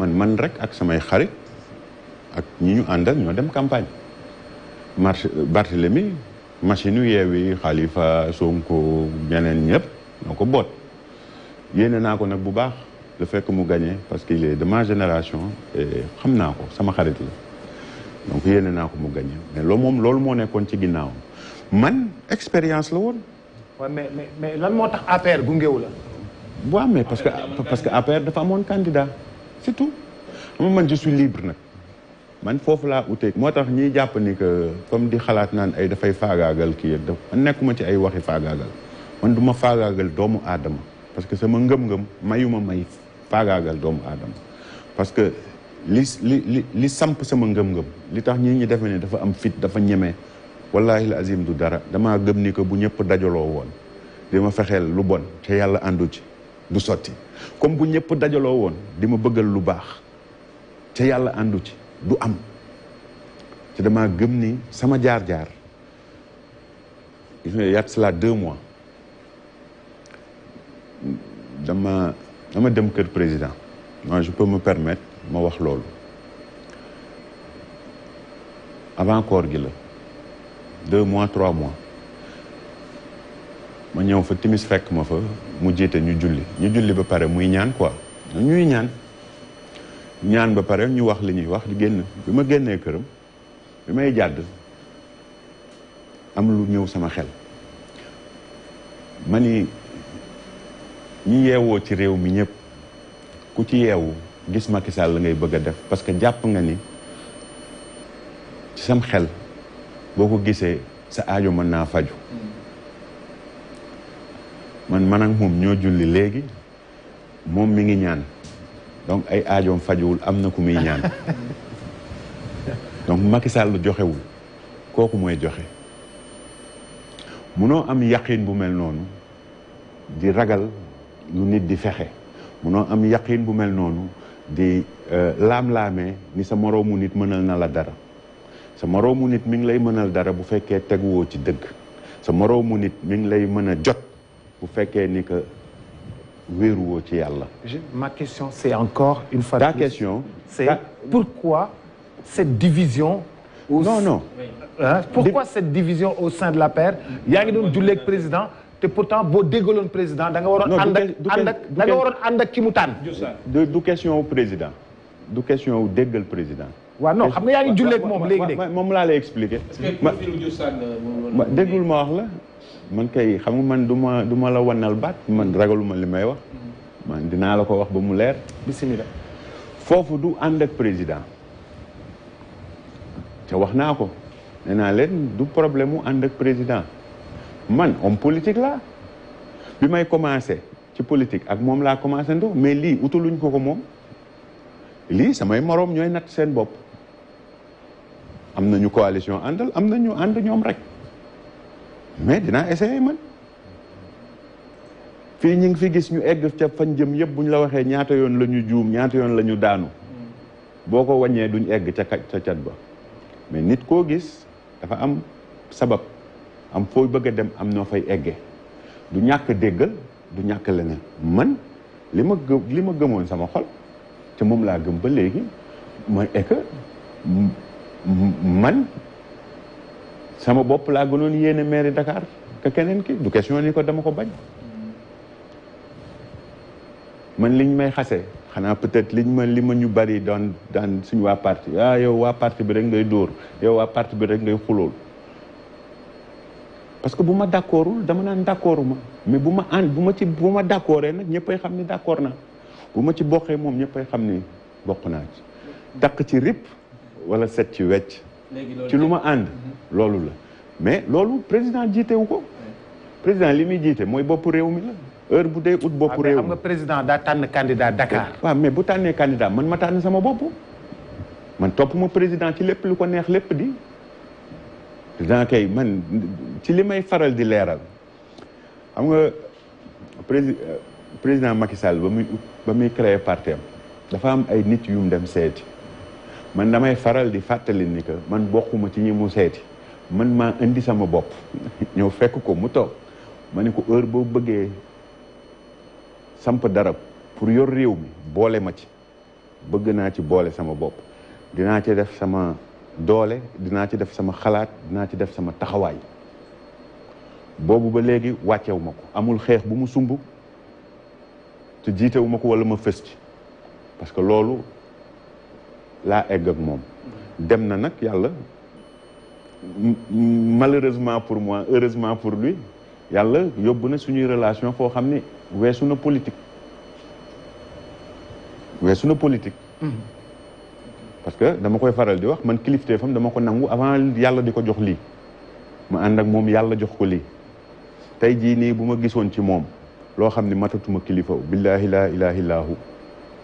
Speaker 5: man man rek ak samay xarit ak ñi ñu àndal ñoo dem campagne marché Barthélemy machine yu yeewi Khalifa ko ñeneen ñëpp ñoo ko boot yéene naa ko nag bu baax le fekk que mu gagné parce que est de ma génération xam naa ko sama xarit la donc yéene naa ko mu gagné mais loolu moom loolu moo nekkoon ci ginnaaw man expérience la woon.
Speaker 1: waaw mais mais lan moo
Speaker 5: la. waaw mais parce que parce que APR dafa amoon candidat. surtout tout xam man je suis libre nag man foofu laa utee moo tax ñiy jàpp ni que comme di xalaat naan ay dafay faagaagal kii ak nekkuma ci ay waxi faagaagal man du ma faagaagal doomu aadama parce que sama ngëm-ngëm mayuma may faagaagal doomu aadama parce que li li li samp sama ngëm-ngëm li tax ñii ñi defe ne dafa am fit dafa ñeme wallahi la azim du dara damaa gëm ni ko bu ñëpp dajaloo woon di ma fexeel lu bon te yàlla àndu ci du sotti comme bu ñepp dajalo won di ma bëggal lu baax du am dama gëm ni sama jaar-jaar deux mois dama dama dem kër président je peux me permettre ma wax avant koor gi deux mois trois mois ma ñëw fa timis fekk mu jiite ñu julli ñu julli ba pare muy ñaan quoi ñuy ñaan ñaan ba pare ñu wax li ñuy wax di génn bi ma génnee këram bi may jàdd am lu ñëw sama xel ma ni ñi yeewoo ci réew mi ñëpp ku ci yeewu gis Macky Sall la ngay bëgg a def parce que jàpp nga ni ci sam xel boo ko gisee sa aajo mën naa faju man man moom ñoo julli léegi moom mi ngi ñaan donc ay aajoom fajuwul am na ku muy ñaan donc Macky Sall joxewul kooku mooy joxe munoo am yaqin bu mel noonu di ragal lu nit di fexe munoo am yaqin bu mel noonu di euh, laam-laamee ni sa moroomu nit mënal na la dara sa moroomu nit mi ngi lay mënal dara bu fekkee teguwoo ci dëgg sa moroomu nit mi ngi lay mën a jot faire qu'elle ni que wéeruwoo ci yalla
Speaker 1: ma question c'est encore une fois. ta question c'est pourquoi cette division. non non.
Speaker 4: Hein? pourquoi
Speaker 1: cette division au sein de la paire il ngi une ak président te pourtant beau le président da nga waroon. ànd ak
Speaker 5: question au président du question dégal président. wa non xam nga yaa ngi ak mom expliquer.
Speaker 3: ma euh, déggul
Speaker 5: ma wax la. man kay xam nga man du ma du ma la wanal baat man ragaluma li may wax mm-hmm. man dinaa la ko wax ba mu leer bismillah foofu du ànd ak président te wax naa ko nee naa leen du problème mu ànd ak président man homme politique la bi may commencé ci politique ak moom laa commencé ndo mais lii utaluñ ko ko moom lii samay moroom ñooy natt seen bopp am nañu coalition àndal am ñu ànd ñoom rek mais dinaa essayer man fii ñu ngi fi gis ñu egg ca fañ jëm yëpp bu ñu la waxee ñaata yoon la ñu juum ñaata yoon la ñu daanu boo ko waññee duñ egg ca ca cat ba mais nit koo gis dafa am sabab am fooy bëgg a dem am noo fay egge du ñàkk déggal du ñàkk leneen man li ma li ma gëmoon sama xol ca moom laa gëm ba léegi mooy que man sama bopp laa gënoon yéene mairie Dakar que keneen ki du question ni ko dama ko bañ man liñ may xase xanaa peut-être liñ ma li ma ñu bari daan daan suñu waa parti ah yow waa parti bi rek ngay dóor yow waa parti bi rek ngay xulool parce que bu ma d'accordul dama naan d'accordu ma mais bu ma ànd bu ma ci bu ma d'accordee nag ñëppay xam ni d'accord naa bu ma ci bokkee moom ñëppay xam ni bokk naa ci takk ci rip wala set ci wecc ci lu ma ànd mm-hmm. loolu la mais loolu président jiitewu ko président li muy jiite mooy boppu réew mi la heure bu dee ut bopp ah, réew mi xam nga
Speaker 1: président daa tànn candidat
Speaker 5: Dakar waaw mais bu tànnee candidat man ma tànn sama bopp man topp ma président ci lépp lu ko neex lépp di président kay man ci li may faral di leeral xam nga prési euh, président Macky Sall ba muy ba muy créé parti dafa am ay nit yum dem seet man damay faral di fàttali ni que man bokkuma ci ñi mu seeti man maa indi sama bopp ñëw fekk ko mu toog ma ni ko heure boo bëggee samp dara pour yor réew mi boole ma ci bëgg naa ci boole sama bopp dinaa ci def sama doole dinaa ci def sama xalaat dinaa ci def sama taxawaay boobu ba léegi wàccewu ma ko amul xeex bu mu sumb te jiitewuma ko walla ma fës ci parce loolu la égue mon, moom dem na malheureusement pour moi heureusement pour lui yalla yóbbu na suñuy relation fo xam ne na politique weesu na politique mm-hmm. parce que dama koy faral di wax man fam dama ko nangu avant yalla diko jox li ma and ak mom yalla jox ko li tey jii nii bu ma ci mom lo xam matatuma kilifa billahi la ilaha illaahu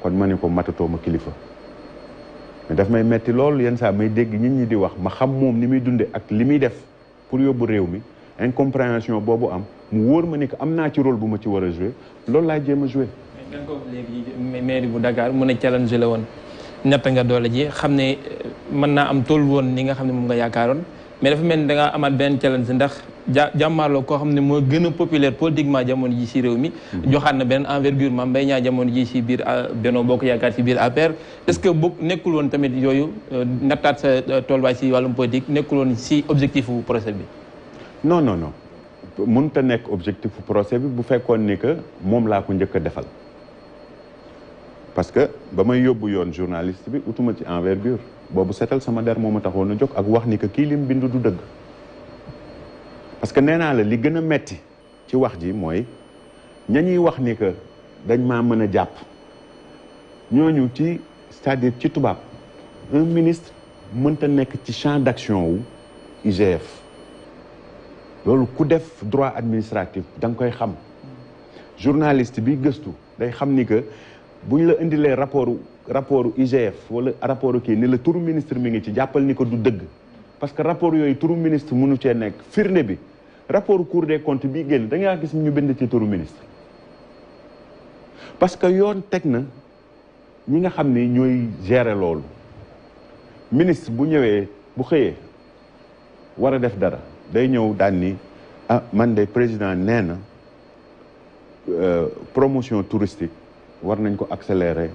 Speaker 5: kon maniko ne ko ma kilifa mais may metti loolu yenn saa may dégg nit ñi di wax ma xam moom ni muy dunde ak li muy def pour yóbbu réew mi incompréhension boobu am mu wóor ma ni que am naa ci rôle bu ma ci war a joué loolu laa jéem a joué.
Speaker 3: mais mairie bu Dakar mu ne challenge la woon natt nga doole ji xam ne euh, mën naa am toll woon ni nga xam ne moom nga yaakaaroon. mais dafa mel ni da ngaa amaat benn challenge ndax ja jàmmaarloo koo xam ne moo gën a populaire politiquement jamono ji si réew mi. Mm-hmm. joxaat na benn envergure Mame Mbaye Niang jamono ji si biir euh, Benno Bokk Yaakaar si biir APR. est-ce que bu nekkul woon tamit yooyu euh, nattaat sa euh, tolluwaay si wàllum politique nekkul woon si objectif bu procès bi. non non non mënut
Speaker 5: a nekk objectif bu procès bi bu fekkoon ni que moom laa ko njëkk a defal. parce que ba may yóbbu yoon journaliste bi utuma ci envergure. boobu seetal sama der moo ma taxoon a jóg ak wax ni que kii lim bind du dëgg parce que nee naa la li gën a metti ci wax ji mooy ñañuy wax ni que dañ maa mën a jàpp ñooñu ci cest ci tubaab un ministre mënta nekk ci champ d'action wu IGF loolu ku def droit administratif da nga koy xam journaliste bi gëstu day xam ni que bu ñu la indilee rapport rapport IGF wala rapport kii ni la tour ministre mi ngi ci jàppal ni ko du dëgg parce que rapport yooyu turu ministre mënu cee nekk firnde bi rapport cour des comptes bii génn da ngaa gis ñu bind ci turu ministre. parce que yoon teg na ñi nga xam ni ñooy gere loolu ministre bu ñëwee bu xëyee war a def dara day ñëw daan ni ah man de président nee na euh, promotion touristique. war nañ ko accélérer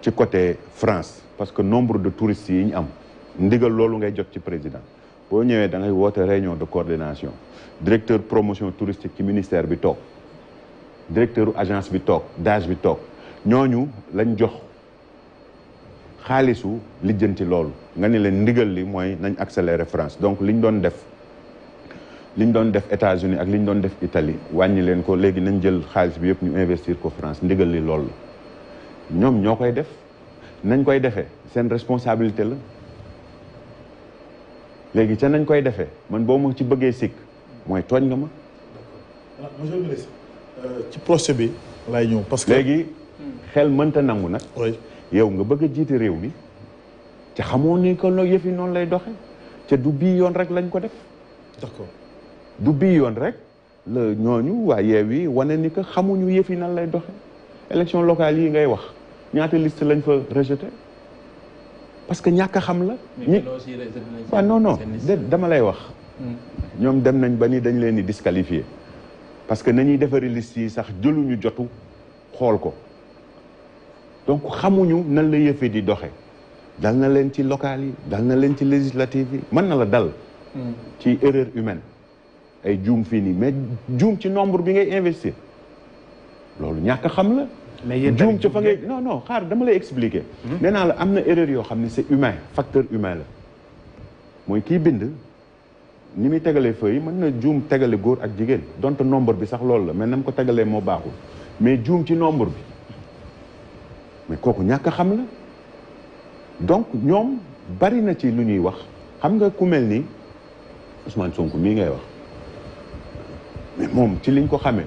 Speaker 5: ci côté France parce que nombre de touristes yi ñu am ndigal lolu ngay jot ci président bo ñëwé da ngay woté réunion de coordination directeur promotion touristique ci ministère bi tok directeur agence bi tok DAGE bi tok ñoñu lañ jox xaalisu lijeenti lolu nga ni leen ndigal li moy nañ accélérer France donc liñ doon def li ñu doon def États-Unis ak li ñu doon def Italie wàññi leen ko léegi nañ jël xaalis bi yëpp ñu investir ko France ndigal li loolu ñoom ñoo koy def nañ koy defee seen responsabilité la léegi ca nañ koy defee man boo ma ci bëggee sikk mooy tooñ nga ma. monsieur euh, ci procès bi lay ñëw parce que. léegi xel mënta nangu nag. yow nga bëgg a jiite réew mi te xamoo ni ko yëf yi noonu lay doxe te du bii yoon rek lañ ko def. d'accord. du le rek la ñooñu ni que xamuñu nan lay doxe élection locale yi ngay wax ñaata liste lañ fa rejeté parce que ñàkk a xam la ñi non non dama lay wax
Speaker 3: hmm.
Speaker 5: ñom dem nañ ba dañ leen disqualifié parce que nous defari liste yi sax jëluñu jotu ko donc xamuñu nan la di dal na leen ci locale yi dal législative yi la dal hmm. ci erreur humaine ay juum fii nii mais juum ci nombre bi ngay investir loolu ñàkk xam la. mais yéen juum ci fa ngay no non xaar dama lay expliquer. Hmm? nee naa la am na erreur yoo xam ne si humain facteur humain la mooy kii bind. ni muy tegalee yi mën na juum tegale góor ak jigéen donte nombre bi sax loolu la mais na ko tegalee moo baaxul mais juum ci nombre bi mais kooku ñàkk xam la donc ñoom bari na ci lu ñuy wax xam nga ku mel ni Ousmane Sonko mii ngay wax. moom ci liñ ko xamee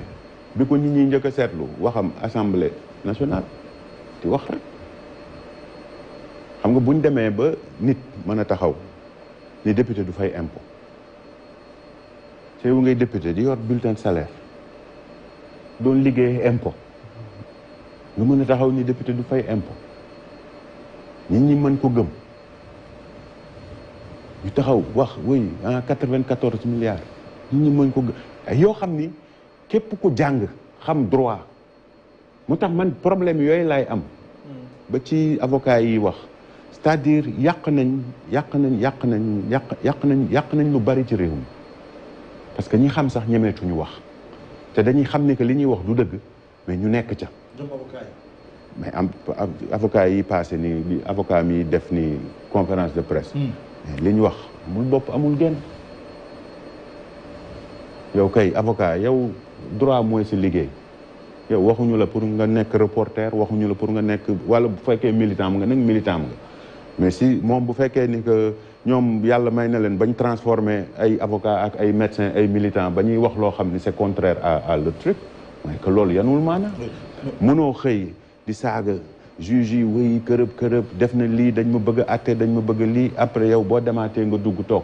Speaker 5: bi ko ñi ñi njëkk a seetlu waxam assemblée nationale di wax rek xam nga buñ demee ba nit mën a taxaw ni député du fay impo te yow ngay député di yor bulletin de salaire doon liggéey impôt nga mën a taxaw ni député du fay impo nit ñi mën ko gëm ñu taxaw wax oui ah quatre-vingt-quatorze milliards nit ñi mën ko gëm ay yoo xam ni képp ku jàng xam droit mu tax man problème yooyu laay am ba ci avocat yi wax cest à yàq nañ yàq nañ yàq nañ yàq yàq nañ yàq nañ lu bari ci réew parce que ñi xam sax ñemeetuñu wax te dañuy xam ne que li ñuy wax du dëgg mais ñu nekk ca mais am avocat yi passé ni avocat mi def ni conférence de presse hmm. mais wax amul bopp amul genn yow kay avocat yow droit moy si yow waxuñu la pour nga reporter waxuñu la pour nga wala bu militant nga militant mais si mom bu un ni que ñom yalla may bañ transformer avocat ak médecin ay militant wax c'est contraire à à le truc mais que loolu yanul juge yi kërëb def ma bëgg ma bëgg après yow boo demaatee nga dugg toog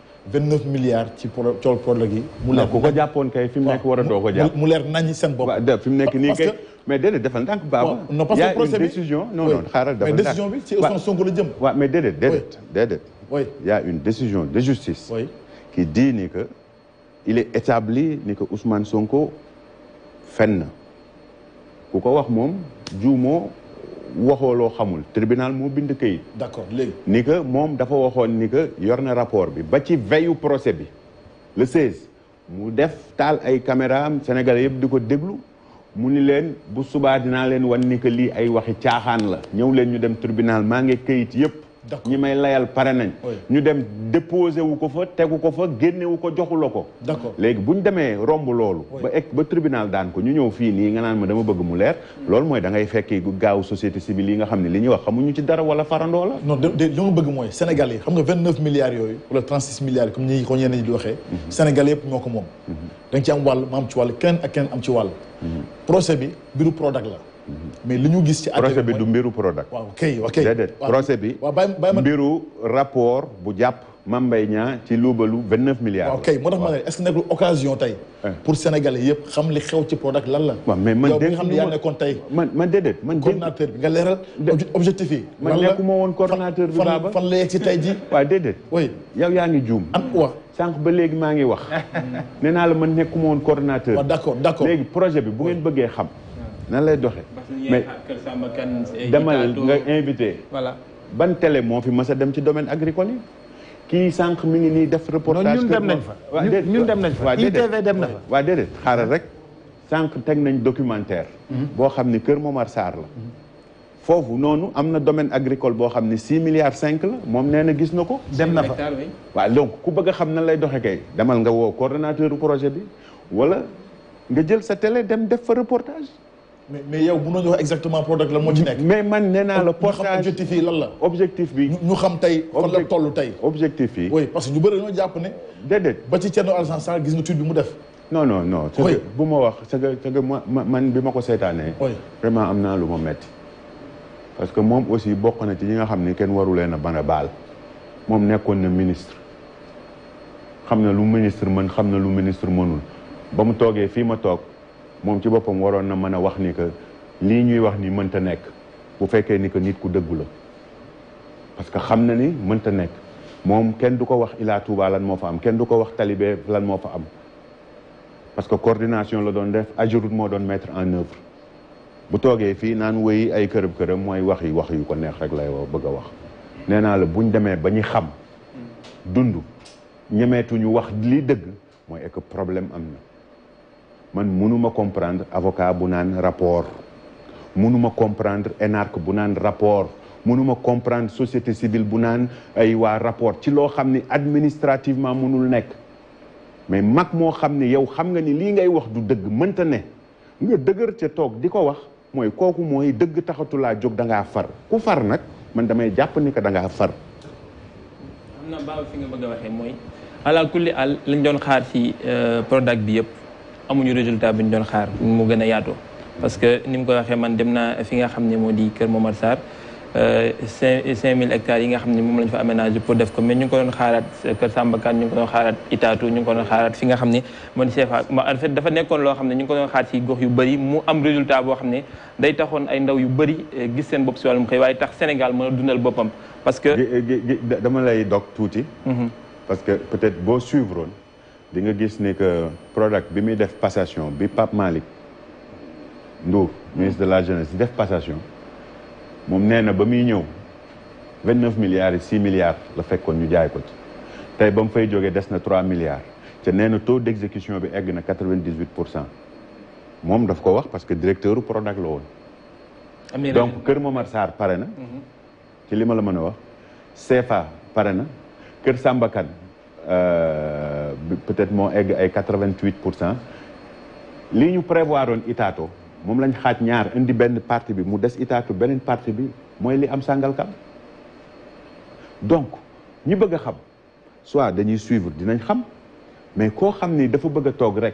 Speaker 5: 29 milliards ci pour tool projet gi. mu ko japon kay fi mu nekk war ko jàpp mu leer nañu sen bopp. waaw fi mu ni kay mais dede defal ndànk baabu. non parce que procès une décision non non xaaral defal mais décision bi ci Ousmane Sonko la jëm. wa mais dede dede dede oui Il y' a une décision de justice. oui qui dit ni que il est établi ni que Ousmane Sonko fenn ku ko wax mom djumo waxoo loo xamul tribunal moo bind kayit. d'accord léegi. ni que moom dafa waxoon ni que yor na rapport bi ba ci veyu procès bi le 16 mu def taal ay caméra am Sénégalais yëpp di ko déglu mu ni leen bu subaa dinaa leen wan ni que lii ay waxi caaxaan la ñëw leen ñu dem tribunal maa ngi kayit yëpp. ñi may layal pare nañ ñu dem déposé wu ko fa tegu ko fa génne wu ko joxu la ko d'accord léegi bu ñu demee romb loolu ba egg ba tribunal daan ko ñu ñëw fii nii nga naan ma dama bëgg mu leer loolu mooy da ngay fekki gaaw société civile yi nga xam ne li ñuy wax xamuñu ci dara wala farandoo la
Speaker 4: non de li ma bëgg mooy Sénégal yi xam nga vingt neuf milliards yooyu wala trente six milliards comme ñi ko ñeneen di waxee mhm. Sénégal yëpp ñoo ko moom mhm. da ci am wàll ma am ci wàll keneen
Speaker 5: ak keneen am ci wàll mhm. procès bi biru Prodac la mais li ñu gis ci. projet bi du mbiru Prodac. waaw ok ok déedéet projet bi. mbiru rapport bu jàpp. ma Mbaye Niang ci luubalu vingt neuf milliards. ok moo tax ma ne est-ce que tey. Eh. pour sénégalais yëpp
Speaker 4: xam li xew ci Prodac lan la.
Speaker 5: waaw mais man dégg nga xam ne yaa
Speaker 4: nekkoon tey. man man déedéet man dégg coordonnateur bi nga leeral.
Speaker 5: objectif yi. man nekkuma woon coordonnateur bi baaba fan fan la yegg tey ji waaw déedéet. yaa ngi juum. am wa sànq ba léegi maa ngi wax. ne naa la man nekkuma woon coordonnateur. waaw d'accord d'accord léegi projet bi bu ngeen bëggee xam. nan lay doxee. mais
Speaker 3: demal nga invité. voilà
Speaker 5: ban télé moo fi mas a dem ci domaine agricole yi. kii sànq mi ngi nii def reportage. ñun dem nañ fa ñun dem nañ fa ITV dem na fa. waa déedéet xaaral rek sànq teg nañ documentaire. Mhm. boo xam ni Kër Momar Sarr la. Mhm. foofu noonu am na domaine agricole boo xam ne six milliards cinq la moom nee na gis na ko. dem na fa waa donc ku bëgg xam nan lay doxee kay. demal nga woo coordonnateur projet bi wala nga jël sa télé dem def fa reportage. mais il yow a un wax exactement product la mo ci mais man
Speaker 4: néna la portage objectif lan la. objectif bi ñu xam tay la tollu tay objectif oui parce
Speaker 5: que nous, devons ñoo japp ne. ba ci gis nga non non non. oui bu wax c'est que man ko vraiment amna parce que mom aussi bokk na ci ñi nga xam ne Je waru leen a ban a baal ministre xam lu ministre mën xam ministre ba mu mom ci bopam waron na meuna wax ni ke li ñuy wax ni meunta nek bu fekke ni ke nit ku dëggu la parce que xam na ni meunta nek mom kenn duko wax Ila Touba lan mo fa am kenn duko wax talibé lan mo fa am parce que coordination la doon def Ageroute mo doon mettre en œuvre bu toogee fi nan weyi ay kërëm kërëm moy wax yi wax yu ko neex rek lay bëgg wax nee la buñ démé bañu xam dundu dund ñemeetuñu wax li dëgg moy ek problème amna man mënuma comprendre avocat bu naan rapport mënuma comprendre énarque bu naan rapport mënuma comprendre société civile bu naan ay waa rapport ci loo xam ni administrativement mënul nekk mais mag moo xam ne yow xam nga ni lii ngay wax du dëgg mënta ne nga dëgër ca toog di wax mooy kooku mooy dëgg taxatu laa jóg da ngaa far ku far nag man damay jàpp ni que da ngaa far
Speaker 3: Amna na baaw fi nga bëgg a waxee ala kulli al lañ doon xaar si euh, product bi yëpp amuñu résultat buñ doon xaar mu gën a yaatoo parce que ni mu ko waxee man dem naa fi nga xam ne moo di Kër Momar Sarr cinq cinq mille hectares yi nga xam ne moom lañ fa aménagé pour def ko mais ñu ngi ko doon xaaraat Kër Sambakan ñu ngi ko doon xaaraat Itatu ñu ngi ko doon xaaraat fi nga xam ne man CFA en fait dafa nekkoon loo xam ne ñu ngi ko doon xaar ci gox yu bëri mu am résultat boo xam ne day taxoon ay ndaw yu bëri gis seen bopp si wàllum xëy waaye tax Sénégal mën a dundal boppam parce que dama lay dog tuuti
Speaker 5: parce que peut-être boo suivroon vous voyez que le product qui a fait passation, le pape Malik, le ministre de la Jeunesse, il a fait passation. Il a 29 milliards et 6 milliards. Il a fait qu'on lui 3 milliards. Il a un taux d'exécution de 98%. Je a fait parce que le directeur du product. Donc, le Momar Sar parrain, mhm. c'est ce que je veux dire. CFA parrain, le Sambakan euh, peut-être mon egg 88 Ce li ñu prévoir oon Itato moom lañ xaaj ñaar indi partie bi mu Itato partie bi Moi, li donc nous bëgg soit suivre mais nous xam dafa bëgg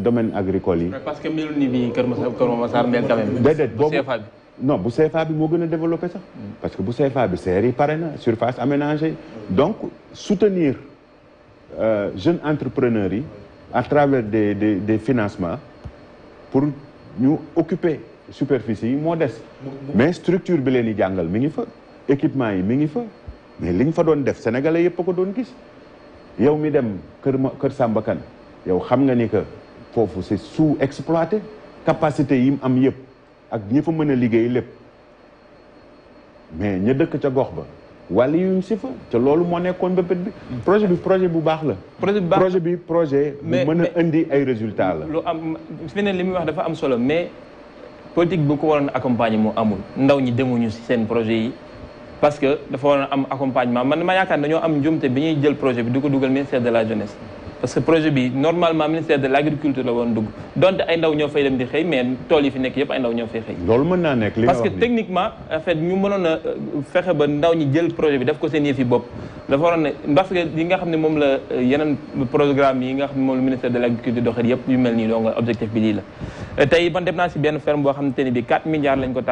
Speaker 5: domaine agricole yi.
Speaker 3: parce que melu ni bi Kër Masar Kër Masar mel quand même.
Speaker 5: non bu CFA bi moo développer a sax. Hmm. parce que bu CFA bi serre yi pare surface aménagée. donc soutenir euh, jeunes entrepreneurs yi à travers des des des financements pour ñu occuper superficie yi moo mais structure bi leen di jàngal mi ngi fa. équipement yi mi ngi fa mais liñ fa doon def sénégalais yëpp a ko doon gis yow mi dem kër ma kër Samba Kane yow xam nga ni que. foofu c'est sous exploité capacité yi mu am yëpp ak ñi fa mën a liggéey lépp mais ña dëkk ca gox ba wàll yuñ si fa ca loolu moo nekkoon bëppët bi projet bi projet bu baax la projet bu baax projet bi projet bu mën a indi ay résultats
Speaker 3: la lu am feneen li muy wax dafa am solo mais politique bu ko waroon accompagner moo amul ndaw ñi demuñu si seen projet yi parce que dafa waroon am accompagnement man ma yaakaar dañoo am njumte bi ñuy jël projet bi di ko dugal ministère de la jeunesse parce que projet bi normalement ministère de l' agriculture la woon dugg donte ay ndaw ñoo fay dem di xëy mais tool yi fi nekk yëpp ay ndaw ñoo fay xëy. loolu
Speaker 5: mën naa nekk li nga wax parce que
Speaker 3: techniquement en euh, bi def ko seen yëf yi bopp. dafa waroon ne parce que yi nga xam ne moom la euh, yeneen programme yi nga xam ne moom la ministère de l' agriculture doxal yëpp yu mel nii donc objectif bi lii la. Euh, tey man dem naa si benn ferme boo xamante ne bii 4 milliards lañ ko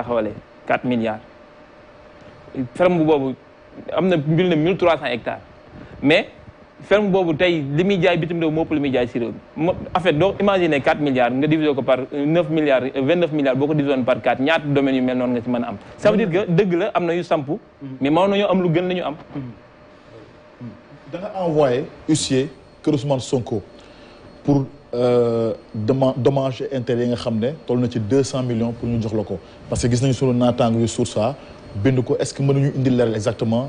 Speaker 3: boobu am na mille ne 1300 hectares mais. ferme bobu tay limi muy jaay bitim réew moo ëpp jaay si réew en fait donc imaginer 4 milliards nga diviser ko par 9 euh, milliards 29 euh, milliards boko diviser par 4 ñaat domaine yu mel non nga ci mëna am. ça veut dire que deug la amna yu sampu. mais mënoon ñu am lu gën la am.
Speaker 4: da nga envoyer huissier kër Ousmane Sonko pour euh, dommage intérêt nga xamné tol na ci 200 millions pour ñu jox lako parce que gis nañu sunu naataango yu suur saa bind ko est-ce que mënu ñu indi leeral exactement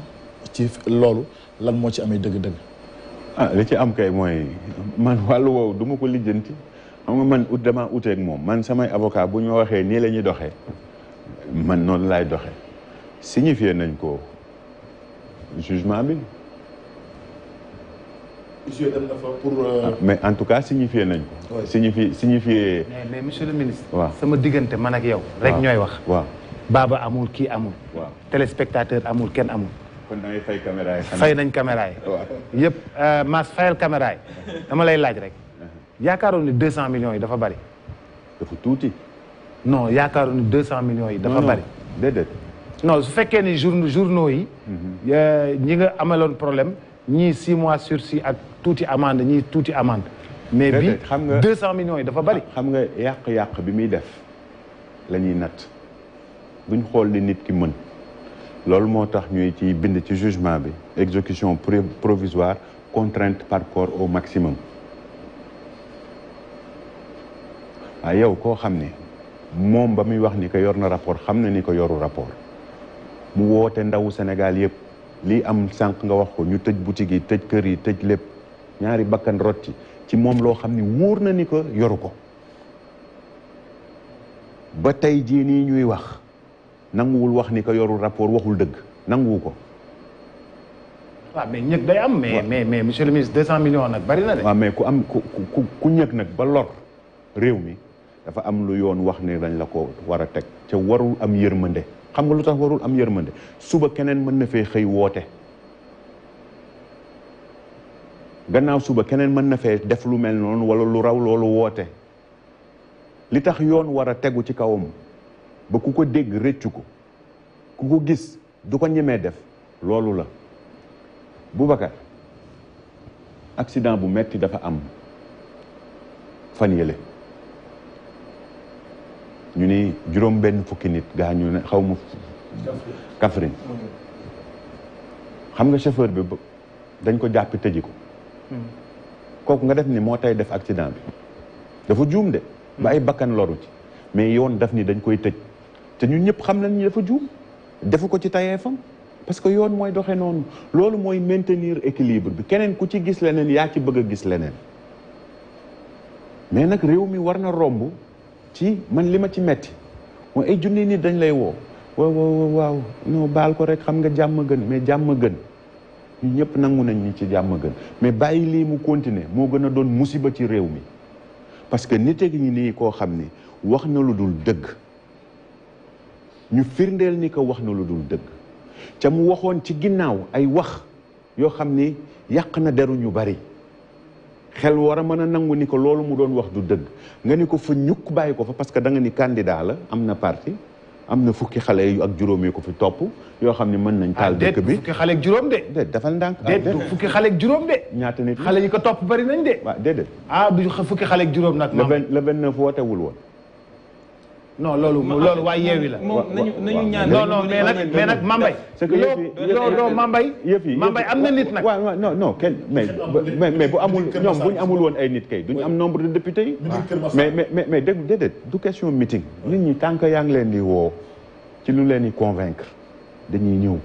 Speaker 4: ci lolu lan
Speaker 5: mo ci amé deug deug ah li ci am kay mooy man wàllu woowu du ko lijjanti xam nga man ut damaa uteeg moom man samay avocat bu ñu ma waxee nii la ñuy doxee man noonu laay doxe signifié nañ ko jugement bi.
Speaker 1: monsieur dem euh, ah,
Speaker 5: mais en tout cas signifié nañ ko. oui signifié signifié. mais monsieur le ministre. waaw
Speaker 1: sama diggante man ak
Speaker 5: yow. rek ñooy wax. waaw
Speaker 1: baaba amul kii amul. waaw téléspectateur amul kenn amul. kon damay fay caméra yi. fay nañ caméra
Speaker 12: yi.
Speaker 1: yëpp euh, Mass fayal caméra yi dama lay laaj rek. Uh-huh. yaakaaroon ni 200 millions yi dafa bari. dafa tuuti. non yaakaaroon ni 200 millions yi. dafa bari déedéet. non su fekkee ni jour journaux yi. Mm-hmm. Euh, ñi nga amaloon problème ñi 6 mois sursis ak tuuti amende ñii tuuti amande mais bi xam nga 200 millions yi dafa bari. xam nga
Speaker 5: yàq-yàq bi muy def la ñuy buñ xool li nit ki mën. lol motax ñuy ci bind ci jugement bi exécution provisoire contrainte par corps au maximum waaye ko xamné mom bamuy wax ni ko yor na rapport xamné ni ko yoru rapport mu wote ndawu Sénégal yépp li am sank nga wax ko ñu tëj boutique yi tëj kër yi tëj lépp ñaari bakkan roti ci mom lo xamné xam ni na ni ko yoru ko ba tay ji ni ñuy wax nanguwul wax ni ko yorul rapport waxul dëgg nanguwu ko. waaw mais ñëg day am. mais mais mais monsieur le ministre 200 millions nag bari na de. waaw mais ku am ku ku ñëg nag ba lor réew mi dafa am lu yoon wax ni dañ la ko war a teg ca warul am yërmande xam nga lu tax warul am yërmande suba keneen mën na fee xëy woote. gannaaw suba keneen mën na fee def lu mel noonu walla lu raw loolu woote li tax yoon war a tegu ci kawam. ba ku ko dégg rëccu ko ku ko gis du ko ñemee def loolu la bu Boubacar accident bu metti dafa am fan yële ñu ni juróom benn fukki nit gaañu ne xaw ma Kaffrine xam nga chauffeur bi dañ ko jàpp tëji ko kooku nga def ni moo tey def accident bi dafa juum de ba ay bakkan loru ci mais yoon daf ni dañ koy tëj te ñun ñëpp xam nañ ni dafa juum defu ko ci tayeefam parce que yoon mooy doxee noonu loolu mooy maintenir équilibre bi keneen ku ci gis leneen yaa ci bëgg a gis leneen mais nag réew mi war na romb ci man li ma ci metti mooy ay junni nit dañ lay woo waaw baal ko rek xam nga jàmm gën mais jàmm gën ñu ñëpp nangu nañ ñi ci jàmm gën mais bàyyi lii mu continuer moo gën a doon musiba ci réew mi parce que nit ak ñi nii koo xam ni wax na lu dul dëgg ñu firndeel ni ko wax na lu dul dëgg ca mu waxoon ci ginnaaw ay wax yoo xam ni yàq na deru ñu bari xel war a mën a nangu ni ko loolu mu doon wax du dëgg nga ni ko fa ñukk bàyyi ko fa parce que da nga ni candidat la am na parti am na fukki xale yi ak juróom yu ko fi topp yoo xam ne mën nañ taal dëkk bi ah, fukki xale ak juróom de déet dafal ah, fukki xale ak juróom ñaata nit xale yi ko topp bari nañ de waaw déedéet ah, du fukki xale ak juróom nag le vingt-neuf wootewul woon non loolu loolu waaye la. moom nañu mais nag mais nag Mambay. yi loo loo Mambay. Mambay am na nit nag. waaw waaw non non bu amul ñoom bu ñu amul woon ay nit kay duñu am nombre de députés yi. mais mais mais dégg du question meeting. nit ñi tant yaa ngi leen di woo ci lu leen di convaincre dañuy ñëw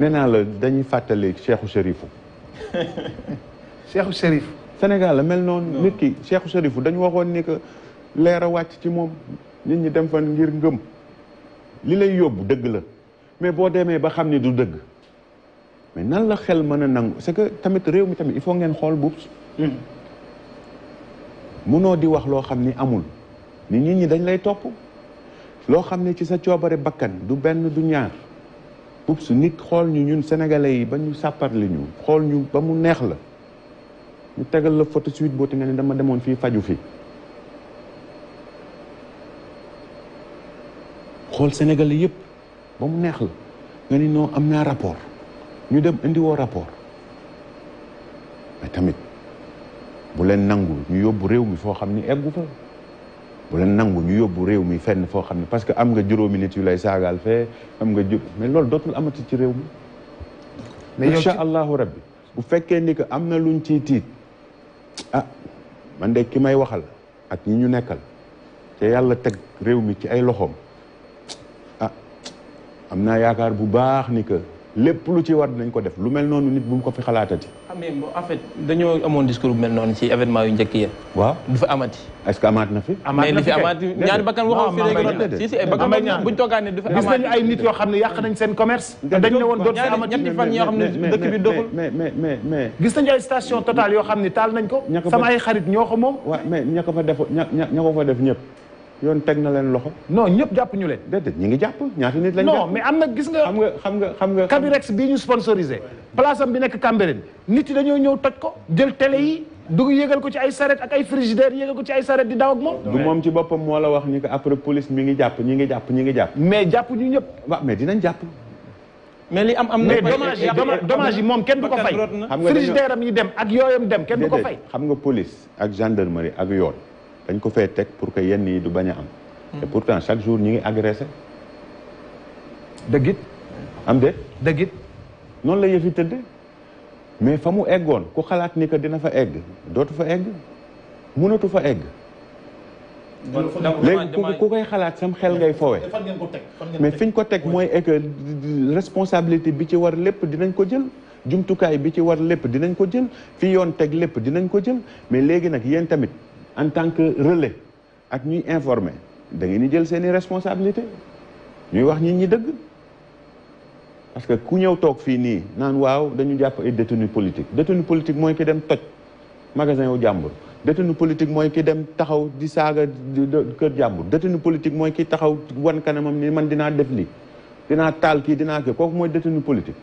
Speaker 5: nee naa la dañuy fàttali seexu Chérifou. Cheikhou Chérif. Sénégal la mel noonu. nit ki Cheikhou Chérifou dañu waxoon ni leera wàcc ci moom nit ñi dem fan ngir ngëm li lay yóbbu dëgg la mais boo demee ba xam ni du dëgg mais nan la xel mën a nangu c'est que tamit réew mi tamit i faut ngeen xool buubs hmm. munoo di wax loo xam ni amul nit ñi ñi dañ lay topp loo xam ne ci sa coobare bakkan du benn du ñaar buubs nit xool ñu ñun sénégalais yi ba ñu sàpparli ñu xool ñu ba mu neex la ñu tegal la photo suite boo te nga ni dama demoon fii faju fi xool Sénégalais yëpp ba mu neex la nga ni non am naa rapport ñu dem indi woo rapport mais tamit bu leen nangu ñu yóbbu réew mi foo xam ni eggu fa leen nangu ñu yóbbu réew mi fenn foo xam ne parce que am nga juróomi nit yu lay saagaal fee am nga jub mais loolu dootul amati ci réew mi. mais incha allahu rabbi bu fekkee ni que am na lu luñ ci tiit ah man de ki may waxal ak ñi ñu nekkal te yàlla teg réew mi ci ay loxoom. am naa yaakaar bu baax ni que lépp lu ci war nañ ko def lu mel noonu
Speaker 3: nit bu ko fi xalaatati. ah mais en fait dañoo amoon discours bu mel noonu ci événement yu njëkk yi. waaw du fa amati. fi. rek si ne du fa amaat. gis nañu
Speaker 1: ay nit yoo xam ne yàq nañ seen commerce. dañ ne woon doon fi gis nañu ay station Total yoo xam ne taal nañ ko. ña ko fa sama ay xarit
Speaker 5: ñoo ko moom. waaw mais ña fa def ña fa def ñëpp yoon teg na leen loxo. non ñëpp jàpp ñu leen. déedéet ñi ngi jàpp ñaata nit lañ. non mais am na gis nga. xam nga xam nga xam nga. Kabirex bii ñu sponsorisé. place am
Speaker 1: bi nekk Cambérène. nit yi dañoo ñëw toj ko. jël télé yi dugg yëgal ko ci ay saret ak ay frigidaire yëgal ko ci ay saret di daw ak moom.
Speaker 5: moom ci boppam moo la wax ni que après police mi ngi jàpp ñi ngi jàpp ñi ngi jàpp. mais jàpp ñu ñëpp. waaw mais dinañ jàpp.
Speaker 3: mais li am am na mais
Speaker 5: dommage yi moom kenn du ko fay. frigidaire am
Speaker 1: yi dem ak yooyam dem kenn du ko fay.
Speaker 5: xam nga police ak gendarmerie ak yoon dañ ko fee teg pour que yenn yi du bañ a am. et pourtant chaque jour ñi ngi agressé. dëggit am de dëggit noonu la yëfi tëdd mais fa mu eggoon ku xalaat ni que dina fa egg dootu fa egg mënatu fa egg. léegi ku ku koy xalaat sam xel ngay fowe mais fi ko teg mooy est responsabilité bi ci war lépp dinañ ko jël jumtukaay bi ci war lépp dinañ ko jël fi yoon teg lépp dinañ ko jël mais léegi nag yéen tamit en tant que relais ak ñuy informer da ngeen di jël seeni responsabilité ñuy wax nit ñi dëgg parce que ku ñëw toog fii nii naan waaw dañu jàpp ay détenu politique détenu politique mooy ki dem toj magasin wu jàmbur détenu politique mooy ki dem taxaw di saaga kër jàmbur détenu politique mooy ki taxaw wan kanamam ni man dinaa def lii dinaa taal kii dinaa kii kooku mooy détenu politique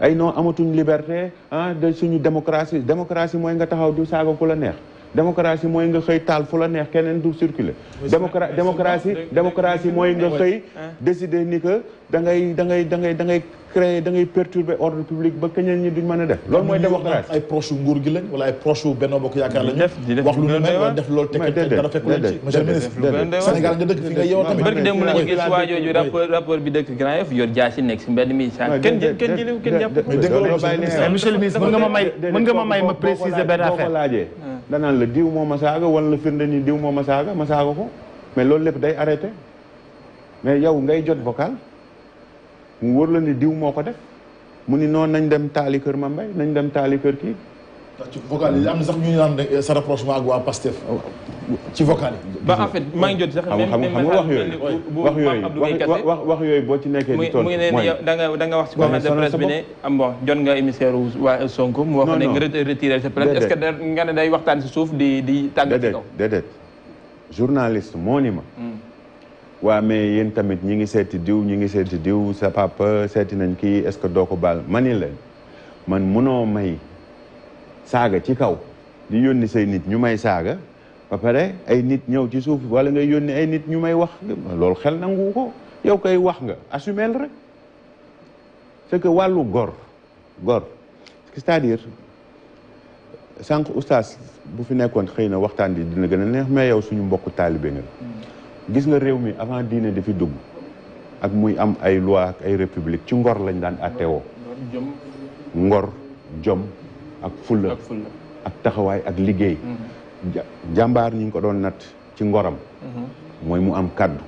Speaker 5: ay non amatuñ liberté ah de suñu démocratie démocratie mooy nga taxaw di saaga ku la neex démocratie mooy nga xëy taal fu la neex keneen du circuler démocra démocratie démocratie dangai nga dangai décider ni que da ngay da ngay da ngay da ngay créer da ngay perturber ordre public ba keneen ñi duñ mën a def loolu mooy démocratie ay proche nguur gi lañ wala ay proche wu
Speaker 4: Benno Bokk Yaakaar lañ wax lu ne mel wala def loolu tekk tekk dara fekk leen ci monsieur le ministre Sénégal nga dëkk fi nga yow tamit barki démb lañu gis
Speaker 3: waa jooju rapport rapport bi dëkk Grand Yoff yor jaasi nekk si mbedd mi sa kenn kenn jëliw kenn monsieur le ministre mën nga ma may mën nga ma may ma préciser benn affaire
Speaker 5: danaan la diw moo ma saaga wan la firnde ni diw moo ma saaga ma saaga ko mais loolu lépp day arrêté mais yow ngay jot bokal mu wóor la ni diw moo ko def mu ni noonu nañ dem taali kër Mame Mbaye nañ dem taali kër kii ci vocal am sax ñu naan euh, sa rapprochement ak
Speaker 4: waa
Speaker 3: Pastef ci vocal ba en fait maa ngi jot sax. même même message benn bu wax wax wax yooyu boo ci nekkee. di toll mu ngi ne yow da nga da nga wax ci conférence de presse bi ne. nga émissaire waa euh, Sonko. mu wax ne nga retiré nga ne day waxtaan si suuf di di tàggat ci kaw.
Speaker 5: déedéet journaliste moo ni ma. Hmm. waa mais yéen tamit ñi ngi seeti diw ñi ngi seeti diw sa papa seeti nañ kii est-ce que doo ko baal ma ni leen man munoo may. saaga ci kaw di yónni say nit ñu may saaga ba pare ay nit ñëw ci suuf wala ngay yónni ay nit ñu may wax loolu xel nangu ko yow koy wax nga assumel rek c'est que wàllu gor gor c'est-à-dire sànq oustaz bu fi nekkoon xëy na waxtaan bi dina gën a neex mais yow suñu mbokku taalibe nga gis nga réew mi avant diine di fi dugg ak muy am ay loi ay république ci ngor lañ daan àtteewoo ngor jom ak fulla ak taxawaay ak liggéey mm-hmm. jàmbaar ñu ngi ko doon natt ci ngoram mm-hmm. mooy mu am kàddu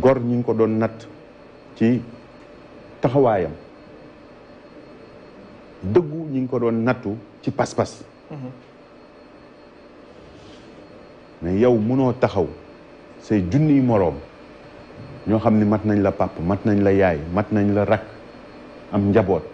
Speaker 5: gor ñu ngi ko doon natt ci taxawaayam dëggu ñu ngi ko doon nattu ci paspas pas mm-hmm. mais yow munoo taxaw se junniy moroom ñoo xam ni mat nañ la pàpp mat nañ la yaay mat nañ la rakk am njaboot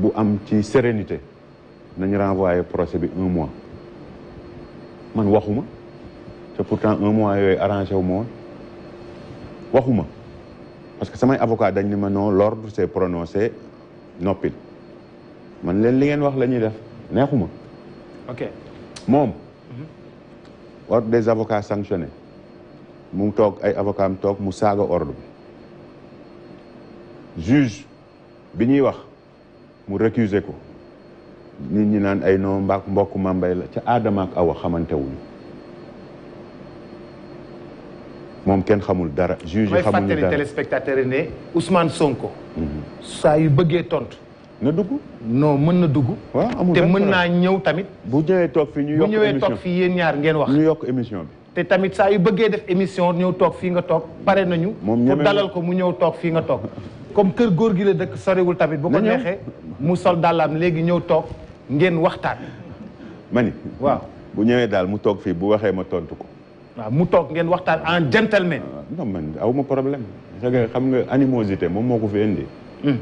Speaker 5: bu am ci sérénité nañu renvoyer procès bi un mois man waxuma te pourtant un mois yooyu arrangé wu ma woon waxuma parce que samay avocat dañ ni ma non l'ordre s'est prononcé noppil man leen li ngeen wax la ñuy def neexuma ok moom mhm. ordre des avocats sanctionnés mu toog ay avocat am toog mu saaga ordre bi juge bi ñuy wax mu récuser ko nit ñi naan ay noo mbaak mbokk mbay la ca aadama ak awa xamante wuñu moom kenn xamul dara juge xamul dara mooy fàttali
Speaker 1: téléspectateur yi ne Ousmane Sonko.
Speaker 5: Mhm. saa yu bëggee tontu. na dugg non mën na dugg. waaw amul te mën naa ñëw tamit. bu ñëwee toog fii ñu yokk émission bu ñëwee
Speaker 1: toog ñaar ngeen wax. ñu
Speaker 5: yokk émission bi.
Speaker 1: te tamit saa yu bëggee def émission ñëw toog fii nga toog pare nañu. moom dalal ko mu ñëw toog fii nga toog. comme kër góor gi la dëkk sorewul tamit bu ko neexee mu sol dàllaam léegi ñëw toog ngeen waxtaan
Speaker 5: ma ni waaw bu ñëwee daal mu toog fii bu waxee ma tontu ko waaw mu toog ngeen waxtaan en gentleman ah, non man aw ma problème parce que nga animosité moom moo ko fi indi hmm.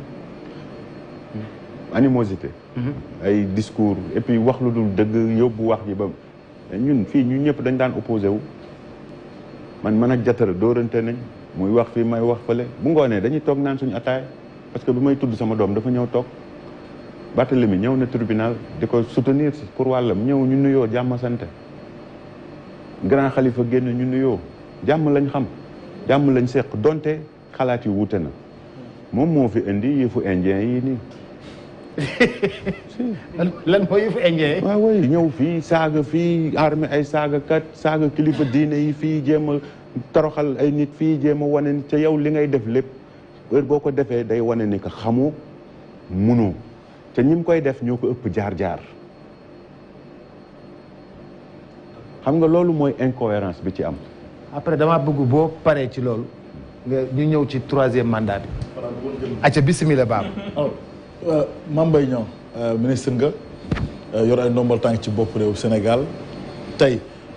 Speaker 5: animosité hmm. ay discours et wax lu dul dëgg yóbbu wax ji ba ñun fii ñu ñëpp dañ daan opposé wu man man ak jatara dóorante nañ muy wax fii may wax fële bu ngoonee dañuy toog naan suñu ataay parce que bi may tudd sama doom dafa ñëw toog bate la Barthélemy ñëw na tribunal di ko soutenir si pour wàllam ñëw ñu nuyoo jàmm sante grand xalifa génn ñu nuyoo jàmm lañ xam jàmm lañ seq donte xalaat yi wuute na moom moo fi indi fu indien yi nii. lan mooy yëfu indien yi. waaw waaye ñëw fii saaga fii armée ay saagakat saaga kilifa diine yi fii jéem toroxal ay nit fii jéem a wane ni ca yow li ngay def lépp heure boo ko defee day wane ni que xamoo munoo te ñi mu koy def ñoo ko ëpp jaar-jaar xam nga loolu mooy incohérence bi ci am
Speaker 1: après damaa bëgg boo paree ci loolu nga ñu ñëw ci troisième mandat
Speaker 5: bi
Speaker 1: acca bisimila baab
Speaker 4: oh, euh, Mame Mbaye euh, ministre nga euh, yor ay ndombal tànk ci bopp réew Sénégal tey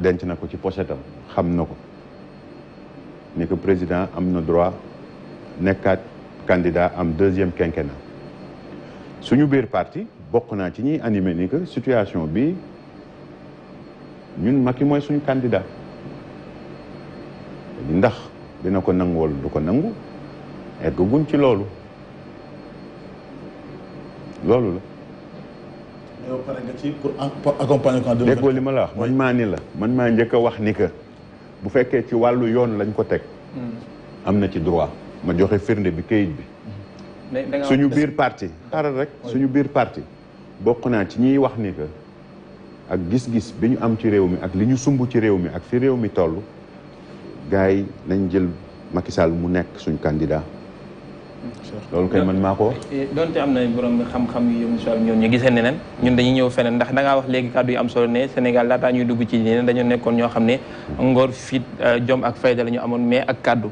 Speaker 5: denc na ko ci pochetam xam na ko ni que président am na droit nekkaat candidat am deuxième quinquennat suñu biir parti bokk naa ci ñuy animé ni que situation bi ñun Macky mooy suñu candidat ndax dina ko nangu wala du ko nangu eggaguñ ci loolu loolu la pour accompagner ko déggoo li ma la wax man maa ni la man maa njëkk a wax ni que bu fekkee ci wàllu yoon lañ ko teg hmm. am na ci droit ma joxe firnde bi bi
Speaker 3: hmm. suñu biir
Speaker 5: parti rek suñu biir parti bokk naa ci ñiy wax ni que ak gis-gis bi ñu am ci réew mi ak li ñu sumb ci réew mi ak fi réew mi toll nañ jël Macky Sall mu nekk suñu candidat loolu kay man maa ko. Eh,
Speaker 3: eh, donte am na borom xam-xam yu yëngu si ñoom ñu gisee neneen ñun dañuy ñëw feneen ndax da wax léegi kàddu yu am solo ne Sénégal laataa ñuy dugg ci leneen dañoo nekkoon ñoo xam ne mm-hmm. ngor fit euh, jom ak fayda la ñu amoon mais ak kàddu.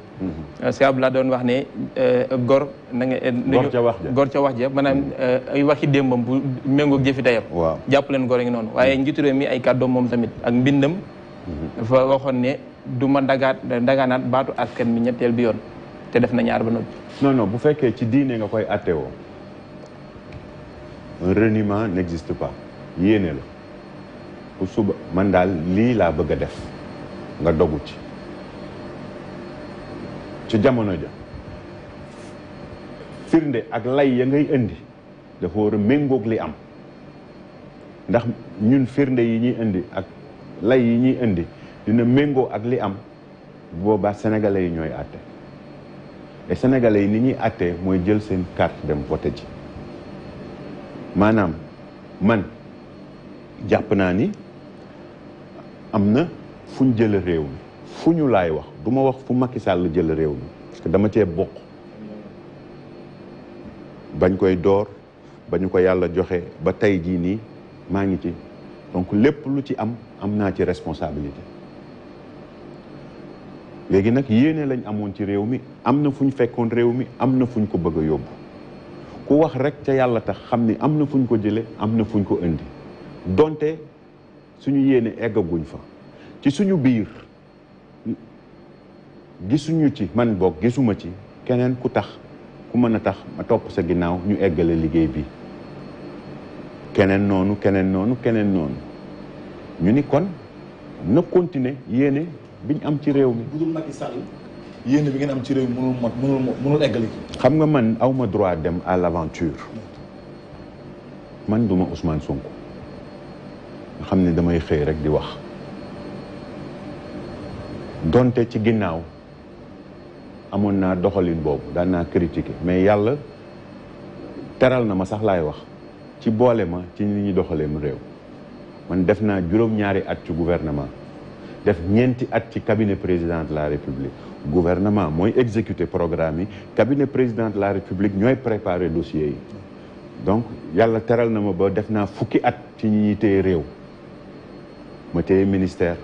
Speaker 3: parce mm-hmm. euh, que doon wax ne euh, gor. na nga gor ca wax ja gor ca wax ja maanaam mm-hmm. ay waxi démbam bu méngoog jëfi tayam. waaw jàpp leen gor a ngi noonu. waaye njiitu réew mi ay kàddoom moom tamit ak mbindam. dafa waxoon ne du ma dagaat dagaanaat baatu askan mi ñetteel bi yoon te def na ñaar ba
Speaker 5: non bu fekkee ci diine nga koy attewoo un reniement n'existe pas yéene la bu suba man daal lii laa bëgg a def nga dogu ci ci jamono ja firnde ak lay ya ngay indi dafa war a méngoog li am ndax ñun firnde yi ñuy indi ak lay yi ñuy indi dina méngoo ak li am boobaa sénégalais yi ñooy àtte et sénégalais yi ni ñuy àttee mooy jël seen carte dem voté ji maanaam man jàpp naa ni am na fu ñu jël réew mi fu ñu laay wax du ma wax fu Macky sàll jël réew mi parce que dama cee bokk bañ koy door ba ñu ko yàlla joxe ba tey jii nii maa ngi ci donc lépp lu ci am am naa ci responsabilité léegi nag yéene lañ amoon ci réew mi am na fu ñu fekkoon réew mi am na fu ñu ko bëgg a yóbbu ku wax rek ca yàlla tax xam ni am na fu ñu ko jële am na fu ñu ko indi donte suñu yéene eggaguñ fa ci suñu biir gisuñu ci man boog gisuma ci keneen ku tax ku mën a tax ma topp sa ginnaaw ñu eggale liggéey bi keneen noonu keneen noonu keneen noonu ñu ni kon na continuer yéene biñ am ci réew mi. budul Macky Sall yéen bi ngeen am ci réew mi mënul mot mënul mot xam nga man awma droit dem à l'aventure man duma Ousmane Sonko nga xam ne damay xëy rek di wax donte ci ginnaaw amoon naa doxalin boobu daan naa critiquer mais yàlla teral na ma sax laay wax ci boole ma ci ni ñuy doxaleem réew man def naa juróom-ñaari at ci gouvernement def ñenti at ci cabinet président de la république gouvernement moy exécuter programme cabinet président de la république ñoy préparer dossier donc yalla teral na ma ba def na fukki at ci ñi réew ma téye ministère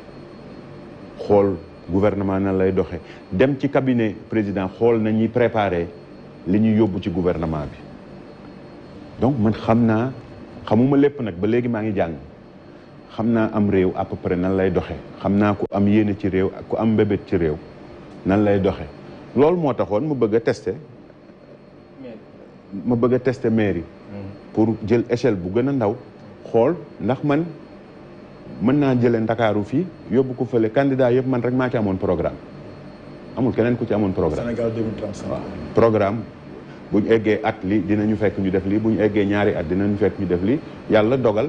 Speaker 5: xol gouvernement na lay doxé dem ci cabinet président xol na ñi préparer li ñuy yobbu ci gouvernement bi donc man xamna xamuma lépp nak ba légui ma ngi jang xam naa am réew à nan lay doxee xam naa ku am yéene ci réew ak ku am mbébét ci réew nan lay doxee loolu moo taxoon mu bëgg a tester ma bëgg a tester pour jël échelle bu gën a ndaw xool ndax man mën naa jëlee ndakaaru fii yóbbu ko fële candidat yëpp man rek maa ci amoon programme amul keneen ku ci amoon programme Sénégal 2035 programme bu ñu eggee at li ñu fekk ñu def lii bu ñu eggee ñaari at ñu fekk ñu def lii yàlla dogal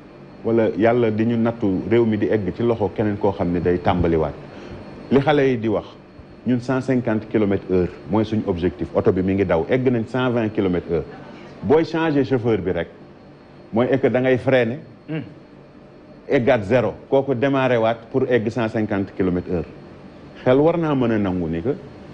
Speaker 5: wala yàlla di ñu nattu réew mi di egg ci loxo keneen koo xam ne day tàmbaliwaat li xale yi di wax ñun cent cinquante kilomètres heure mooy suñu objectif oto bi mi ngi daw egg nañ cent vingt kilomètres heure booy changer chauffeur bi rek mooy que da ngay ne hmm. eggaat zéro kooku démarré waat pour egg cent cinquante kilomètres heure xel war naa mën a nangu ni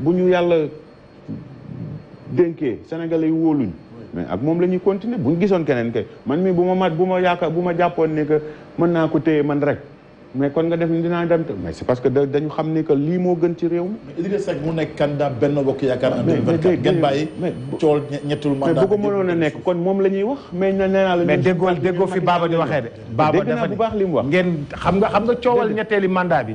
Speaker 5: bu ñu yàlla dénkee sénégalais yi wóoluñ mais ak moom la ñuy continuer bu ñu gisoon keneen kay man mi bu ma mat bu ma yaakaar bu ma jàppoon ne que mën naa ko téye man rek mais kon nga def ni dinaa dem mais parce que dañu xam ni que lii moo gën ci réew mi. mais Idrissa Seck mu nekk candidat Bokk Yaakaar en 2024 ngeen bàyyi cool ñettul
Speaker 4: ko
Speaker 1: mënoon a nekk kon moom la ñuy wax mais nee naa la mais fi Baba waxee de Baba baax li mu wax ngeen xam nga xam nga coowal ñetteeli mandat bi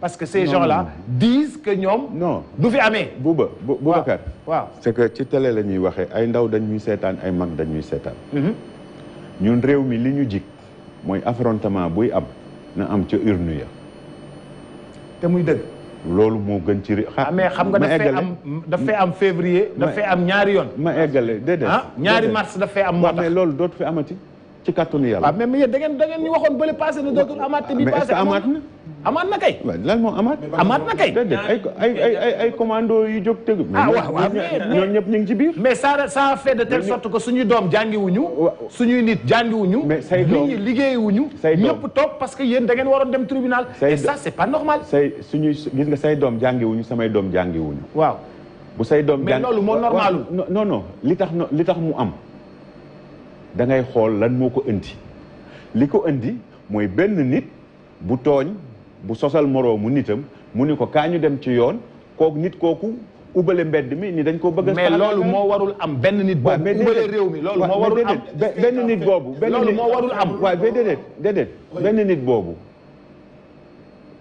Speaker 1: parce que ces gens-là disent que sommes. non Nous, fi
Speaker 5: Amé. Bouba, c'est que ci télé la ñuy waxee ay ndaw dañuy Nous ay mag dañuy mhm. ñun li ñu affrontement Nous na am urne ya muy lolu mo gën ci ah, xam nga am am février. am ñaari ma ah, mars am mais fi ci kàttanu yàlla. waaw mais da ngeen da ngeen ni waxone beulé passé na dootul amaat. bi paase amaat na amaat na kay. waaw lan moo amaat. amaat na kay déedéet ay ay ay ay commando yu jóg tëgg. ah waaw waaw ñoom ñëpp ñu ci biir. mais ça ça fait de telle sorte que suñu dom jangi wuñu suñu nit jàngiwuñu. mais say ñi liggéeyiwuñu. wuñu doom top parce que yeen da ngeen waroon dem tribunal. et ça c'est pas normal. say suñu gis nga say doom jàngiwuñu samay doom jàngiwuñu. waaw bu say doom. jàng mais loolu mo normalu. non non li tax li tax mu am da ngay xool lan moo ko indi li ko indi mooy benn nit bu tooñ bu sosal moroomu nitam mu ni ko kaa ñu dem ci yoon kook nit kooku ubale mbedd mi ni dañ koo bëgg a. loolu moo warul am benn nit. boobu mais réew mi loolu moo warul am benn nit boobu. benn moo warul am waaw mais déedéet déedéet nit boobu.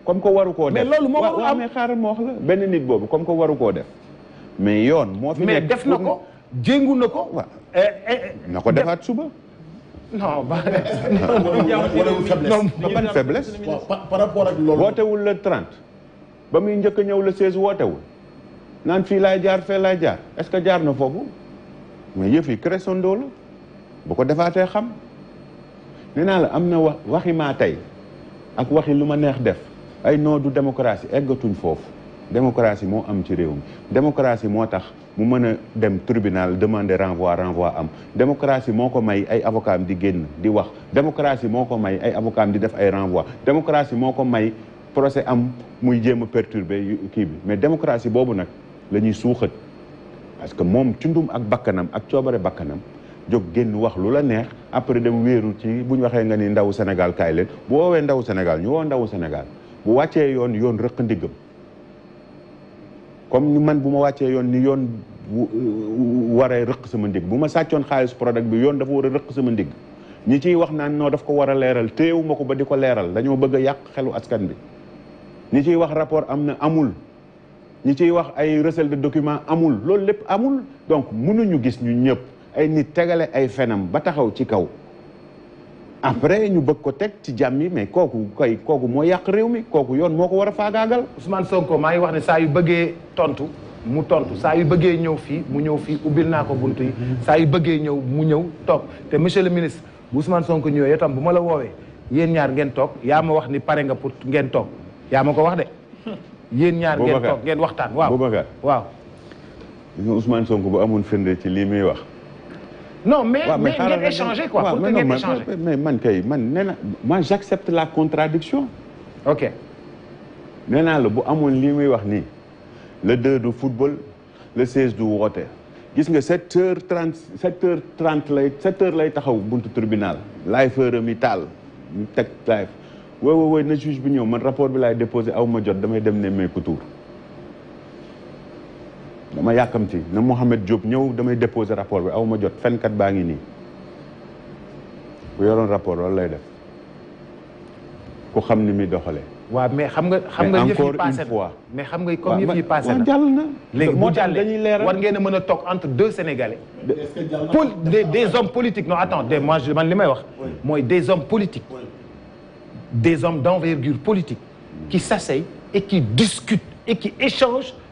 Speaker 5: comme ko waru koo def mais ma wax la benn nit boobu comme ko waru koo def mais yoon. moo fi ne def na ko. jéngu na ko. Eh, eh, eh. na ko defaat suba. non ba ban faiblesse. par rapport ak loolu. wootewul le 30 ba muy njëkk a ñëw la 16 wootewul naan fii laay jaar fee laay jaar est-ce que jaar na foofu mais yëf yi crescendo la ko defaatee xam nee naa la am na wax waxi maa tey ak waxi lu ma neex def ay non du démocratie eggatuñ foofu. démocratie moo am ci réew mi démocratie moo tax mu mën a dem tribunal demander renvoi renvoi am démocratie moo ko may ay avocat di génn di wax démocratie moo ko may ay avocat di def ay renvoi démocratie moo ko may procès am muy jéem a perturber kii bi mais démocratie boobu nag la ñuy suuxat parce que moom cundum ak bakkanam ak coobare bakkanam jóg génn wax lu la neex après dem wéeru ci bu ñu waxee nga ni ndaw Sénégal kaay leen bu woowee ndawu Sénégal ñu woo ndawu Sénégal bu wàccee yoon yoon rëq ndiggam comme ni man bu ma wàccee yoon ni yoon waree rëq sama ndigg bu ma sàccoon xaalis produit bi yoon dafa war a rëq sama ndigg ñi ciy wax naan noo daf ko war a leeral téewu ma ko ba di ko leeral dañoo bëgg a yàq xelu askan bi ñi ciy wax rapport am na amul ñi ciy wax ay recel de document amul loolu lépp amul donc mënuñu gis ñu ñëpp ay nit tegale ay fenam ba taxaw ci kaw après ñu bëgg ko teg ci jàmm yi mais kooku kay kooku moo yàq réew mi kooku yoon moo ko war a Ousmane Sonko maa ngi wax ne saa yu bëggee tontu
Speaker 1: mu tontu saa yu bëggee ñëw fii mu ñëw fii ubbil naa buntu yi. saa yu bëggee ñëw mu ñëw toog te monsieur le ministre bu Ousmane Sonko ñëwee itam bu ma la woowee yéen ñaar ngeen toog yaa ma wax ni pare nga pour ngeen toog yaa ma ko wax de. yéen ñaar ngeen toog ngeen waxtaan waaw.
Speaker 5: waaw. Ousmane Sonko bu amoon firnde ci lii wax. Non, mais, ouais, mais, mais, échanger, quoi. mais non, mais, mais, mais, man, man, nena, moi, j'accepte la contradiction. OK. le, le 2 de football, le 16 de water. 7h30, 7h30, 7 h au tribunal. Life remital. Tech life. Oui, oui, oui, le juge, mon rapport, il a déposé à un coup de tour. couture dama yàkkamti na Mohamed Diop ñëw damay déposer rapport bi aw ma jot fenkat Il ngi nii bu rapport loolu lay def ku a ni muy doxalee.
Speaker 1: mais xam nga xam nga yi passé mais xam nga comme yëf yi passé Il jàll na. war ngeen a mën entre deux sénégalais. des hommes politiques non attends, moi je man que je wax. dire. des hommes politiques. des hommes d'envergure politique. qui s'asseyent et qui discutent et qui échangent.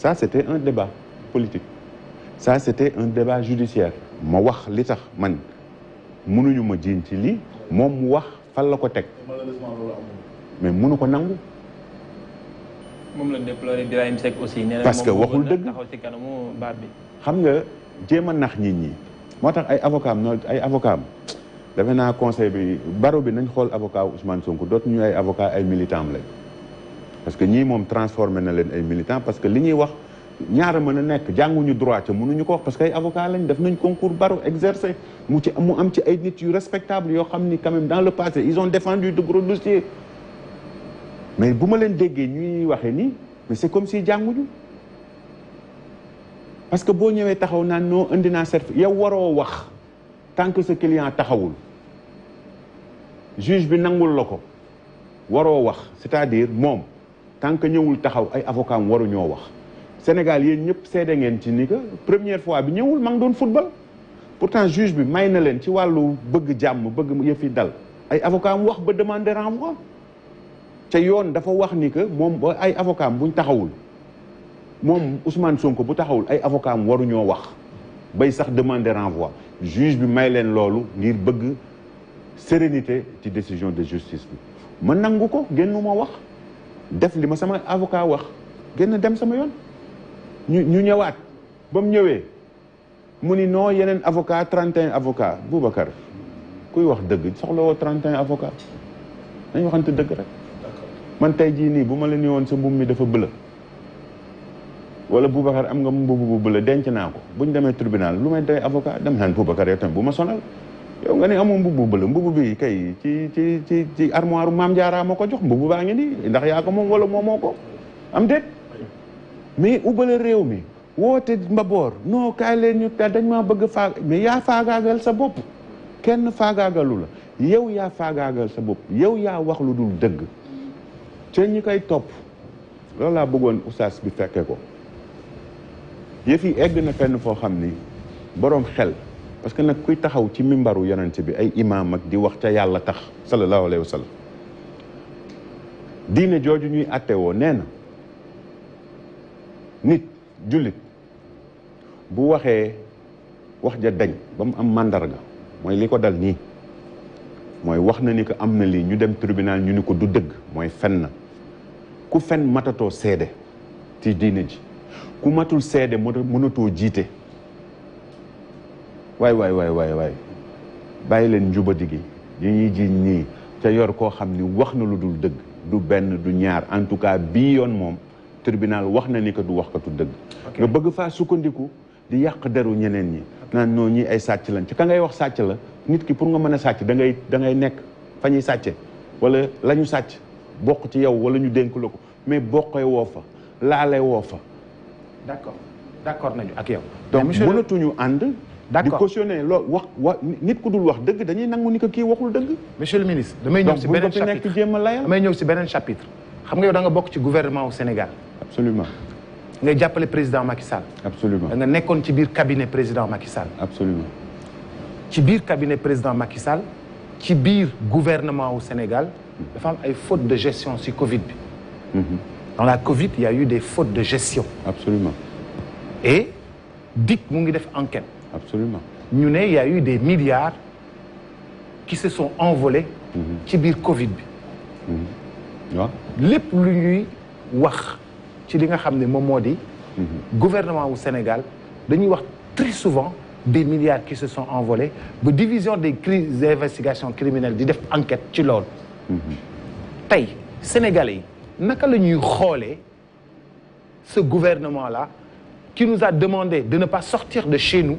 Speaker 5: ça c'était un débat politique ça c'était un débat judiciaire Je wax li tax man ma Je la ko
Speaker 3: mais parce que waxul deug
Speaker 5: xam nga nax nit ñi avocat am ay avocat am defe conseil bi avocat Ousmane avocat parce que ñii moom transformé na leen ay militants parce que li ñuy wax ñaara mën a nekk jànguñu droit ca mënuñu ko wax parce que ay avocat lañ def nañ concours barreau exercer, mu ci mu am ci ay nit yu respectable yoo xam quand même dans le passé ils ont défendu de gros dossiers mais bu ma leen déggee ñuy waxee nii mais c'est comme si jànguñu parce que boo ñëwee taxaw naan noo indi naa certificat yow waro wax tant que sa client taxawul juge bi nangul la waro waroo wax c'est-à-dire moom tant que ñewul taxaw ay avocat waru ñoo wax Sénégal yeen ñep seede ngeen ci ni que première fois bi ñewul ma doon football pourtant juge bi may na leen ci walu bëgg jamm bëgg yëf dal ay avocat wax ba demander renvoi ca yoon dafa wax ni que ba ay avocat buñ taxawul mom Ousmane Sonko bu taxawul ay avocat waru ñoo wax bay sax demander renvoi juge bi may len lolu ngir bëgg sérénité ci décision de justice bi ma nangu ko wax def li ma sama avocat wax génn dem sama yoon ñu ñu ñëwaat ba mu ñëwee mu ni noo yeneen avocat 31 avocat Boubacar kuy wax dëgg soxla woo 31 avocat nañ waxante dëgg rek man tey jii nii bu ma la ni woon sa mbubb mi dafa bëla wala Boubacar am nga mbubb bu bëla denc naa ko buñ demee tribunal lu may dee avocat dem naan Boubacar yow tamit bu ma sonal yow nga ne amoo mbubu bële mbubu bi kay ci ci ci ci armoire maam jaara moo jox mbubu baa ngi nii ndax yaa ko moom wala am det, mais ubale réew mi woote mbaboor no kaay leen ñu dañ ma bëgg faag mais ya fagagal sa bopp kenn faagaagalu la yow yaa faagaagal sa bopp yow yaa wax lu dul dëgg te ñi koy topp loolu laa bëggoon oustaz bi fekke ko egg na fenn ni xel parce que nag kuy taxaw ci mimbaru yonent bi ay imaam ak di wax ca yàlla tax sallallahu alayhi wa sallam diine jooju ñuy atte woo nee na nit jullit bu waxee wax ja dañ ba mu am màndarga mooy li ko dal nii mooy wax na ni ko am na lii ñu dem tribunal ñu ni ko du dëgg mooy fen na ku fen matatoo seede ci diine ji ku matul seede mënatoo jiite waay waay waay waay waay bàyyi leen njubadi gi yi ñuy jiñ nii te yor koo xam ni wax na lu dul dëgg du benn du ñaar en tout cas bii yoon moom tribunal wax na ni que du wax waxkatu dëgg nga bëgg faa sukkandiku di yàq deru ñeneen ñi naan noo ñi ay sàcc lañ ci ka ngay wax sàcc la nit ki pour nga mën a sàcc da da ngay nekk fa sàcce wala la ñu sàcc bokk ci yow wala ñu dénk la ko mais bokkee woo fa laalee woo fa d'accord d'accord nañu ak yow donc mënatuñu ànd d'accord di cautionner loo wax wa nit ku dul wax dëgg dañuy nangu ni ko kii waxul dëgg. monsieur le ministre damay ñëw si beneen chapitre donc jéem a layal
Speaker 1: damay chapitre. xam nga yow da nga bokk ci gouvernement au Sénégal. absolument nga le président Macky Sall. absolument da nga nekkoon ci biir cabinet président Macky Sall. absolument ci biir cabinet président Macky Sall ci biir gouvernement au Sénégal dafa am ay fautes de gestion sur Covid bi. Mhm. dans la Covid il y a eu des fautes de gestion. absolument et DIC mu ngi def enquête. Absolument. Il y a eu des milliards qui se sont envolés. Mhm. ci biir Covid bi. waaw mhm. lépp lu ñuy wax mhm. gouvernement au Sénégal nous wax très souvent des milliards qui se sont envolés La division des investigations criminelles des enquêtes. enquête ci Aujourd'hui, sénégalais n'a naka la ce gouvernement là qui nous a demandé de ne pas sortir de chez nous.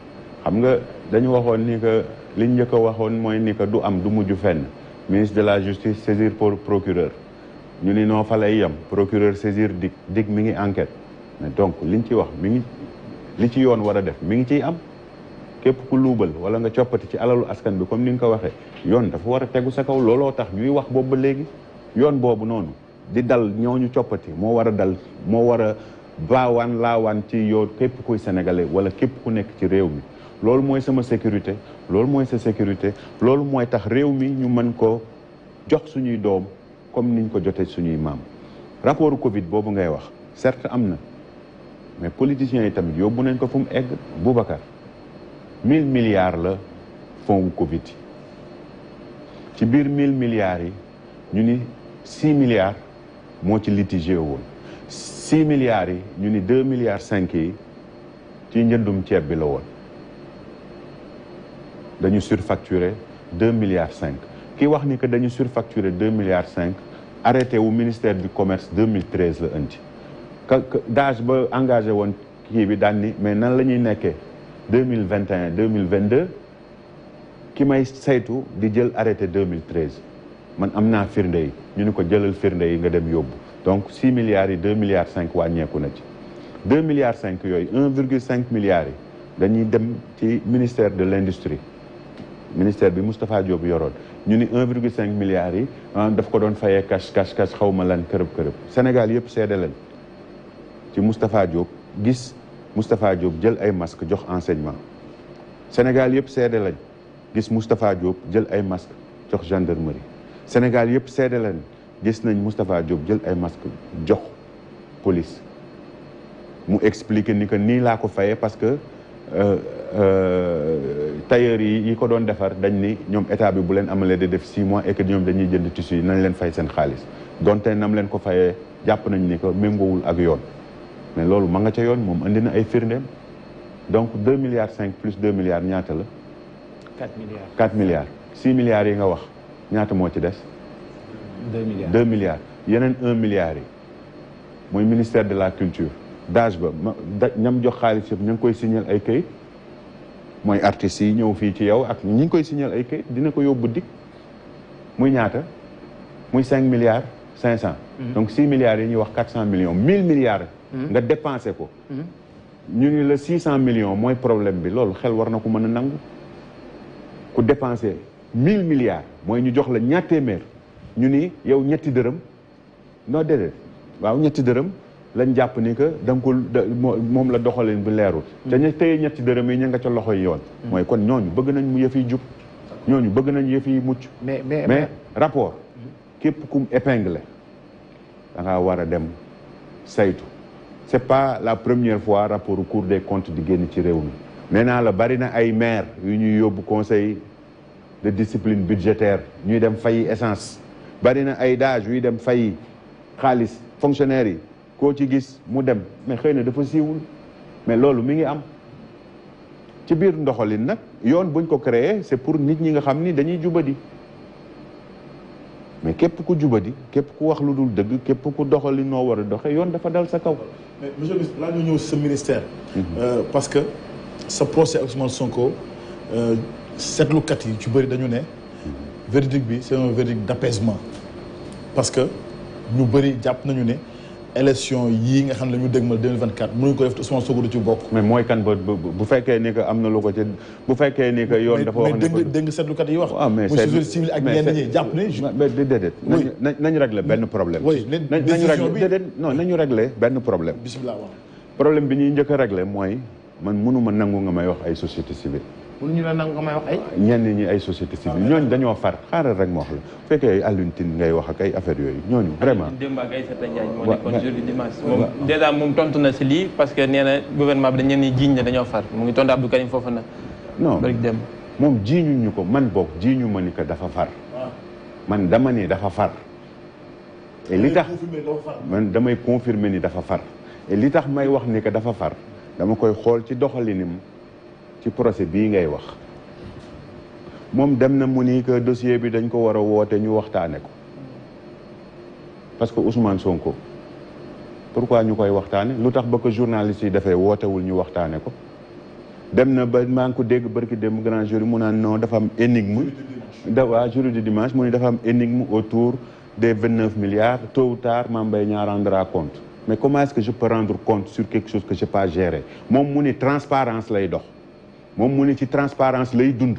Speaker 5: xam nga dañu waxoon ni que liñ njëkk waxoon mooy ni que du am du mujj fenn ministre de la justice saisir pour procureur ñu ni noo fa lay yem procureur saisir dig dig mi ngi enquête mais donc liñ ci wax mi ngi li ci yoon war a def mi ngi ciy am képp ku luubal wala nga coppati ci alalu askan bi comme ni nga ko waxee yoon dafa war a tegu sa kaw looloo tax ñuy wax boobu ba léegi yoon boobu noonu di dal ñooñu coppati moo war a dal moo war a baawaan laawaan ci yoon képp kuy sénégalais wala képp ku nekk ci réew mi loolu mooy sama sécurité loolu mooy sa sécurité loolu mooy tax réew mi ñu mën ko jox suñuy doom comme niñ ko jotee suñuy maam rapport Covid boobu ngay wax certes am na mais politiciens yi tamit yóbbu nañ ko fu mu egg Boubacar mille milliards la fonds Covid ci biir mille milliards yi ñu ni six milliards moo ci litigé woon six milliards yi ñu ni deux milliards cinq yi ci njëndum ceeb bi la woon dañu surfacturé 2,5 milliards Ce qui wax ni que dañu surfacturé 2,5 milliards arrêté au ministère du commerce 2013 la indi engagé ...un qui bi mais nan la 2021 2022 ki may dit di jël arrêté 2013 man suis naa firnde ñu ni ko jëlal donc 6 milliards et 2 milliards 5 2 milliards 5 yooyu 1,5 milliard milliards ministère de l'industrie ministère bi Moustapha Diop yoroon ñu ni 1,5 milliard yi ah, daf ko doon fayé cash cash cash xawma lan kërëb kërëb Sénégal yépp seede ci Moustapha Diop gis Moustapha Diop jël ay masque jox enseignement Sénégal yépp seede gis Moustapha Diop jël ay masque jox gendarmerie Sénégal yépp seede gis nañ Moustapha Diop jël ay masque jox police mu expliquer ni que ni ko fayé parce que euh, Euh, tailleur yi yi ko doon defar dañ ni ñoom état bi bu leen amalee di def six mois et que ñoom dañuy jënd tissu yi nañ leen fay seen xaalis donte nam leen ko fayee jàpp nañ ni ko méngoowul ak yoon mais loolu ma nga ca yoon moom indi na ay firndeem donc deux milliards cinq plus deux milliards ñaata la. quatre milliards quatre milliards six yi nga wax ñaata moo ci des. deux milliards deux milliards yeneen un milliard yi mooy ministère de la culture. daaj ba ma ñam jox xaalis yëpp ñu ngi koy signal ay këyit. mooy artistes yi ñëw fii ci yow ak ñu ngi koy signal ay kayit dina ko yóbbu dikk muy ñaata muy cinq milliards cinq cent mhm. donc six milliards yi ñuy wax quatre cent millions mille milliards mhm. nga dépensé ko mhm. ñu ni la six cent millions mooy problème bi loolu xel war na ko mën a nangu ku dépensé mille milliards mooy ñu jox la ñaar téeméer ñu ni yow ñetti dërëm noo déedéet waaw ñetti dërëm lan japp ni que da nga ko moom la doxaleen bu leerul mm. te tey ñet ci deureum yi ñinga ci loxoy yoon moy mm. kon ñooñu bëgg nañ mu yëf yi jub ñooñu bëgg nañ yëf yi mucc mais mais rapport mm. képp kum épinglé da nga wara dem saytu c'est pas la première fois rapport Cour des comptes di génn ci réew mi nee la bari na ay maire yu ñuy yobbu conseil de discipline budgétaire ñuy dem fayi essence bari na ay daaj yu dem fayi xaalis fonctionnaire koo ci gis mu dem mais xëy dafa siiwul mais lolu mi ngi am ci bir ndoxalin nak yoon buñ ko créer c'est pour nit ñi nga xamni ni dañuy jubadi mais kep ku jubadi kep ku wax lu dul dëgg képp ku doxali no wara doxé yoon dafa dal sa kaw. mais monsieur ministre la ñu ñëw ce ministère. Mhm. Euh, parce que ce procès Ousmane
Speaker 4: Sonko euh seetlukat yi ci bari dañu né mhm. verdict bi c'est un verdict d'apaisement parce que ñu bari japp nañu né élection yii
Speaker 5: nga xam ne la ñu dégmal 2024 mënuñ ko def Ousmane Sonko ci bokk. mais mooy kan ba bu fekkee ni am na lu ko ci bu fekkee ni que yoon dafa wax. ne ko mais dégg nga seetlukat yi wax. ah mais société civile ak ñenn ñi jàpp ne. mais déedéet. oui nañu nañu benn problème. bi nañu réglé benn problème. problème bi ñuy njëkk a réglé mooy man mënuma nangu nga may wax ay société civile.
Speaker 1: mënuñu la nangu nga may wax
Speaker 5: ñi ay société civile ñooñu dañoo far xaaral rek ma wax la bu fekkee ay ngay wax ak ay affaire yooyu ñooñu vraiment.
Speaker 3: démb ak moom dèjà moom tontu na si lii parce que nee na gouvernement bi dañ ñenn ñi jiiñ ne dañoo far mu ngi tontu Abdou Karim foofu na.
Speaker 5: non dem moom jiiñu ñu ko man boog jiiñu ma ni que dafa far. man dama ni dafa far. et li tax man damay confirmer ni dafa far. et li tax may wax ni que dafa far dama koy xool ci doxalinam ci procès bi ngay wax mom dem na mu ni que dossier bi dañ ko wara wote ñu waxtane ko parce que Ousmane Sonko pourquoi ñu waxtane lutax ba ko journaliste yi defé wote wul ñu waxtane ko dem na ba maa ngi ko dégg barki dem grand jury mu naan non dafa am énigme da wa jour du dimanche mu ni dafa am énigme autour des 29 milliards tôt ou tard Mame Mbaye ñaar rendra compte mais comment est-ce que je peux rendre compte sur quelque chose que j'ai pas géré mom mu ni transparence lay dox mom mu ne ci transparence lay dund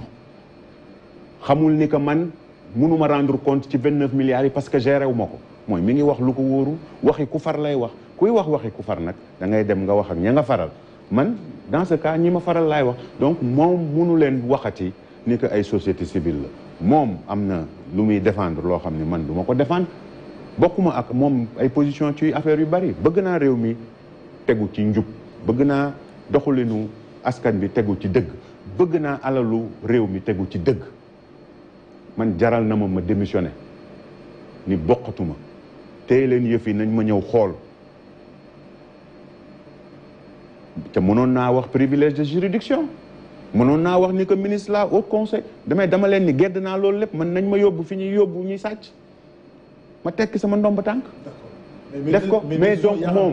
Speaker 5: xamul ni que man mënuma rendre compte ci 29 milliards parce que géré wu ma moy mi ngi wax lu ko wóoru waxi ku far lay wax kuy wax waxi ku far nak da ngay dem nga wax ak ña nga faral man dans ce cas ñi ma faral lay wax donc mom mënu len waxati ni que ay société civile la moom am lu muy défendre lo xamni man duma ko défendre bokuma ak mom ay position ci affaire yu bari bëgg na réew mi teggu ci njub bëgg na doxalinu askan bi tegu ci dëgg bëgg naa alalu réew mi tegu ci dëgg man jaral na ma ma démissionné ni boqatuma tey leen yëf yi nañ ma ñëw xool te mënoon naa wax privilège de juridiction mënoon naa wax ni que ministre la au conseil damay dama leen ni gedd naa loolu lépp man nañ ma yóbbu fi ñuy yóbbu ñuy sàcc ma tekki sama ndomba tànk def ko mais donc moom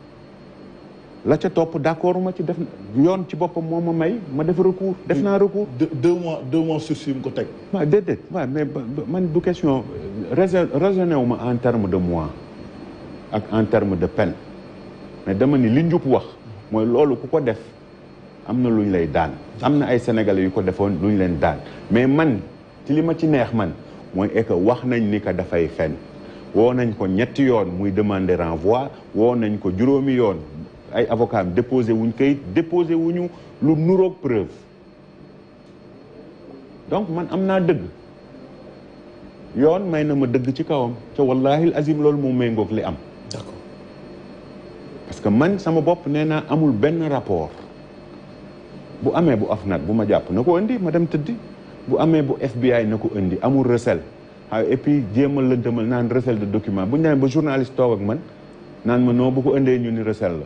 Speaker 5: la ca top d' ma ci def yoon ci bopam moma may ma def recours def na recours. deux mois deux mois sursis mu ko teg. waaw dedet waaw mais man du question raisonné ma en terme de mois ak en terme de peine mais dama ni li njub wax moy lolu ku ko def amna luñ lay daan. amna ay sénégalais yu ko defoon luñ ñu leen daan mais man ci li ma ci neex man moy e que wax nañ ni que dafay fen woo nañ ko ñetti yoon muy demander renvoi woo nañ ko juróomi yoon. ay avocat am déposé wuñ kayit déposé wuñu lu nuroog preuve donc man am naa dëgg yoon may na ma dëgg ci kawam te wallahi azim loolu moo may ngoog li am parce que man sama bopp nee naa amul benn rapport bu amee bu afnag bu ma jàpp na ko indi ma dem tëddi bu amee bu FBI na ko indi amul recelle waaw et puis jéemal la demal naan recel de document bu ñu demee ba journaliste toog ak man naan ma noo bu ko indee ñu ni recelle la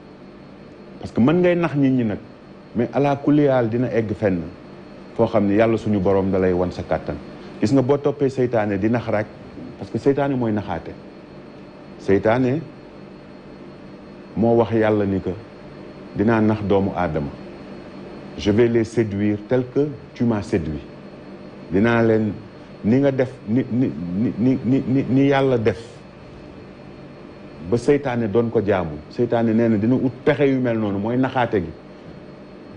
Speaker 5: parce que mën ngay nax nit ñi nag mais ala kuliyaal dina egg fen foo xam ne yàlla suñu borom da lay wan sa kàttan gis nga boo toppee seytaane di nax rek parce que seytaane mooy naxaate seytaane moo wax yàlla ni ko dinaa nax doomu aadama je vais les séduire tel que tu m'as séduit dinaa leen ni nga def ni ni ni ni ni yàlla def ba seytaane doon ko jaamu seytaane nee na dina ut pexe yu mel noonu mooy naxaate gi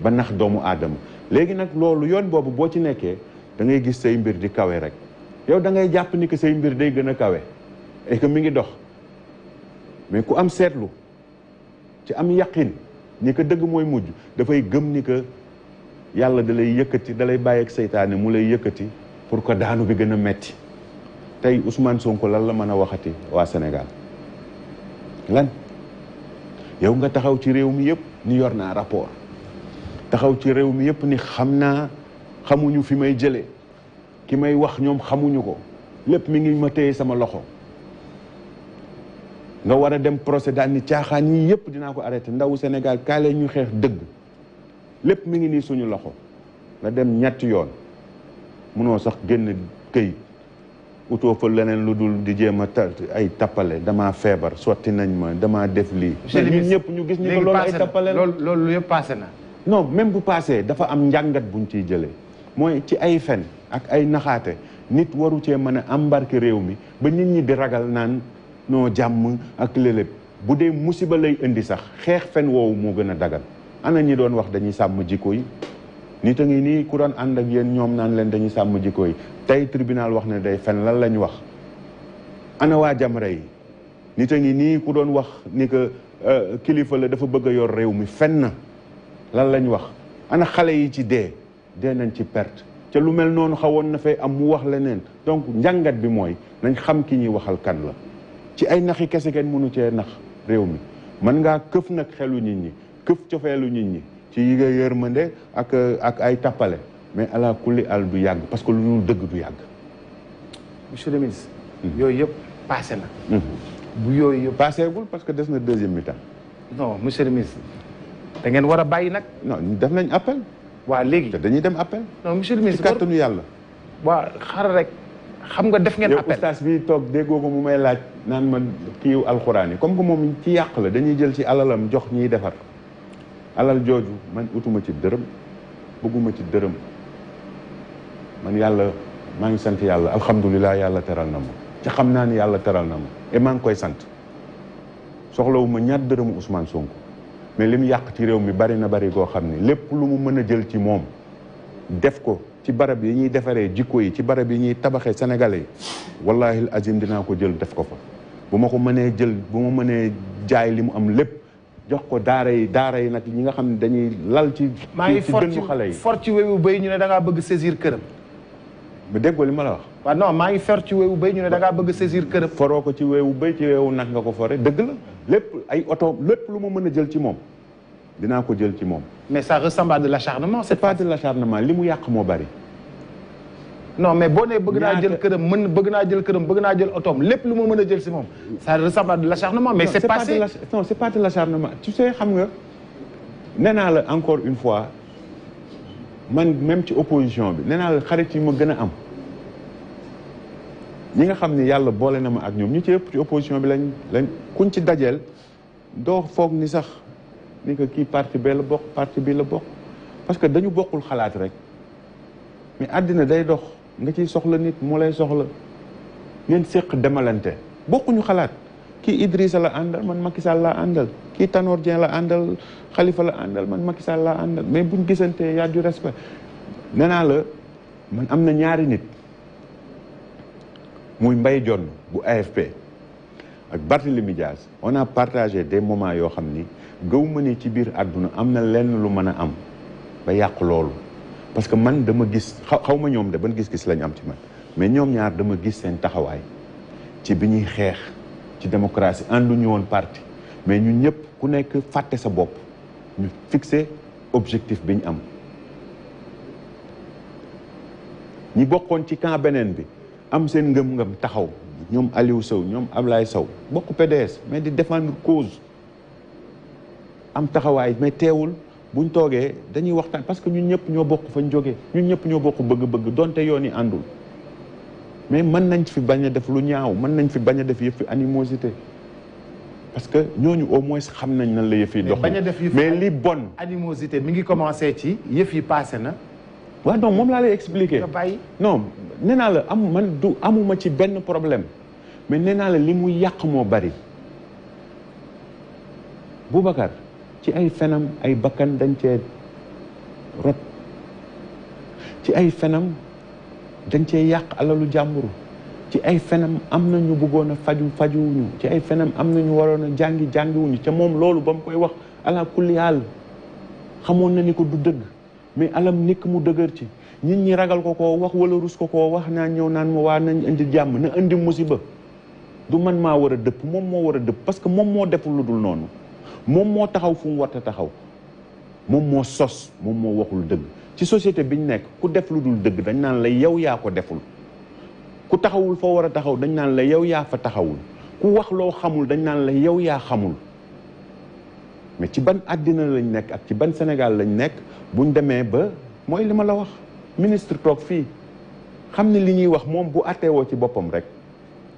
Speaker 5: ba nax doomu aadama léegi nag loolu yoon boobu boo ci nekkee da ngay gis say mbir di kawe rek yow da ngay jàpp ni que say mbir day gën a kawe et que mi ngi dox mais ku am seetlu ci am yaqin ni ko dëgg mooy mujj dafay gëm ni que yàlla da lay yëkkati dalay lay bàyyi ak seytaane mu lay yëkkati pour que daanu bi gën a metti tey Ousmane Sonko lan la mën a waxati waa Sénégal lan yow nga taxaw ci réew mi yëpp ni yor naa rapport taxaw ci réew mi yëpp ni xam naa xamuñu fi may jëlee ki may wax ñoom xamuñu ko lépp mi ngi ma téye sama loxo nga war a dem procès daal ni caaxaan yi yëpp dinaa ko arrêté ndawu Sénégal kaale ñu xeex dëgg lépp mi ngi nii suñu loxo nga dem ñetti yoon munoo sax génn këyit utoo leneen lu dul di jéem a ay tappale damaa feebar sotti nañ ma damaa def lii. ñun ñëpp ñu gis ñu ko loolu ay tappale loolu
Speaker 1: loolu yëpp passé na.
Speaker 5: non même bu passé dafa am njàngat buñ ciy jëlee mooy ci ay fen ak ay naxaate nit waru cee mën a mbarke réew mi ba nit ñi di ragal naan noo jàmm ak lélép bu dee musiba lay indi sax xeex fen woowu moo gën a dagal ana ñi doon wax dañuy sàmm jikko yi nit a ngi nii ku doon ànd ak yéen ñoom naan leen dañuy sàmm jikko yi tey tribunal wax na day fen lan lañ wax ana waa Jamra yi nit a ngi nii ku doon wax ni que euh, kilifa la dafa bëgg a yor réew mi fen na lan lañ wax ana xale yi ci dee dee nañ ci perte ca lu mel noonu xawoon na fay am mu wax leneen donc njàngat bi mooy nañ xam ki ñuy waxal kan la ci ay naxi kese kenn mënu cee nax réew mi mën ngaa këf nag xelu nit ñi këf cofeelu nit ñi ci yi nga yërmande ak ak ay tappale mais ala kulli al du yàgg parce que lu dul dëgg du yàgg. monsieur le hmm. yooyu yëpp passé na. Hmm. bu yooyu yëpp passeegul parce que des na deuxième mi-temps. non monsieur le ministre da ngeen war a bàyyi nag. non def nañ appel. waa léegi te dañuy dem appel. non monsieur le ministre ci yàlla. waa xaaral rek xam nga def ngeen. appel yow ustaas bi toog déggoo ko mu may laaj naan ma kiiw alxuraan yi comme que moom ci yàq la dañuy jël ci alalam jox ñiy defar alal jooju man utuma ci dërëm bëgguma ci dërëm. man yàlla ma ngi sante yàlla alhamdullilah yàlla teral na ma ci xamna ni yàlla teral na ma et maa ngi koy sant soxlawu ma ñaar dërëmu Ousmane Sonko mais li yàq ci rew mi bari na bari go xamni lépp lu mu meuna jël ci mom def ko ci barab yi ñi défaré jikko yi ci barab yi ñi tabaxé sénégalais yi wallahi azim dina ko jël def ko fa bu mako ko jël bu mu mënee jaay limu am lépp jox ko daara yi daara yi nak ñi nga xamni dañuy lal ci. ci dëngu xale yi maa ngi for
Speaker 1: ci wéwu bay ñu ne da nga bëgg saisir kërëm mais déggoo li ma la wax. waaw non maa ngi fer ci weewu
Speaker 5: béy ñu ne da ngaa bëgg saisir këram. foroo ko ci weewu béy ci weewu nax nga ko fore dëgg la lépp ay oto lépp lu ma mën a jël ci moom dinaa ko jël ci moom.
Speaker 1: mais ça ressemble à de l'acharnement. c'est pas de l'acharnement li mu yàq bari. non mais boo nee bëgg naa jël këram mën bëgg naa jël këram bëgg naa jël otoom lépp lu ma mën a jël si moom. ça ressemble à de l'acharnement mais c'est pas
Speaker 5: non c'est pas de l'acharnement tu sais xam nga nee naa la encore une fois man même ci opposition bi nee naa la xarit yi ma gën a am ñi nga xam ne yàlla boole na ma ak ñoom ñu ci ëpp ci opposition bi lañ lañ kuñ ci dajeel doo foog ni sax ni que kii parti bee la bokk parti bii la bokk parce que dañu bokkul xalaat rek mais àddina day dox nga ciy soxla nit mu lay soxla ngeen séq demalante bokkuñu xalaat kii Idrissa la àndal man Macky Sall la àndal kii Tanor Dieng la àndal xalifa la àndal man Macky Sall laa àndal mais buñ gisantee yaa du respect nee la man am na ñaari nit muy mbay Dione bu AFP ak Barthélémy Dias on a partagé des moments yoo xam ni gëw ma ne ci biir àdduna am na lenn lu mën a am ba yàq loolu parce que man dama gis xaw ma ñoom de ban gis-gis lañ am ci man mais ñoom ñaar dama gis seen taxawaay ci bi ñuy xeex ci démocratie ànduñu woon parti mais ñun ñëpp ku nekk fàtte sa bopp ñu fixé objectif bi ñu am ñi bokkoon ci camp beneen bi am seen ngëm-ngëm taxaw ñoom Aliou Sow ñoom Ablaye Sow bokk PDS mais di défendre cause am taxawaay mais teewul buñ toogee dañuy waxtaan parce que ñun ñëpp ñoo bokk fañ jógee ñun ñëpp ñoo bokk bëgg-bëgg donte yoon yi àndul mais mën nañ fi bañ a def lu ñaaw mën nañ fi bañ a def yëpp fi animosité parce que ñooñu au moins xam nañ nan la yëf yi dox mais li bon animosité mi ngi commencé ci yëf yi passé na waaw donc moom laa lay expliquer non nee naa la am man du amuma ci benn problème mais nee naa la li mu yàq moo bari Boubacar ci ay fenam ay bakkan dañ cee rot ci ay fenam dañ cee yàq alalu jàmbur ci ay fenam am na ñu bëggoon a faju fajuwuñu ci ay fenam am na ñu waroon a jàngi jàngiwuñu ca moom loolu ba mu koy wax alaa kulli xamoon na ni ko du dëgg mais alam nekk mu dëgër ci nit ñi ragal ko ko wax wala rus ko koo wax naa ñëw naan ma waa nañ indi jàmm na indi musiba du man maa war a dëpp moom moo war a dëpp parce que moom moo deful lu dul noonu moom moo taxaw fu mu war a taxaw moom moo sos moom moo waxul dëgg ci bi ñu nekk ku def lu dëgg dañ naan la yow yaa ko deful ku taxawul foo war a taxaw dañ naan la yow yaa fa taxawul ku wax loo xamul dañ naan la yow yaa xamul mais ci ban àddina lañ nekk ak ci ban Sénégal lañ nekk buñ demee ba mooy li ma la wax ministre toog fii xam ne li ñuy wax moom bu àtteewoo ci boppam rek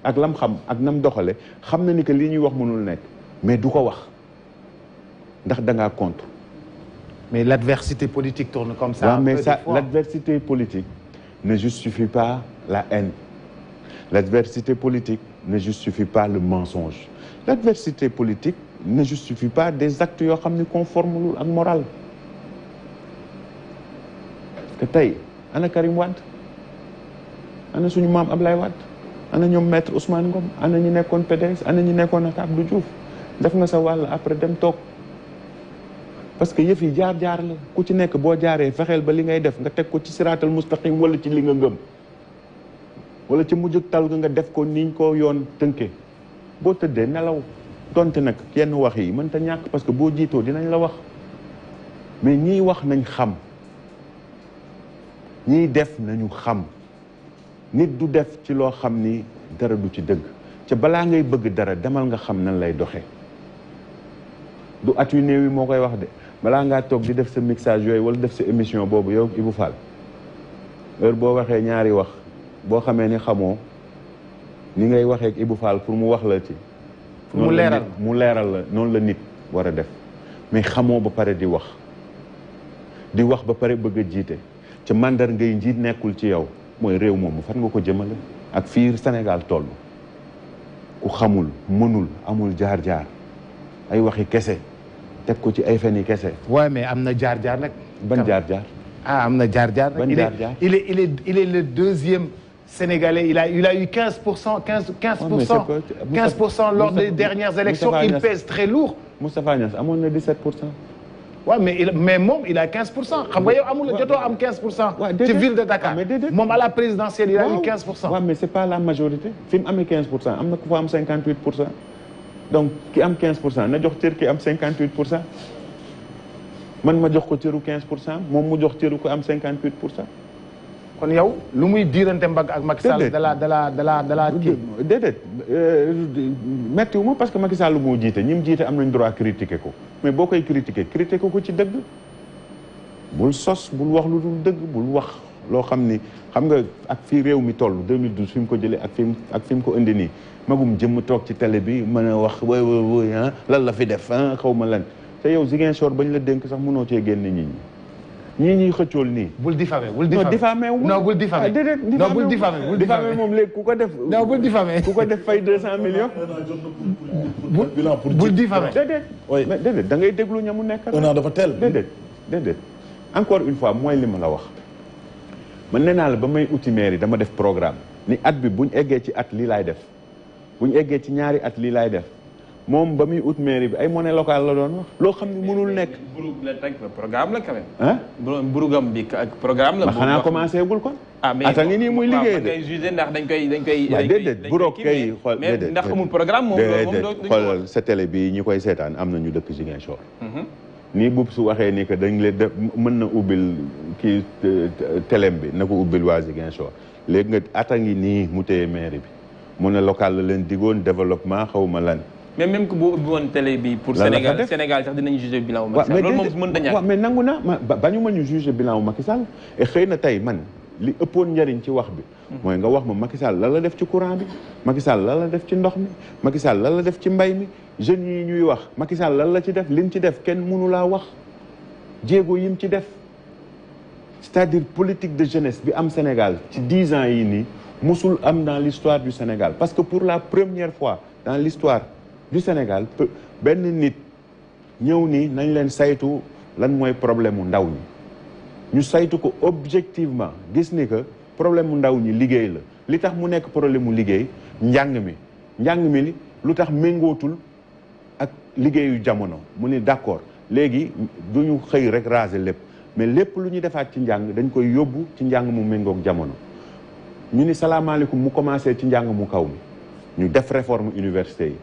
Speaker 5: ak lam xam ak nam doxale xam na ni que li ñuy wax mënul nekk mais du ko wax ndax da ngaa contre mais l'adversité politique tourne comme ça. Ouais, mais ça l'adversité politique ne justifie pas la haine L'adversité politique ne justifie pas le mensonge. L'adversité politique ne justifie pas des actes qui sont conformes à la morale. parce que y a Karim il y a Wade ana Ablai Wad, il y a ñoom maître Ousmane Ngom ana a nekkoon PDS ana y a ak Abdou Diouf def nga sa wàll après dem toog parce que yëf yi jaar-jaar la ku ci nekk bo jaaré fexel ba li ngay def nga tek ko ci siraatal mustaqim wala ci li nga gëm wala ci mujjug tal ga nga def ko niñ ko yoon tënkee boo tëddee nelaw donte nag yenn wax yi mën ta ñàkk parce que boo jiitoo dinañ la wax mais ñiy wax nañ xam ñii def nañu xam nit du def ci loo xam ni dara du ci dëgg ca balaa ngay bëgg dara demal nga xam nañ lay doxe du at yu néew yi moo koy wax de balaa ngaa toog di def sa mixage yooyu wala def sa émission boobu yow Ibou Fall heure boo waxee ñaari wax bo xamé ni xamoo ni ngay waxé ak Ibou Fall pour mu wax la ci. mu léral mu léral la non la nit wara def mais xamoo ba pare di wax di wax ba pare bëgg jité ci mandar ngay njit nekkul ci yow moy réew mom fan nga ko jëmale ak fi Sénégal tollu ku xamul mënul amul jaar-jaar ay waxi kessé tek ko ci ay feni kessé waaw mais amna jaar-jaar nak ban jaar-jaar. ah
Speaker 1: amna jaar-jaar. ban jaar-jaar il est il est il est le deuxième. sénégalais. Il a, il a eu 15%, 15%, 15%, 15 lors des dernières élections. il pèse très lourd. Moussa Fagnas, à mon 17%. Oui, mais, il, mais Mom, il a 15%. Il Amoul, oui. a 15%.
Speaker 5: de,
Speaker 1: de, de ville de Dakar. Mais à la présidentielle, il a eu 15%.
Speaker 5: Oui, mais ce n'est pas la majorité. Film a 15%. Il a 58%. Donc, qui a 15% Na jox qui 58%. Man ma jox 15%, mom mu jox 58%. kon yow lu muy diirante mbag ak Macky Sall da la da la da la la kii déedéet euh, métti wu parce que Macky Sall moo jiite ñi mu jiite am nañ droit critiquer ko mais boo koy critiquer critiquer ko ci dëgg bul sos bul wax lu dul dëgg bul wax loo xam ni xam nga ak fii réew mi toll 2012 fi mu ko jëlee ak fi mu ak fi mu ko indi nii magum jëmm toog ci télé bi mën a wax woy woy woy ah, lan la fi def ah, xaw ma lan te yow Ziguinchor bañ la dénk sax mënoo cee génn nit ñi ñii ñuy xëccool nii. bul diffamé bul
Speaker 1: diffamé non diffamé wu. non bul diffamé ah, déedéet non bul diffamé bul diffamé moom léegi ku ko def. non
Speaker 2: bul
Speaker 5: diffamé ku ko def fay 200 millions. bul bul diffamé déedéet. oui mais déedéet da ngay déglu ñamu nekk. non dafa teel déedéet déedéet. encore une fois mooy li ma la wax man nee naa la ba may uti yi dama def programme ni at bi buñ eggee ci at lii laay def buñ eggee ci ñaari at lii laay def. moom ba muy ut mairie bi ay monnaie locale la doon wax loo xam ne mënul nekk.
Speaker 3: burug la programme la quand même. ah burugam bi ak programme la. ba xanaa commencé gul kon. ah mais ata ngi nii muy liggéey de. jugé ndax dañ koy dañ koy. dañ
Speaker 5: koy kay xool ndax amul programme moom loolu xoolal sa télé bi ñi koy seetaan am na ñu dëkk Ziguinchor. Mhm. nii buub su waxee ni que dañ leen def mën na ubbil kii telem bi na ko ubbil waa Ziguinchor léegi nga ata ngi nii mu téye mairie bi mu ne local la leen digoon développement xaw ma lan
Speaker 3: mais même que boo ubbi télé bi pour Sénégal Sénégal sax dinañ juger bilan wu Macky Sall loolu moom mën
Speaker 5: na ñàkk waaw mais nangu naa ma bañu ma ñu jugé bilan wu Macky Sall et xëy na man li ëppoon njariñ ci wax bi mooy nga wax ma Macky Sall la la def ci courant bi Macky Sall la la def ci ndox mi Macky Sall la la def ci mbay mi jeunes yi ñuy wax Macky Sall la la ci def liñ ci def kenn mënu laa wax jéego yim ci def c'est-à-dire politique de jeunesse bi am Sénégal ci dix ans yi ni musul am dans l'histoire du Sénégal parce que pour la première fois dans l'histoire du Sénégal benn nit ñëw nii nañ leen saytu lan mooy problème mu ndaw ñi ñu saytu ko objectivement gis ni que problème mu ndaw ñi liggéey la li tax mu nekk problème mu liggéey njàng mi njàng mi lu tax méngootul ak liggéeyu jamono mu ni d'accord léegi du ñu xëy rek raser lépp mais lépp lu ñuy defaat ci njàng dañ koy yóbbu ci njàng mu méngoog jamono ñu ni salaamaaleykum mu commencé ci njàng mu kaw mi ñu def réforme université yi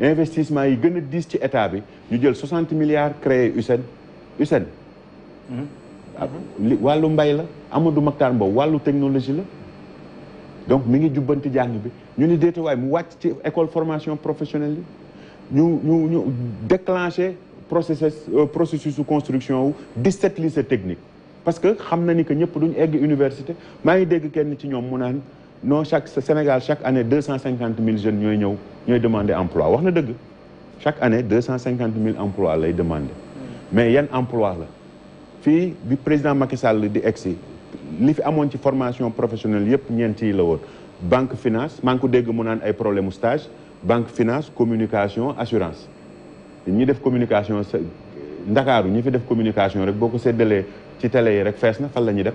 Speaker 5: investissement yi gën a diis ci état bi ñu jël 60 milliards créé USAID USAID mm-hmm. ah, li wàllu mbay la Amadou Mahtar Mbow wàllu technologie la donc mi ngi jubbanti jàng bi ñu ni déetawaay mu wàcc ci école formation professionnelle yi ñu ñu ñu déclenché processus euh, processus construction wu 17 lycée technique parce que xam na ni que ñëpp duñ egg université maa ngi dégg kenn ci ñoom mu naan non chaque Sénégal chaque année 250 000 jeunes ñoy un ñoy demander emploi wax na chaque année 250 000 emplois Mais lay demander mais un emploi la le bi président Macky Sall di exi li fi amone ci formation professionnelle yëpp ñent yi la banque finance maa ngi ko dégg mu nan ay problème stage banque finance communication assurance ñi def communication ndakaaru ñi fi def communication rek boo ko ci télé yi rek fess na fal la def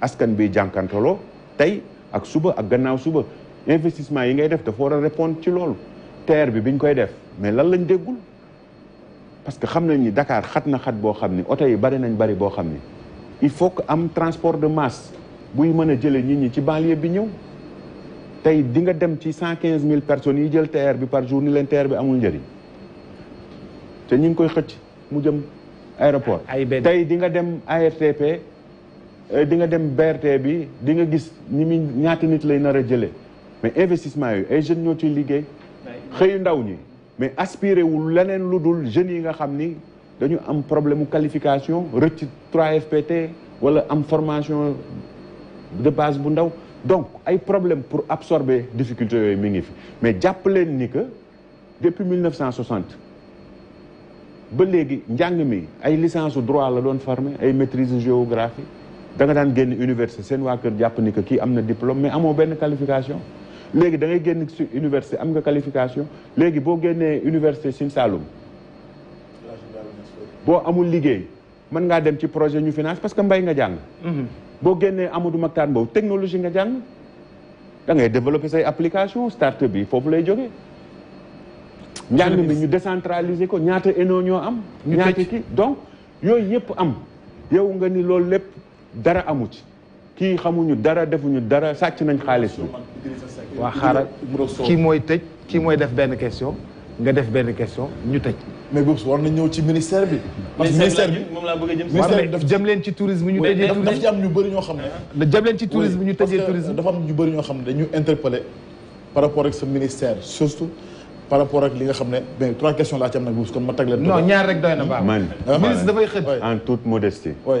Speaker 5: askan bi jànkantaloo tey ak suba ak gannaaw suba investissement yi ngay def dafa war a répondre ci loolu terre bi biñ koy def mais lan lañ déggul parce que ni Dakar xat na xat boo xam ni oto yi bari nañ bari il faut que am transport de masse buy mën a jëlee nit ñi ci banlieue bi ñëw tey di nga dem ci cent quinze mille personnes yi jël TER bi par jour ni leen TER bi amul njëriñ te koy mu jëm aéroport di nga dem ARTP Eh, di nga dem BRT bi di nga gis ni mi ñaata nit lay nar a mais investissement yu ay jeune ñoo ciy liggéey xëyu ndaw ñi mais aspirer wu leneen lu jeune yi nga xamni dañu am problème qualification recc 3FPT wala am formation de base bu ndaw donc ay problème pour absorber difficulté yoy mi ngi fi mais jàpp leen ni que depuis 1960 ba léegi njàng mi ay licence droit la doon formé ay maîtrise géographie da nga daan génn université seen waa kër jàpp ni que kii am na diplôme mais amoo benn qualification léegi da ngay génn su université am nga qualification léegi boo génnee université Sine Saloum boo amul liggéey mën ngaa dem ci projet ñu finance parce que mbay nga jàng mhm. boo génnee Amadou Mahtar Mbow technologie nga jàng da ngay développer say application start-up bi foofu lay jógee njàng mi ñu décentraliser ko ñaata ENO ñoo am ñaata kii donc yooyu yëpp am yow nga ni loolu lépp dara amu ki kii xamuñu dara defuñu dara sacc nañ xaalis bi. waa xaaral kii mooy tëj kii mooy def ben question nga def ben question ñu tej mais
Speaker 1: boobu war na ñëw ci ministère bi.
Speaker 4: parce que ministère bi mom
Speaker 3: la bëgg a jëm. ministère
Speaker 1: daf jëm leen ci tourisme
Speaker 3: ñu tëjee. daf
Speaker 4: ci am ñu bëri ñoo xamné ne. jëm leen ci tourisme ñu tejé tourisme dafa am ñu bëri ñoo xamné dañu interpeller par rapport ak ce ministère surtout. par rapport ak li nga xamné ben mais trois questions la ci am nak boobu kon ma tag
Speaker 1: leen. non
Speaker 5: ñaar rek doyna na baax. man ah, ministre dafay xëy. en toute modestie. oui.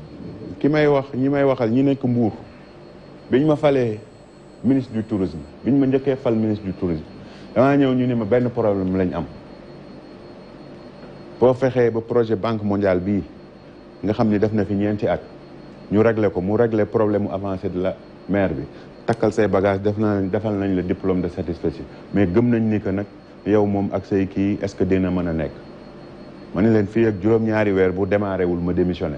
Speaker 5: ki may wax ñi may waxal ñi nekk Mbour biñ ma falee ministre du tourisme biñ ma njëkkee fal ministre du tourisme damaa ñëw ñu ne ma benn problème lañ am boo fexee ba projet banque mondiale bii nga xam ni def na fi ñeenti at ñu réglé ko mu réglé problème mu avancé de la maire bi takkal say bagage def na defal nañ la diplôme de satisfaction mais gëm nañ ni que nag yow moom ak say kii est-ce que dina mën a nekk ma ne leen fii ak juróom-ñaari weer bu démarré wul ma démissionné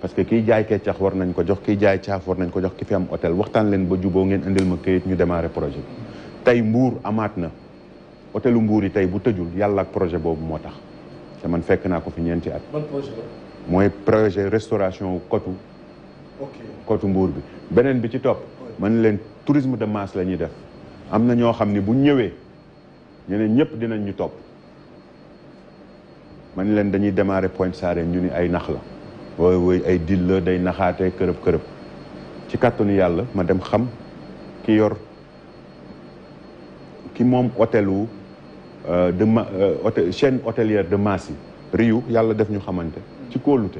Speaker 5: parce que ki jaay keccax war nañ ko jox kiy jaay caaf war nañ ko jox ki fi am hôtel waxtaan leen ba juboo ngeen indil ma këyit ñu démarrer projet tey mbuur amaat na hôtelu mbuur yi tey bu tëjul yàlla ak projet boobu moo tax te man fekk naa ko fi ñeenti at mooy projet restauration wu kotu mbuur bi beneen bi ci topp man leen tourisme de masse la ñuy def am na ñoo xam ne bu ñëwee ñeneen ñëpp dinañ ñu topp man leen dañuy démarrer Pointe Sarène ñu ni ay nax la Oui, oui, ay dil la day naxate kërëb kërëb ci kàttanu yalla ma dem xam ki yor ki moom euh de ma euh, hôtel chaîne hôtelière de masse riou yalla def ñu xamanté ci kóolute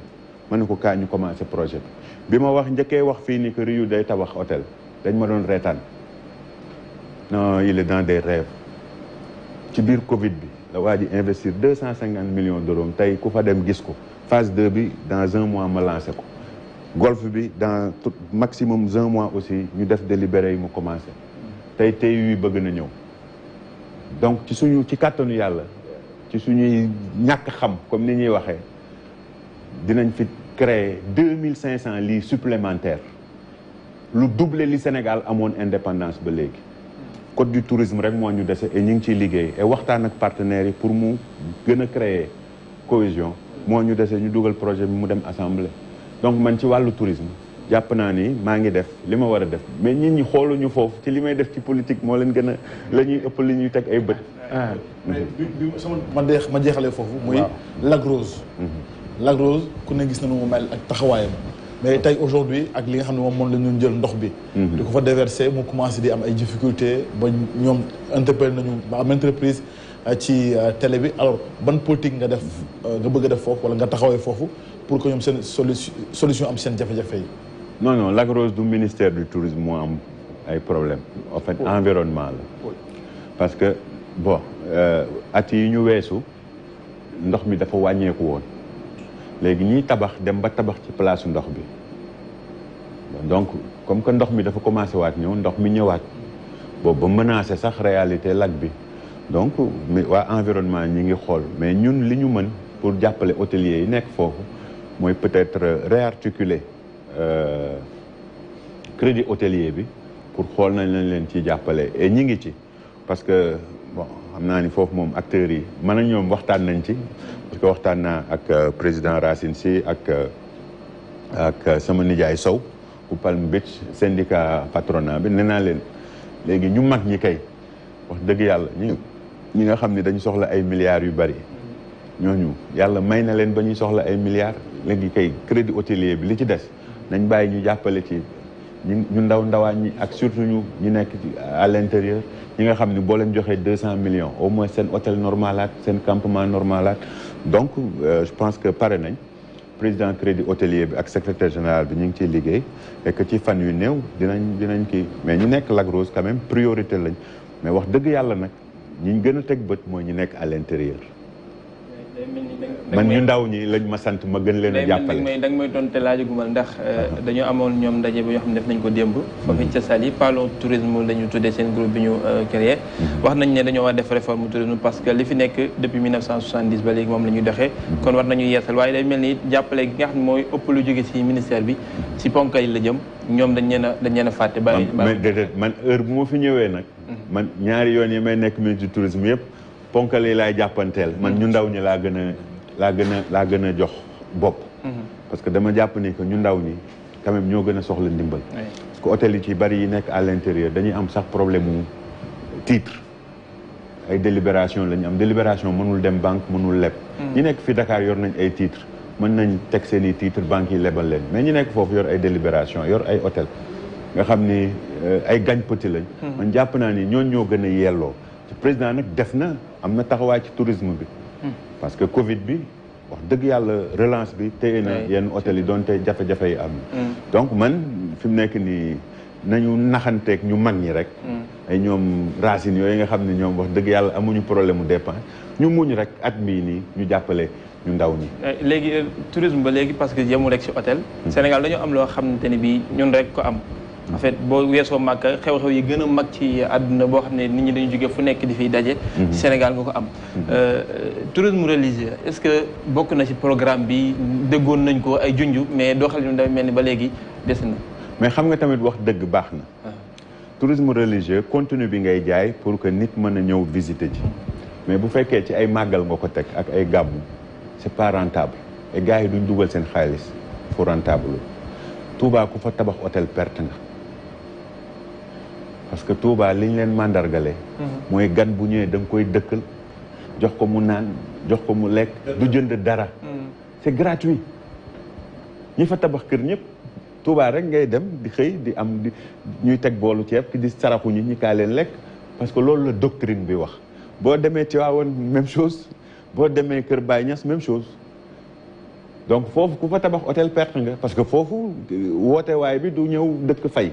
Speaker 5: ma ne ko kaa ñu commencer projet bima wax njëkkee wax fii ni que riou day tabax hôtel dañ ma don rétane non il est dans des rêves ci biir Covid bi la waji investir 250 millions de millions d'euros tey ku fa dem gis ko phase 2 bi dans un mois je me ko golf bi dans tout maximum un mois aussi ñu def délibéré et mu commencer tay tay yuy bëgg na ñëw donc ci suñu ci kàttanu yalla ci suñu ñak xam comme ni ñuy waxé dinañ fi créer 2500 lits supplémentaires lu double li Sénégal amone indépendance ba code du tourisme rek mo ñu déssé et ñing ci liggéey et waxtaan ak partenaires pour mu gëna créer cohésion moo ñu dese ñu dugal projet bi mu dem assemblée donc man ci wàllu tourisme jàpp naa ni maa ngi def li ma war a def mais nit ñi xooluñu foofu ci li may def ci politique moo leen gën a la ñuy ëpp li ñuy teg ay bët.
Speaker 4: Ah. mais sama ma deex ma jeexalee foofu. muy Lac Rose. Mhm. Lac Rose ku ne gis na nu mu mel ak taxawaayam. mais tey aujourd'hui ak li nga xam ne moom moom la ñu jël ndox bi. Mhm. di ko fa déverser mu commencé di am ay difficultés ba ñoom interpellé nañu ba am entreprise. Euh, ci euh, télé bi alors ban politique nga def euh, nga bëgg def foofu wala nga taxawé fofu pour que ñom sen solution am sen jafé jafé
Speaker 5: non non Lac Rose du ministère du tourisme mo am ay problème en fait environnement la. parce que bon euh ati ñu weesu ndox mi dafa wañé ko won légui ñuy tabax dem ba tabax ci place ndox bi donc comme que ndox mi dafa commencé waat ñëw ndox mi ñëwaat bo ba menacer sax réalité lac bi. donc mais waa environnement ñi ngi xool mais ñun li ñu mën pour jàppale hôteliers yi nekk foofu mooy peut-être réarticuler euh, crédit hôtelier bi pour xool nañ lañ leen ci jàppale et ñi ngi ci parce que bon xam naa ni foofu moom acteurs yi mën a ñoom waxtaan nañ ci parce que waxtaan naa ak euh, président Racine si ak euh, ak sama nijaay Sow bu Palm Beach syndicat patronat bi nee naa leen léegi ñu mag ñi kay wax dëgg yàlla ñu ñi nga xam ne dañu soxla ay milliards yu bari ñooñu yàlla may na leen ba ñuy soxla ay milliards léegi kay crédit hôtelier bi li ci des nañ bàyyi ñu jàppale ci ñu ndaw ndawaan ñi ak surtout ñu ñu nekk ci à l'intérieur ñi nga xam ne boo leen joxee deux cent millions au moins seen hôtel normalaat seen campement normalaat donc euh, je pense que pare nañ président crédit hôtelier bi ak secrétaire général bi ñu ngi ciy liggéey et que ci fan yu néew dinañ dinañ kii mais ñu nekk Lac Rose quand même priorité lañ mais wax dëgg yàlla nag ñi ñu gën a teg bët mooy ñu nekk à l'intérieur man ñu ndaw ñi lañ ma sant ma gën leen a jàppale
Speaker 3: may da euh, uh-huh. nga euh, uh-huh. fi nekk depuis 1970 ba uh-huh. a a fàtte ba déedéet man heure bu ma fi ñëwee nag man
Speaker 5: ñaari yoon yi may nekk ministre du yëpp ponkal yi laay jàppanteel man ñu ndaw ñi laa gën a laa gën a laa gën jox bopp mhm. parce que dama jàpp ni que ñu ndaw ñi quand ñoo gën a soxla ndimbal parce que hôtel yi ci bari yi nekk à l'intérieur dañuy am sax problème mu titre ay délibération la ñu am délibération mënul dem banque mënul leb mhm. ñu nekk fi Dakar yor nañ ay titre mën nañ teg seen i titre banque yi lebal leen mais ñu nekk foofu yor ay délibération yor ay hôtel nga xam ni euh, ay gagne-petit lañ mhm. man jàpp naa ni ñooñ ñoo gën a yelloo président nag def na am na taxawaay ci tourisme bi hmm. parce que Covid bi wax dëgg yàlla relance bi te na yenn hôtel yi donte tey jafe-jafe yi am hmm. donc man fi mu nekk nii nañu naxanteeg ñu mag ñi rek hmm. ay ñoom racines yooyu nga xam ne ñoom wax dëgg yàlla amuñu problème mu dépense ñu muñ rek at mii nii ñu jàppale ñu ndaw ñi
Speaker 3: eh, léegi euh, tourisme ba léegi parce que yemul rek ci hôtel Sénégal dañoo am loo xamante ne bii ñun rek ko am en fait boo weesoo Màkka xew-xew yi gën a mag ci àdduna boo xam ne nit ñi dañu jógee fu nekk di fiy daje. Mhm. Sénégal nga ko am. Mhm. Euh, tourisme religieux est-ce que bokk na ci programme bi déggoon nañ ko ay junj mais doxalin dafa mel ni ba léegi des na.
Speaker 5: mais xam nga tamit wax dëgg baax na. Ah. tourisme religieux contenu bi ngay jaay pour que nit mën a ñëw visiter ji. mais bu fekkee ci ay màggal nga ko teg ak ay gàbbu c'est pas rentable et gars yi duñ dugal seen xaalis fu rentable Touba ku fa tabax hôtel perte nga. parce que Touba li ñu leen màndargale mhm. mooy gan bu ñëwee da nga koy dëkkal jox ko mu naan jox ko mu lekk du jënd dara mhm. c'est gratuit ñi fa tabax kër ñëpp Touba rek ngay dem di xëy di am ñuy teg boolu ceeb ki di saraxu ñi ñi kaa leen lekk parce que loolu la doctrine bi wax boo demee ci Tiwaawan même chose boo demee Kër Baay Ñas même chose donc foofu ku fa tabax hôtel perte nga parce que foofu wootewaay bi du ñëw dëkk fay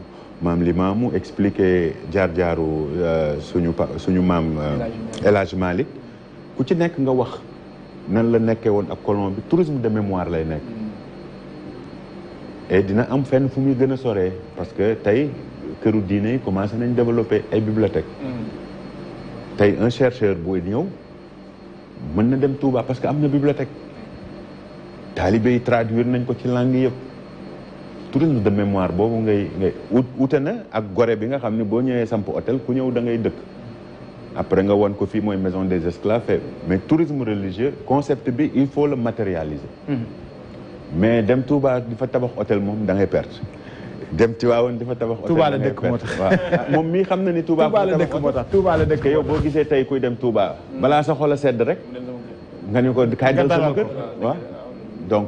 Speaker 5: Mamli mamu explique, expliqué jaar-jaaru euh, suñu suñu mam euh, El malik ku ci nek nga wax nan la nekkee woon ak Colombie, tourisme de mémoire lay nek et dina am fenn fu muy gën a parce que tay këru diine commencé nañ développer ay bibliothèque mm. tay un chercheur buy ñëw mën na dem Touba parce que amna bibliothèque talibé traduire nañ ko ci langue yépp tourisme de mémoire boobu ngay ngay wute na ak gore bi nga xamni bo boo samp hôtel ku ñëw da ngay dëkk après nga won ko fi moy maison des esclaves mais tourisme religieux concept bi il faut le matérialiser hmm. mais dem Touba di fa tabax hôtel mom da ngay perdre dem Tiwaawoon di fa tabax hôtel Touba la dëkk motax mom mi xamna ni Touba la dëkk motax Touba la dëkk yow bo gisee tay kuy dem Touba hmm. bala sa xol a sedd rek nga ne ko kaay dal sama kër waaw donc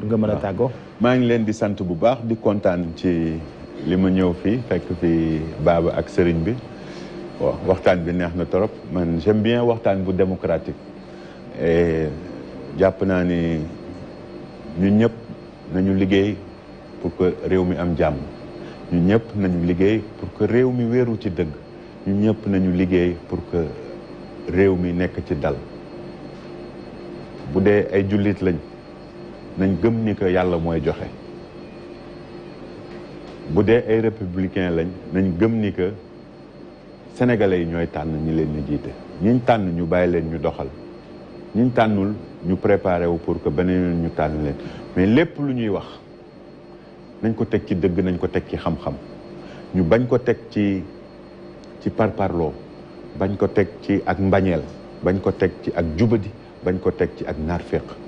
Speaker 1: pour nga mën a tàggoo
Speaker 5: ngi leen di sant bu baax di kontaan ci li ma ñëw fii fekk fii baaba ak sëriñ bi waxtaan bi neex na trop man j'aime bien waxtaan bu démocratique et jàpp naa ni ñun ñëpp nañu liggéey pour que réew mi am jàmm ñun ñëpp nañu liggéey pour que réew mi wéeru ci dëgg ñun ñëpp nañu liggéey pour que réew mi nekk ci dal bu dee ay jullit lañ nañ gëm ni que yàlla mooy joxe bu dee ay républicain lañ nañ gëm ni que sénégalais yi ñooy tànn ñi leen ñu jiite ñiñ tànn ñu bàyyi leen ñu doxal ñiñ tànnul ñu préparé wu pour que beneen ñu tànn leen mais lépp lu ñuy wax nañ ko teg ci dëgg nañ ko teg ci xam-xam ñu bañ ko teg ci ci parparloo bañ ko teg ci ak mbañeel bañ ko teg ci ak jubadi bañ ko teg ci ak naar féq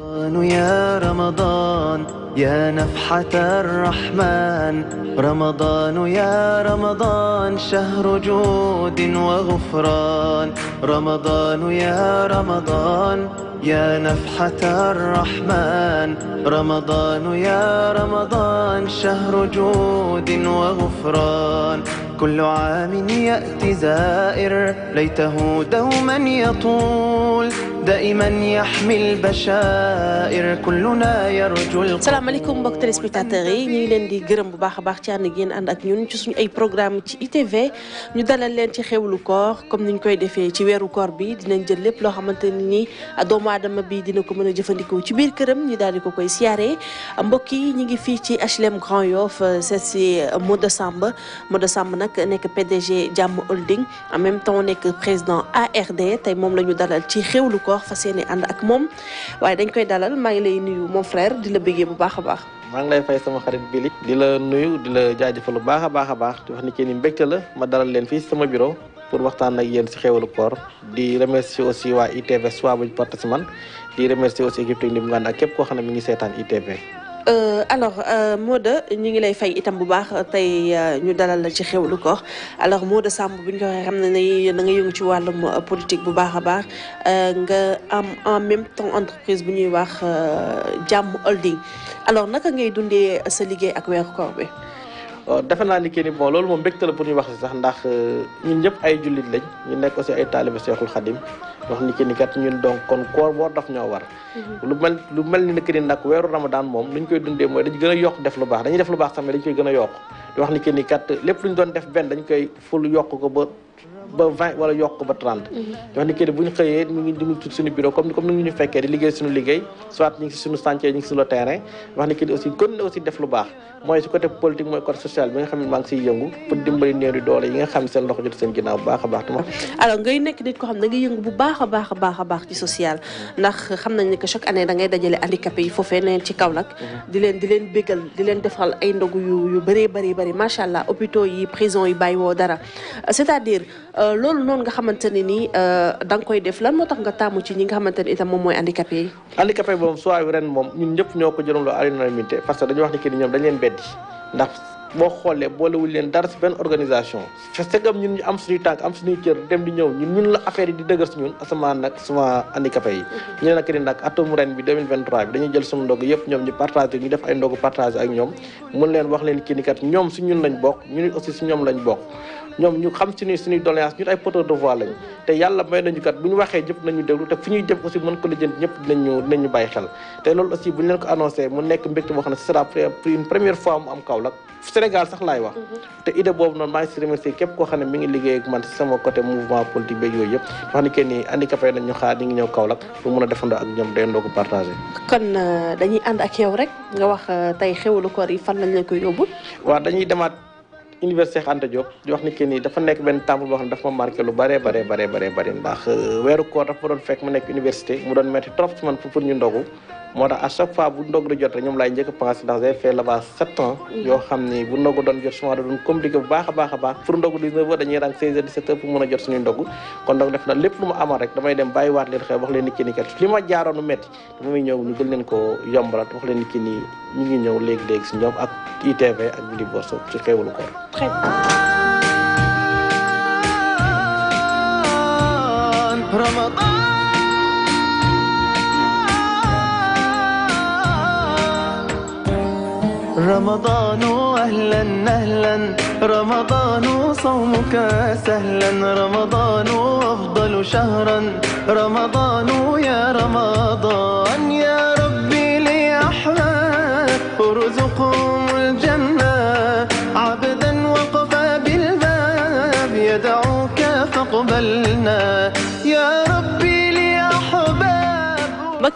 Speaker 6: رمضان يا رمضان يا نفحة الرحمن رمضان يا رمضان شهر جود وغفران رمضان يا رمضان يا نفحة الرحمن رمضان يا رمضان شهر جود وغفران كل عام يأتي زائر ليته دوما يطول دائما يحمي البشائر كلنا يرجو السلام عليكم بوك تيليسبيكتاتوري ني لين
Speaker 8: دي غرم بو باخ باخ تي ان غين اندك نيون تي سوني اي بروغرام تي اي تي في ني دالال لين تي خيو كور كوم ني نكوي ديفي تي ويرو كور بي دي نان جيل ليب لو خامتاني ني ادوم ادم بي دي نكو مانا جيفانديكو تي بير كرم ني دالي كو كوي سياري امبوكي ني غي في تي اتش لام غران يوف سي سي مو ديسامبر مو ديسامبر نك نيك بي دي جي جام هولدينغ ان ميم تون نيك بريزيدون ا ار دي تاي موم لا ني دالال تي خيو Dior fas yéene ak moom waaye dañ koy dalal maa ngi lay nuyu mon frère di la bëggee bu baax a baax.
Speaker 14: maa ngi lay fay sama xarit Billy di la nuyu di la jaajëfal bu baax a baax a baax di wax ni kii ni mbégte la ma dalal leen fii sama bureau pour waxtaan ak yéen si xéwalu koor di remercier aussi waa ITV soit buñ porte si di remercier aussi équipe technique bu nga ànd képp ko xam ne mi ngi seetaan ITV.
Speaker 8: Euh, alors euh, Moda ñu ngi lay fay itam bu baax euh, tey ñu dalal la ci xewlu koor alors Moda Samb bu ñu ko waxee xam ne ne da nga yëngu ci wàllum politique bu baax a baax nga am en même temps entreprise bu ñuy wax jàmm holding alors naka ngay dundee sa liggéey ak weeru
Speaker 14: koor bi. Euh, defe naa ni kii ni bon loolu moom mbégte la pour ñu wax si sax ndax euh, ñun ñëpp ay jullit lañ ñu nekk si ay taaliba Seexul Xadim wax ni ki ni kat ñun donc kon koo boo daf ñoo war
Speaker 12: mhm. lu
Speaker 14: mel lu mel ni ki ni nag weeru ramadan moom lu ñu koy dundee mooy dañu gën a yokk def lu baax dañuy def lu baax sax mais dañu koy gën a yokk di wax ni ki lépp lu ñu doon def benn dañ koy ful yokk ko ba ba vingt wala yokk ba trente ñoo xam ne kii bu ñu xëyee ñu ngi dimu ci suñu bureau comme comme ni ñu fekkee di liggéey suñu liggéey soit ñu ngi si suñu chantier ñu ngi si le terrain wax ne kii aussi kon def lu baax mooy si côté politique mooy côté social baax a baax tama
Speaker 8: nekk nit ko xam ne ngay yëngu bu baax a baax a baax a baax ci social ndax xam nañ ne que chaque année da ngay dajale handicapé yi foofee neen ci kaw nag mhm. di leen di leen bégal di leen defal ay ndogu yu yu bëree bëri bëri macha allah hôpitaux yi prison yi bay woo dara c'est-à-dire Euh, loolu noonu nga xamante ne ni euh, da nga koy def lan moo tax nga taamu ci ñi nga xamante ne itam moom mooy handicapé
Speaker 14: yi handicapé bi moom soit ren moom ñun ñëpp ñoo ko jëloon à l'unanimité parce que dañu wax ni kii ni ñoom dañ leen beddi ndax boo xoolee boolewul leen dara si benn organisation ñun ñu am suñuy tànk am suñuy cër dem di ñëw ñun ñun la affaire yi di dëgër si ñun asamaan nag suma handicapé yi mhm. ñu ne nag ni nag atum ren bi 2023 bi dañuy jël suñu ndog yëpp ñoom ñu partage ñu def ay ndog partage ak ñoom mun leen wax leen kii ni kat ñoom si ñun lañ bokk ñun aussi si ñoom lañ bokk ñoom ñu xam suñuy suñuy doléance ñun ay porteur de voix lañ te yàlla may nañu kat bu ñu waxee ñëpp nañu déglu te fu ñuy jëm aussi mën ko lijjanti ñëpp dinañu dinañu bàyyi xel te loolu aussi bu ñu leen ko annoncé mu nekk mbégte boo xam ne ce sera une première fois mu am Kaolack Sénégal sax laay wax te idée boobu noonu maa ngi si remercier képp koo xam ne mi ngi liggéey ak man si sama côté mouvement politique beeg yooyu yëpp wax ni que ni handicapé nañ ñu xaar ñi ngi ñëw Kaolack pour mun a defandoo ak ñoom dayandoo ko partagé
Speaker 8: kon euh, dañuy ànd ak yow rek nga wax euh, tey xewlu koor yi fan lañ la koy
Speaker 14: yóbbu waaw dañuy demaat université Cheikh Anta Diop di wax ni que ni dafa nekk benn temple boo xam ne dafa ma lu bare bare bare bare bare ndax euh, weeru koor dafa doon fekk mu nekk université mu doon metti trop ci man pour ñu ndogu moo tax à chaque fois bu ndog jot rek ñoom laay njëkk a pensé ndax j'ai fait là-bas sept ans yoo xam ni bu ndog doon jot souvent da doon compliqué bu baax a baax a pour ndog 19 heures dañuy rang 16 heures 17 pour mën a jot suñuy ndog kon donc def na lépp lu ma amoon rek damay dem bàyyiwaat leen xew wax leen nit ki ni kat li ma jaaroonu métti dama muy ñëw ñu gën ko yombalaat wax leen nit ki nii ñu ngi ñëw léegi-léegi si ñoom ak ITV ak Billy Bosso ci xewalu koor
Speaker 6: Ramadan رمضان أهلا أهلا رمضان صومك سهلا رمضان أفضل شهرا رمضان يا رمضان يا رمضان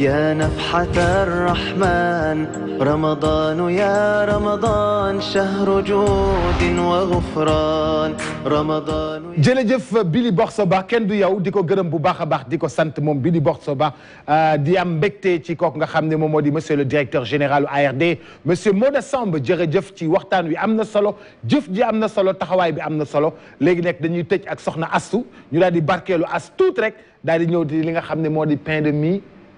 Speaker 6: يا نفحة الرحمن رمضان يا رمضان شهر جود وغفران رمضان
Speaker 1: jërëjëf Billy Borsova kenn du yow di ko gërëm bu baax a baax di ko sant moom Billy Borsova di am mbégte ci kooku nga xam ne moom moo di monsieur le directeur général ARD monsieur Moda Samb jërëjëf ci waxtaan wi am na solo jëf ji am na solo taxawaay bi am na solo léegi nag dañuy tëj ak soxna Astu ñu daal di barkeelu as tuut rek daal di ñëw di li nga xam ne moo di pain de mie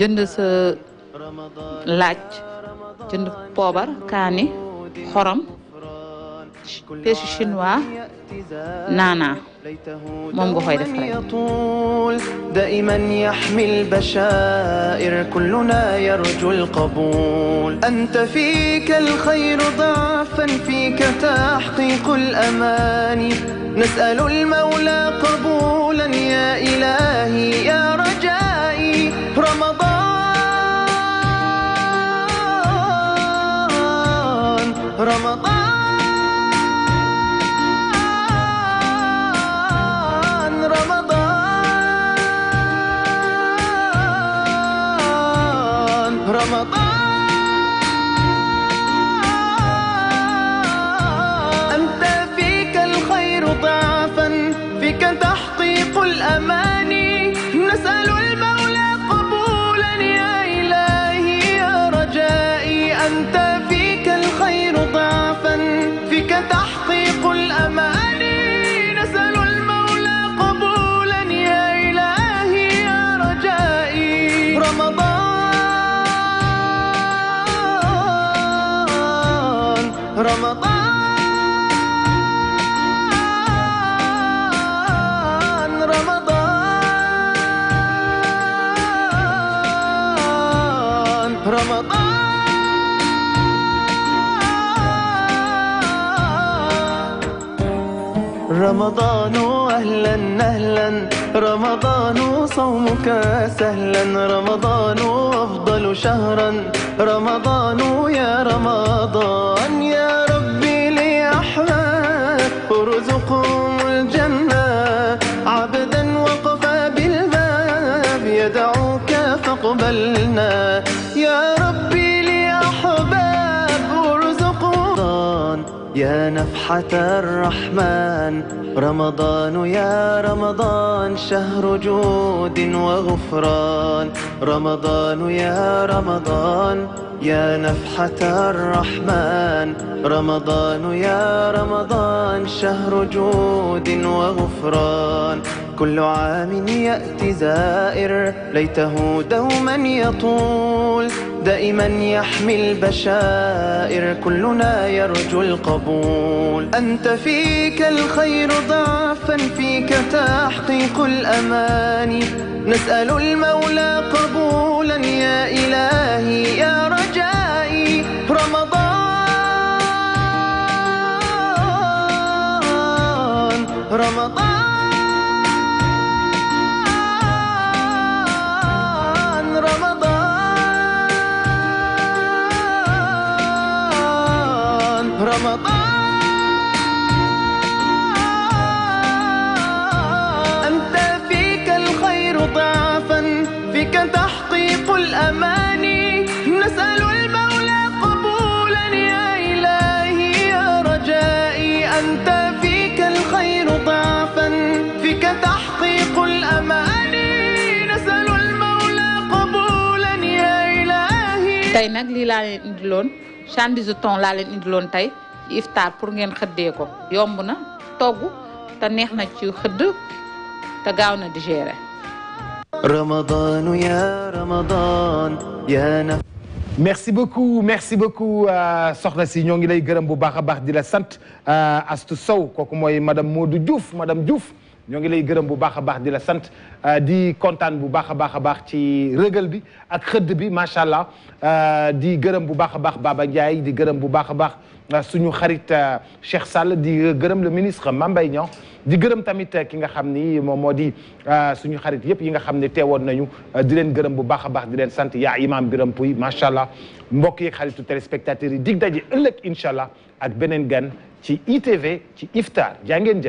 Speaker 8: jënd sa laaj jënd poobar kaani xorom
Speaker 6: pêche chinois
Speaker 9: naana moom nga
Speaker 6: دائما يحمي البشائر كلنا يرجو القبول أنت فيك الخير ضعفا فيك تحقيق الأماني نسأل المولى قبولا يا إلهي يا رجاء رمضان رمضان رمضان أنت فيك الخير ضعفا فيك تحقيق الأمان تحقيق الأماني نسأل المولى قبولا يا إلهي يا رجائي رمضان رمضان أهلا أهلا رمضان صومك سهلا رمضان أفضل شهرا رمضان يا رمضان يا ربي لي أحمد ارزقهم الجنة عبدا وقف بالباب يدعوك فاقبلنا يا نفحة الرحمن رمضان يا رمضان شهر جود وغفران رمضان يا رمضان يا نفحة الرحمن رمضان يا رمضان شهر جود وغفران كل عام يأتي زائر ليته دوما يطول دائما يحمي البشائر كلنا يرجو القبول أنت فيك الخير ضعفا فيك تحقيق الأماني نسأل المولى قبولا يا إلهي يا رجائي رمضان رمضان
Speaker 8: tey nag lii laa leen indiloon sandwich thon laa leen indiloon tey ci pour ngeen xëddee ko yomb na togg te neex na ci xëdd te gaaw na digérer.
Speaker 6: Ramadan ya Ramadan
Speaker 1: ya na. merci beaucoup merci beaucoup euh, soxna si ñoo ngi lay gërëm bu baax a baax di la sant euh, Astou Sow kooku mooy madame Modou Diouf madame juuf ñoo ngi lay gërëm bu baax di la sant euh, di kontaan bu baax a baax a ci rëgal bi ak xëdd bi macha allah euh, di gërëm bu baax a Baba di gërëm bu euh, suñu xarit le ministre mambay di gërëm tamit ki nga xam ni moom moo suñu xarit yi nga nañu di bu a di imam mbokk xaritu yi dig ak gan ci ITV ci Iftar ngeen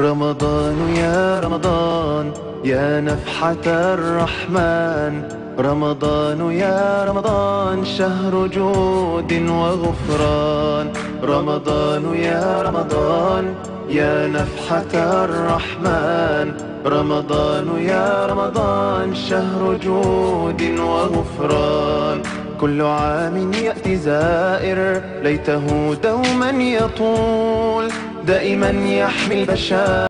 Speaker 6: رمضان يا رمضان يا نفحة الرحمن رمضان يا رمضان شهر جود وغفران رمضان يا رمضان يا نفحة الرحمن رمضان يا رمضان شهر جود وغفران كل عام يأتي زائر ليته دوما يطول دائما يحمي البشاء